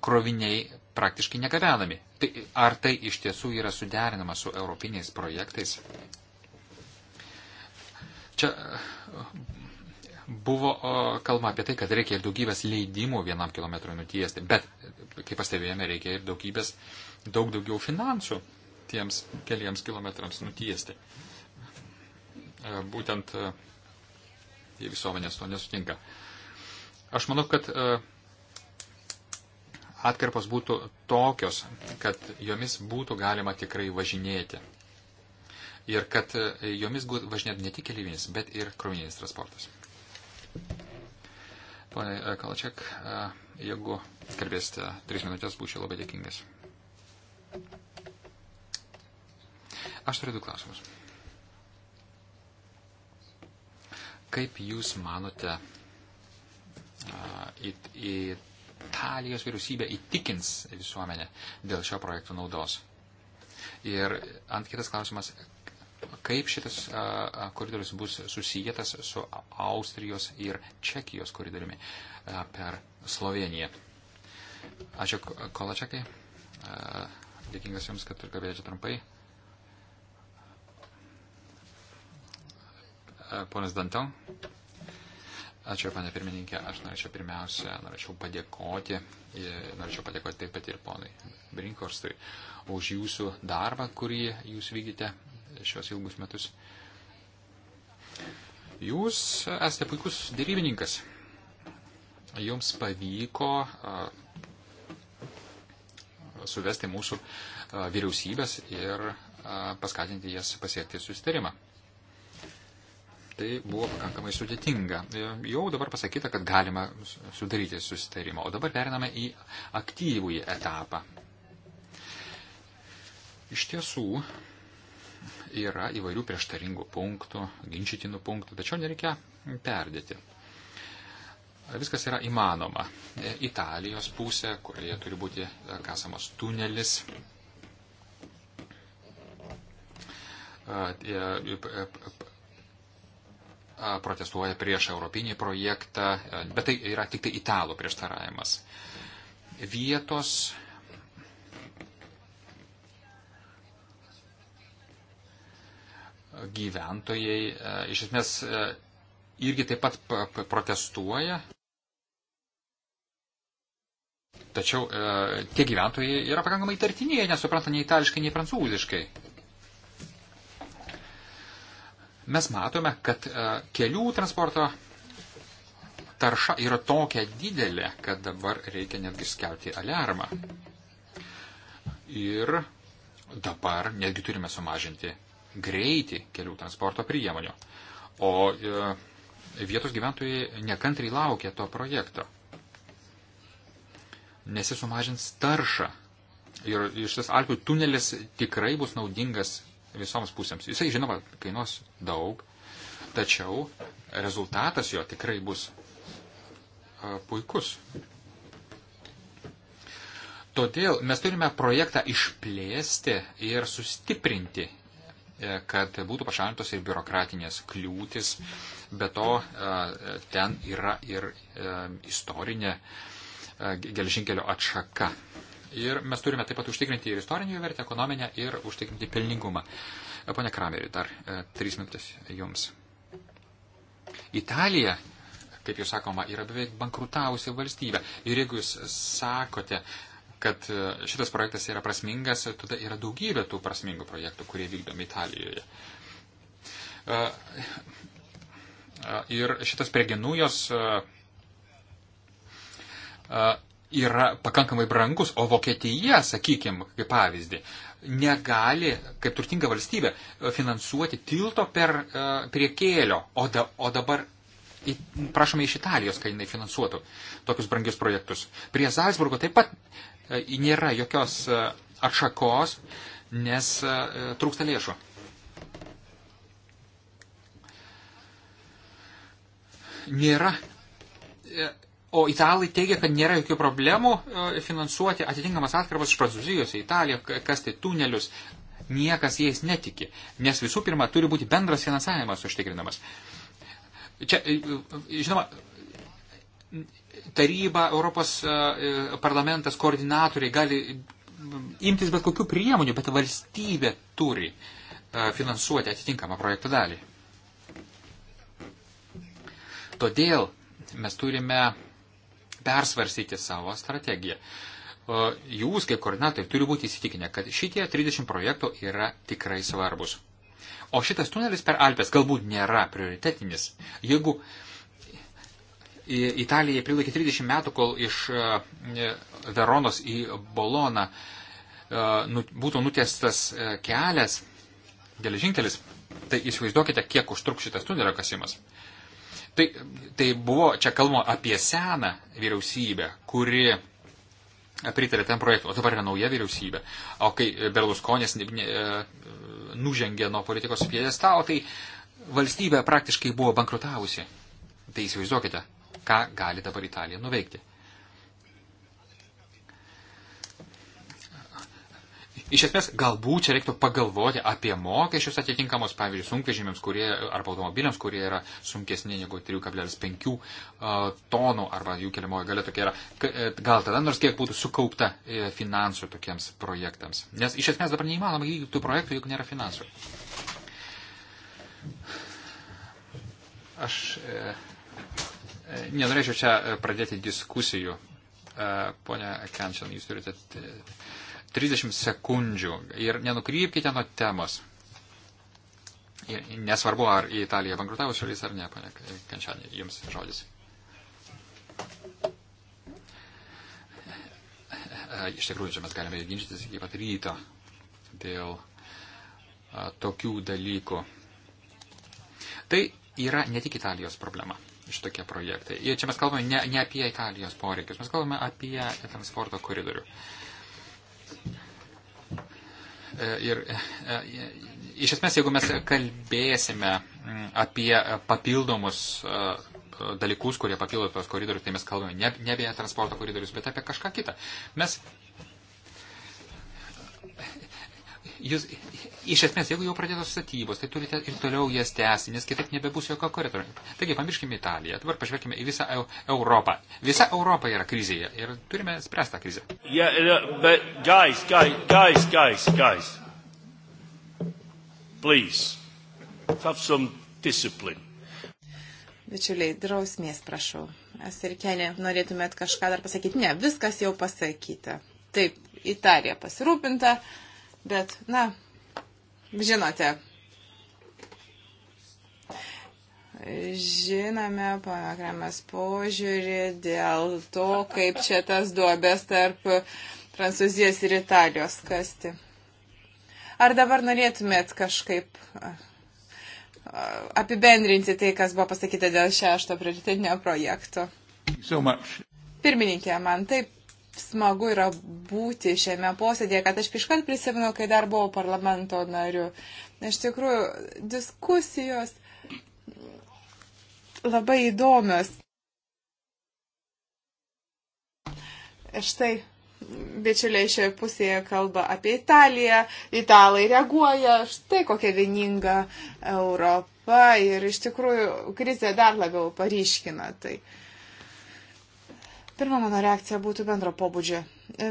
kroviniai praktiškai negabenami. Tai ar tai iš tiesų yra suderinama su europiniais projektais? Čia e, buvo e, kalba apie tai, kad reikia ir daugybės leidimų vienam kilometrui nutiesti, bet, kaip pastebėjome, reikia ir daugybės, daug daugiau finansų tiems keliems kilometrams nutiesti. E, būtent jie visuomenės to nesutinka. Aš manau, kad atkarpos būtų tokios, kad jomis būtų galima tikrai važinėti. Ir kad e, jomis važinėtų ne tik keliaivinis, bet ir krovininis transportas. Pone e, Kalačiak, e, jeigu kalbėsite tris minutės, būčiau labai dėkingas. Aš turiu du klausimus. Kaip Jūs manote į, į Italijos vyriausybė įtikins visuomenę dėl šio projekto naudos. Ir ant kitas klausimas, kaip šitas koridorius bus susijęs su Austrijos ir Čekijos koridoriumi per Sloveniją. Ačiū, Kolačekai. Dėkingas Jums, kad kalbėjote trumpai. Ponas Danton. Ačiū, panė pirmininkė. Aš norėčiau pirmiausia, norėčiau padėkoti, norėčiau padėkoti taip pat ir ponai Brinkorstui už jūsų darbą, kurį jūs vykite šios ilgus metus. Jūs esate puikus dėrybininkas. Jums pavyko suvesti mūsų vyriausybės ir paskatinti jas pasiekti susitarimą tai buvo pakankamai sudėtinga. Jau dabar pasakyta, kad galima sudaryti susitarimą, o dabar periname į aktyvųjį etapą. Iš tiesų yra įvairių prieštaringų punktų, ginčytinų punktų, tačiau nereikia perdėti. Viskas yra įmanoma. Italijos pusė, kurioje turi būti kasamas tunelis, protestuoja prieš europinį projektą, bet tai yra tik tai italų prieštaravimas. Vietos gyventojai iš esmės irgi taip pat protestuoja. Tačiau e, tie gyventojai yra pakankamai tartiniai, nesupranta nei itališkai, nei prancūziškai mes matome, kad e, kelių transporto tarša yra tokia didelė, kad dabar reikia netgi skelbti aliarmą. Ir dabar netgi turime sumažinti greitį kelių transporto priemonių. O e, vietos gyventojai nekantriai laukia to projekto, nes jis sumažins taršą. Ir šis Alpių tunelis tikrai bus naudingas visoms pusėms. Jisai, žinoma, kainuos daug, tačiau rezultatas jo tikrai bus puikus. Todėl mes turime projektą išplėsti ir sustiprinti, e, kad būtų pašalintos ir biurokratinės kliūtis, bet to ten yra ir e, istorinė gelžinkelio atšaka. Ir mes turime taip pat užtikrinti ir istorinį vertę, ekonominę ir užtikrinti pelningumą. Pone Kramerį, dar e, trys minutės jums. Italija, kaip jau sakoma, yra beveik bankrutavusi valstybė. Ir jeigu jūs sakote, kad e, šitas projektas yra prasmingas, tada yra daugybė tų prasmingų projektų, kurie vykdomi Italijoje. E, e, ir šitas prie Genujos yra pakankamai brangus, o Vokietija, sakykime, kaip pavyzdį, negali, kaip turtinga valstybė, finansuoti tilto per, e, prie kėlio, o, da, o dabar prašome iš Italijos, kad jinai finansuotų tokius brangius projektus. Prie Zalzburgo taip pat e, nėra jokios e, atšakos, nes trūksta lėšų. Nėra O italai teigia, kad nėra jokių problemų e, finansuoti atitinkamas atkarpas iš Prancūzijos į Italiją, kasti tunelius. Niekas jais netiki, nes visų pirma turi būti bendras finansavimas užtikrinamas. Čia, e, e, žinoma, taryba, Europos parlamentas, koordinatoriai gali imtis bet kokių priemonių, bet valstybė turi finansuoti atitinkamą projektą dalį. Todėl mes turime persvarsyti savo strategiją. Jūs kaip koordinatoriai turi būti įsitikinę, kad šitie 30 projektų yra tikrai svarbus. O šitas tunelis per Alpes galbūt nėra prioritetinis. Jeigu Italijai prilaikė 30 metų, kol iš e, e, Veronos į Boloną e, nu, būtų nutestas kelias, geležinkelis, tai įsivaizduokite, kiek užtruks šitas tunelio kasimas. Tai, tai buvo, čia kalbama apie seną vyriausybę, kuri pritarė tam projektui, o dabar yra nauja vyriausybė. O kai Berlusconis e, nužengė nuo politikos piedestalo, tai valstybė praktiškai buvo bankrutavusi. Tai įsivaizduokite, ką gali dabar Italija nuveikti. Iš esmės, galbūt čia reiktų pagalvoti apie mokesčius atitinkamos, pavyzdžiui, sunkvežimėms kurie, arba automobiliams, kurie yra sunkesni negu 3,5 e, tonų, arba jų keliamoji galia tokia yra. E, gal tada nors kiek būtų sukaupta e, finansų tokiems projektams. Nes iš esmės dabar neįmanoma vykdyti tų projektų, jeigu nėra finansų. Aš e, nenorėčiau čia pradėti diskusijų. E, Pone Kenčian, jūs turite 30 sekundžių ir nenukrypkite nuo temos. Ir nesvarbu, ar Italija bankrutavo šalis ar ne, ponia Kančianė, jums žodis. Iš tikrųjų, čia mes galime ginčytis iki pat ryto dėl a, tokių dalykų. Tai yra ne tik Italijos problema šitokie projektai. Ir čia mes kalbame ne, ne apie Italijos poreikius, mes kalbame apie transporto koridorių. Uh, E, ir e, e, iš esmės, jeigu mes kalbėsime mm, apie papildomus dalykus, kurie papildo tos koridorius, tai mes kalbame ne, ne apie transporto koridorius, bet apie kažką kitą. Mes Jūs iš esmės, jeigu jau pradėtos statybos, tai turite ir toliau jas tęsti, nes kitaip nebebus jokio koridorių. Taigi, pamirškime Italiją, dabar pažvelkime į visą Europą. Visa Europa yra krizėje ir turime spręsti tą krizę. Yeah, yeah, guys, guys, guys, guys, guys. Please, have some discipline. Bičiuliai, drausmės prašau. Asirkenė, norėtumėt kažką dar pasakyti? Ne, viskas jau pasakyta. Taip, Italija pasirūpinta, bet, na, Žinote, žinome panakramas požiūrį dėl to, kaip čia tas duobės tarp Prancūzijos ir Italijos kasti. Ar dabar norėtumėt kažkaip apibendrinti tai, kas buvo pasakyta dėl šešto prioritetinio projekto? So much. Pirmininkė, man taip smagu yra būti šiame posėdėje, kad aš iškart prisimenu, kai dar buvau parlamento nariu. Iš tikrųjų, diskusijos labai įdomios. Štai bičiuliai šioje pusėje kalba apie Italiją, italai reaguoja, štai kokia vieninga Europa ir iš tikrųjų krizė dar labiau paryškina tai. Uh, Pirma mano reakcija būtų bendro pobūdžio.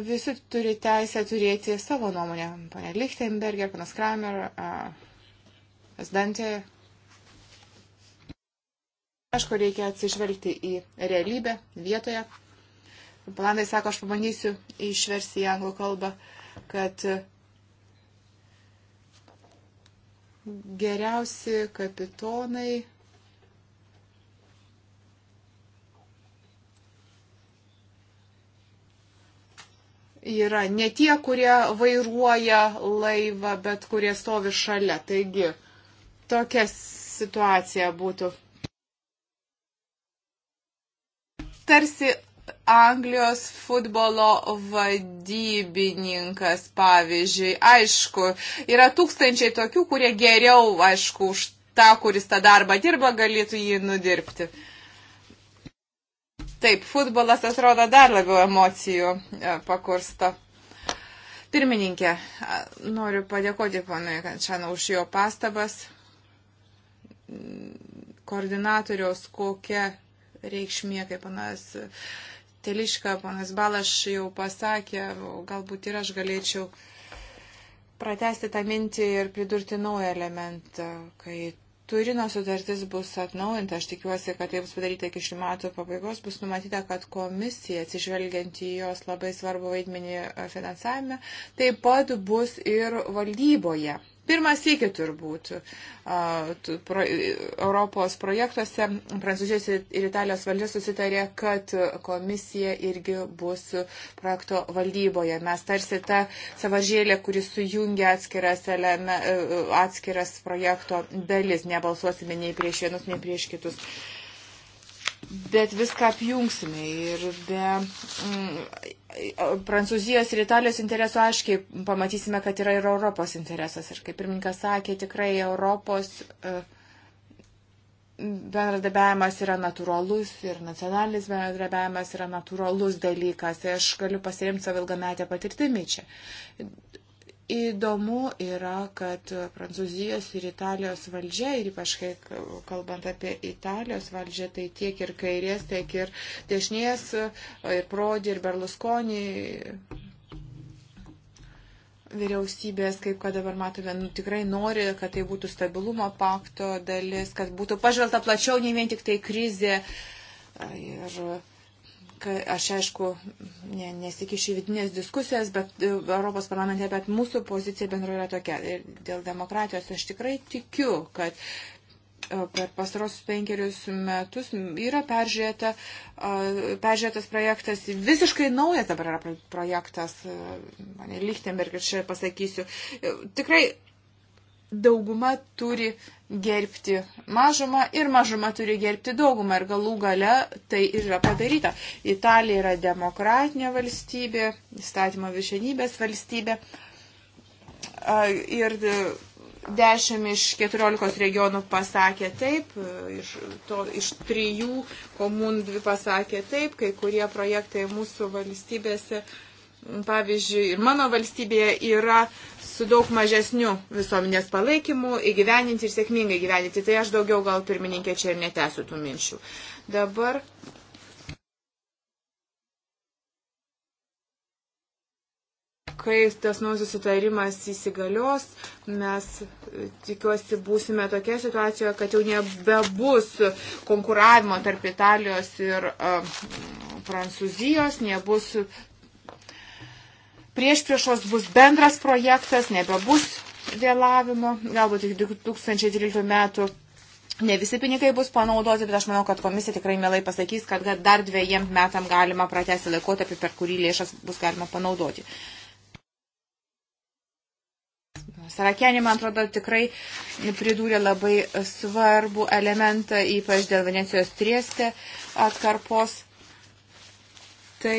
Visi turi teisę turėti savo nuomonę. Pane Lichtenberger, panas Kramer, Esdantė. Aišku, reikia atsižvelgti į realybę vietoje. Planai sako, aš pabandysiu išversti į anglų kalbą, kad geriausi kapitonai yra ne tie, kurie vairuoja laivą, bet kurie stovi šalia. Taigi tokia situacija būtų. Tarsi Anglijos futbolo vadybininkas, pavyzdžiui. Aišku, yra tūkstančiai tokių, kurie geriau, aišku, už tą, kuris tą darbą dirba, galėtų jį nudirbti. Uh, Taip, futbolas atrodo dar labiau emocijų e, pakursto. Pirmininkė, noriu padėkoti ponui Kančianą už jo pastabas. Koordinatoriaus kokia reikšmė, kaip panas Teliška, panas Balaš jau pasakė, galbūt ir aš galėčiau pratesti tą mintį ir pridurti naują elementą, kai Turino sutartis bus atnaujinta, aš tikiuosi, kad tai bus padaryta iki šių metų pabaigos, bus numatyta, kad komisija, atsižvelgiant į jos labai svarbu vaidmenį e, finansavime, taip pat bus ir valdyboje. Pirmas sėki turbūt Europos projektuose Prancūzijos ir Italijos valdžia susitarė, kad komisija irgi bus projekto valdyboje. Mes tarsi ta savažėlė, kuris sujungia atskiras, eleme, e, atskiras projekto dalis, nebalsuosime nei prieš vienus, nei prieš kitus. Uh, bet viską apjungsime ir be mm, Prancūzijos ir Italijos interesų aiškiai pamatysime, kad yra ir Europos interesas. Ir kaip pirmininkas sakė, tikrai Europos e, bendradarbiavimas yra natūralus ir nacionalinis bendradarbiavimas yra natūralus dalykas. Tai aš galiu pasirimti savo ilgametę patirtimį čia. Įdomu yra, kad Prancūzijos ir Italijos valdžia, ir ypač kai kalbant apie Italijos valdžią, tai tiek ir kairės, tiek ir dešinės, ir Prodi, ir Berlusconi vyriausybės, kaip kad dabar matome, nu, tikrai nori, kad tai būtų stabilumo pakto dalis, kad būtų pažvelgta plačiau, nei vien tik tai krizė. Ir aš aišku ne, nesikišiu į vidinės diskusijas, bet e, Europos parlamente, bet mūsų pozicija bendro yra tokia. Ir dėl demokratijos aš tikrai tikiu, kad e, per pastarosius penkerius metus yra peržiūrėta, e, peržiūrėtas projektas, visiškai naujas dabar yra projektas, mane Lichtenberg ir čia pasakysiu. Tikrai dauguma turi gerbti mažumą ir mažuma turi gerbti daugumą ir galų gale tai yra padaryta. Italija yra demokratinė valstybė, įstatymo viršenybės valstybė ir 10 iš 14 regionų pasakė taip, iš, to, iš 3 komun 2 pasakė taip, kai kurie projektai mūsų valstybėse uh, pavyzdžiui, ir mano valstybėje yra su daug mažesniu visuomenės palaikymu įgyveninti ir sėkmingai gyveninti. Tai aš daugiau gal pirmininkė čia ir netęsiu tų minčių. Dabar. Kai tas naujas susitarimas įsigalios, mes e, tikiuosi būsime tokia situacija, kad jau nebebus konkuravimo tarp Italijos ir uh, Prancūzijos, nebus prieš priešos bus bendras projektas, nebebus vėlavimo, galbūt iki 2013 metų. Ne visi pinigai bus panaudoti, bet aš manau, kad komisija tikrai mielai pasakys, kad dar dviejiem metam galima pratesti laikotarpį, per kurį lėšas bus galima panaudoti. Sarakenė, man atrodo, tikrai pridūrė labai svarbų elementą, ypač dėl Venecijos trieste atkarpos. Tai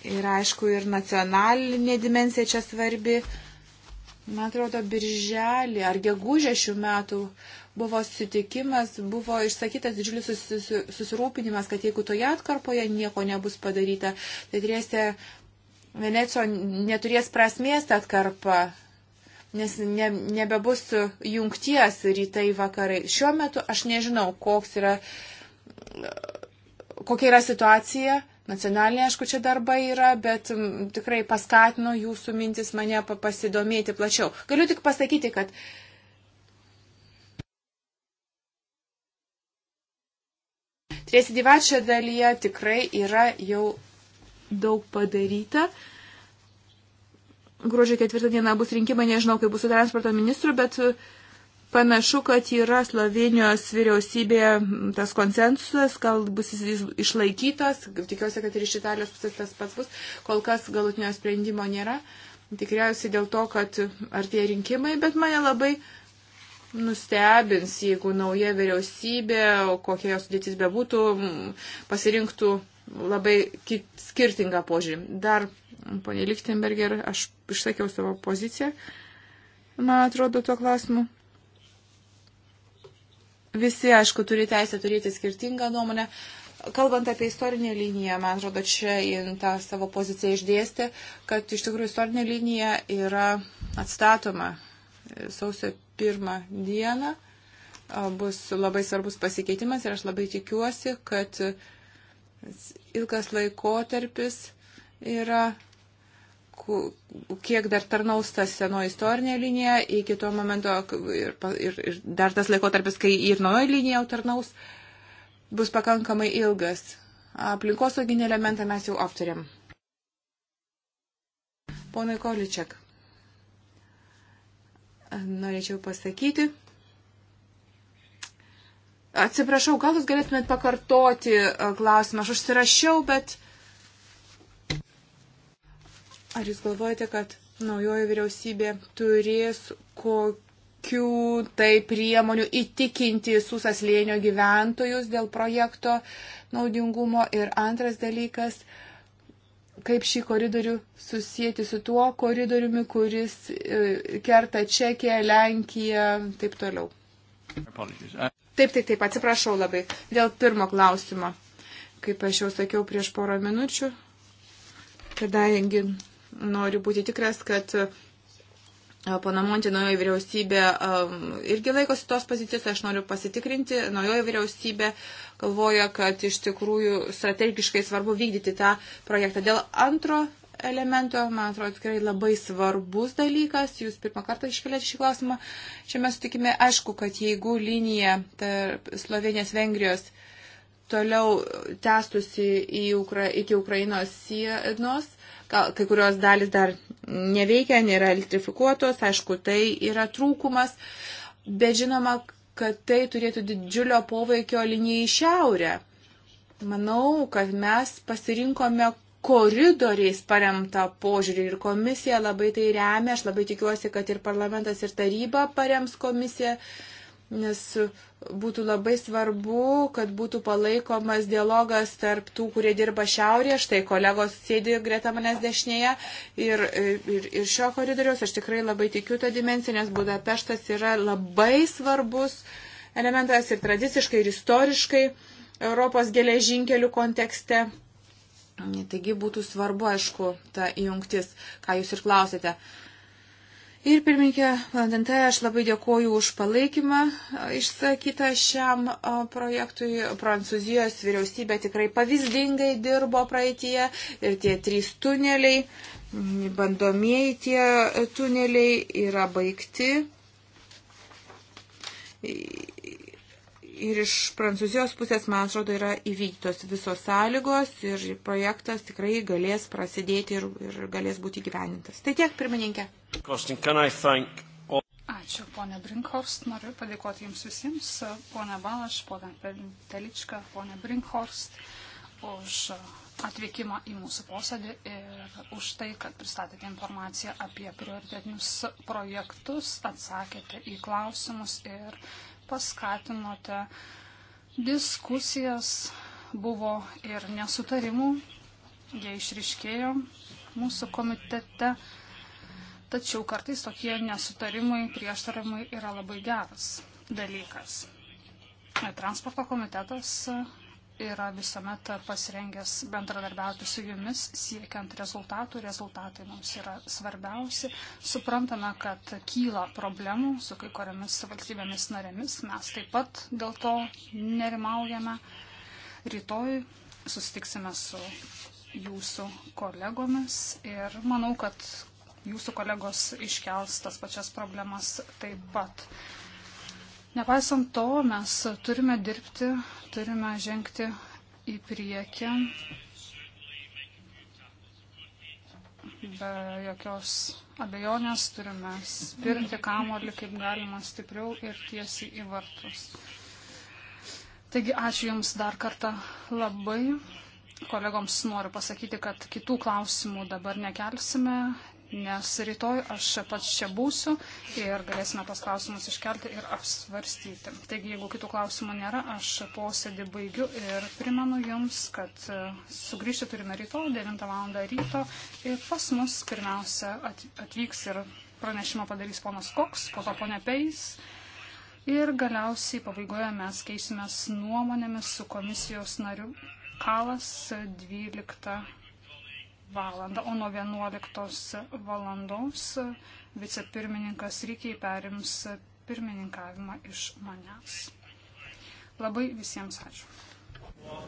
Ir aišku, ir nacionalinė dimensija čia svarbi. Man atrodo, birželį ar gegužę šių metų buvo sutikimas, buvo išsakytas didžiulis susirūpinimas, kad jeigu toje atkarpoje nieko nebus padaryta, tai turėsite Venecijo neturės prasmės ta atkarpa, nes ne, nebebus jungties rytai vakarai. Šiuo metu aš nežinau, koks yra, kokia yra situacija Nacionaliniai, aišku, čia darbai yra, bet tikrai paskatino jūsų mintis mane pasidomėti plačiau. Galiu tik pasakyti, kad Triesidivačio dalyje tikrai yra jau daug padaryta. Gruodžio ketvirtą dieną bus rinkimai, nežinau, kaip bus su transporto ministru, bet uh, Panašu, kad yra Slovenijos vyriausybėje tas konsensusas, gal bus jis išlaikytas, tikiuosi, kad ir iš Italijos pusės tas pats bus, kol kas galutinio sprendimo nėra. Tikriausiai dėl to, kad artėja rinkimai, bet mane labai nustebins, jeigu nauja vyriausybė, kokia jos sudėtis bebūtų, pasirinktų labai kit, skirtingą požiūrį. Dar, ponė Lichtenberger, aš išsakiau savo poziciją, man atrodo, tuo klausimu. Visi, aišku, turi teisę turėti skirtingą nuomonę. Kalbant apie istorinę liniją, man atrodo, čia jin tą savo poziciją išdėstė, kad iš tikrųjų istorinė linija yra atstatoma sausio pirmą dieną. Bus labai svarbus pasikeitimas ir aš labai tikiuosi, kad ilgas laikotarpis yra kiek dar tarnaus ta senoji istorinė linija iki to momento ir, ir, ir dar tas laikotarpis, kai ir naujoji linija jau tarnaus, bus pakankamai ilgas. Aplinkosauginį elementą mes jau aptarėm. Ponai Količiak, norėčiau pasakyti. Atsiprašau, gal jūs galėtumėt pakartoti e, klausimą, aš užsirašiau, bet uh, Ar jūs galvojate, kad naujoji vyriausybė turės kokių tai priemonių įtikinti susas lėnio gyventojus dėl projekto naudingumo? Ir antras dalykas, kaip šį koridorių susijęti su tuo koridoriumi, kuris e, kerta Čekiją, Lenkiją, taip toliau. Taip, taip, taip, atsiprašau labai dėl pirmo klausimo. Kaip aš jau sakiau prieš porą minučių, kadangi Noriu būti tikras, kad e, Pana Monti naujoji vyriausybė e, irgi laikosi tos pozicijos, aš noriu pasitikrinti. Naujoji vyriausybė galvoja, kad iš tikrųjų strategiškai svarbu vykdyti tą projektą. Dėl antro elemento, man atrodo, tikrai labai svarbus dalykas. Jūs pirmą kartą iškelėte šį klausimą. Čia mes sutikime, aišku, kad jeigu linija tarp Slovenijos, Vengrijos, uh, toliau tęstusi Ukra iki Ukrainos sienos. Gal kai kurios dalis dar neveikia, nėra elektrifikuotos, aišku, tai yra trūkumas, bet žinoma, kad tai turėtų didžiulio poveikio linijai šiaurę. Manau, kad mes pasirinkome koridoriais paremtą požiūrį ir komisija labai tai remia, aš labai tikiuosi, kad ir parlamentas ir taryba parems komisiją nes būtų labai svarbu, kad būtų palaikomas dialogas tarp tų, kurie dirba šiaurėje, štai kolegos sėdi greta manęs dešinėje ir, ir, ir šio koridoriaus. Aš tikrai labai tikiu tą dimensiją, nes Budapeštas yra labai svarbus elementas ir tradiciškai, ir istoriškai Europos geležinkelių kontekste. Taigi būtų svarbu, aišku, ta jungtis, ką jūs ir klausėte. Uh, Ir pirminkė Valentai, aš labai dėkoju už palaikymą išsakytą šiam projektui. Prancūzijos vyriausybė tikrai pavyzdingai dirbo praeitie ir tie trys tuneliai, bandomieji tie e, tuneliai yra baigti ir iš Prancūzijos pusės, man atrodo, yra įvykdytos visos sąlygos ir projektas tikrai galės prasidėti ir, ir galės būti gyvenintas. Tai tiek, pirmininkė. Ačiū, ponė Brinkhorst. Noriu padėkoti Jums visiems, ponė Balaš, ponė Telička, ponė Brinkhorst, už atvykimą į mūsų posėdį ir už tai, kad pristatėte informaciją apie prioritetinius projektus, atsakėte į klausimus ir paskatinote diskusijas, buvo ir nesutarimų, jie išriškėjo mūsų komitete, tačiau kartais tokie nesutarimai, prieštaramai yra labai geras dalykas. Transporto komitetas yra visuomet pasirengęs bendradarbiauti su jumis, siekiant rezultatų. Rezultatai mums yra svarbiausi. Suprantame, kad kyla problemų su kai kuriamis valstybėmis narėmis. Mes taip pat dėl to nerimaujame. Rytoj susitiksime su jūsų kolegomis ir manau, kad jūsų kolegos iškels tas pačias problemas taip pat. Nepaisant to, mes turime dirbti, turime žengti į priekį be jokios abejonės, turime spirti kamolį kaip galima stipriau ir tiesiai į vartus. Taigi ačiū Jums dar kartą labai kolegoms noriu pasakyti, kad kitų klausimų dabar nekelsime nes rytoj aš pats čia būsiu ir galėsime tos klausimus iškelti ir apsvarstyti. Taigi, jeigu kitų klausimų nėra, aš posėdį baigiu ir primenu Jums, kad e, sugrįžti turime rytoj 9 val. ryto ir pas mus pirmiausia atvyks ir pranešimą padarys ponas Koks, po to ponė Peis. Ir galiausiai pabaigoje mes keisimės nuomonėmis su komisijos nariu Kalas 12 valandą, o nuo 11 valandos vicepirmininkas rykiai perims pirmininkavimą iš manęs. Labai visiems ačiū.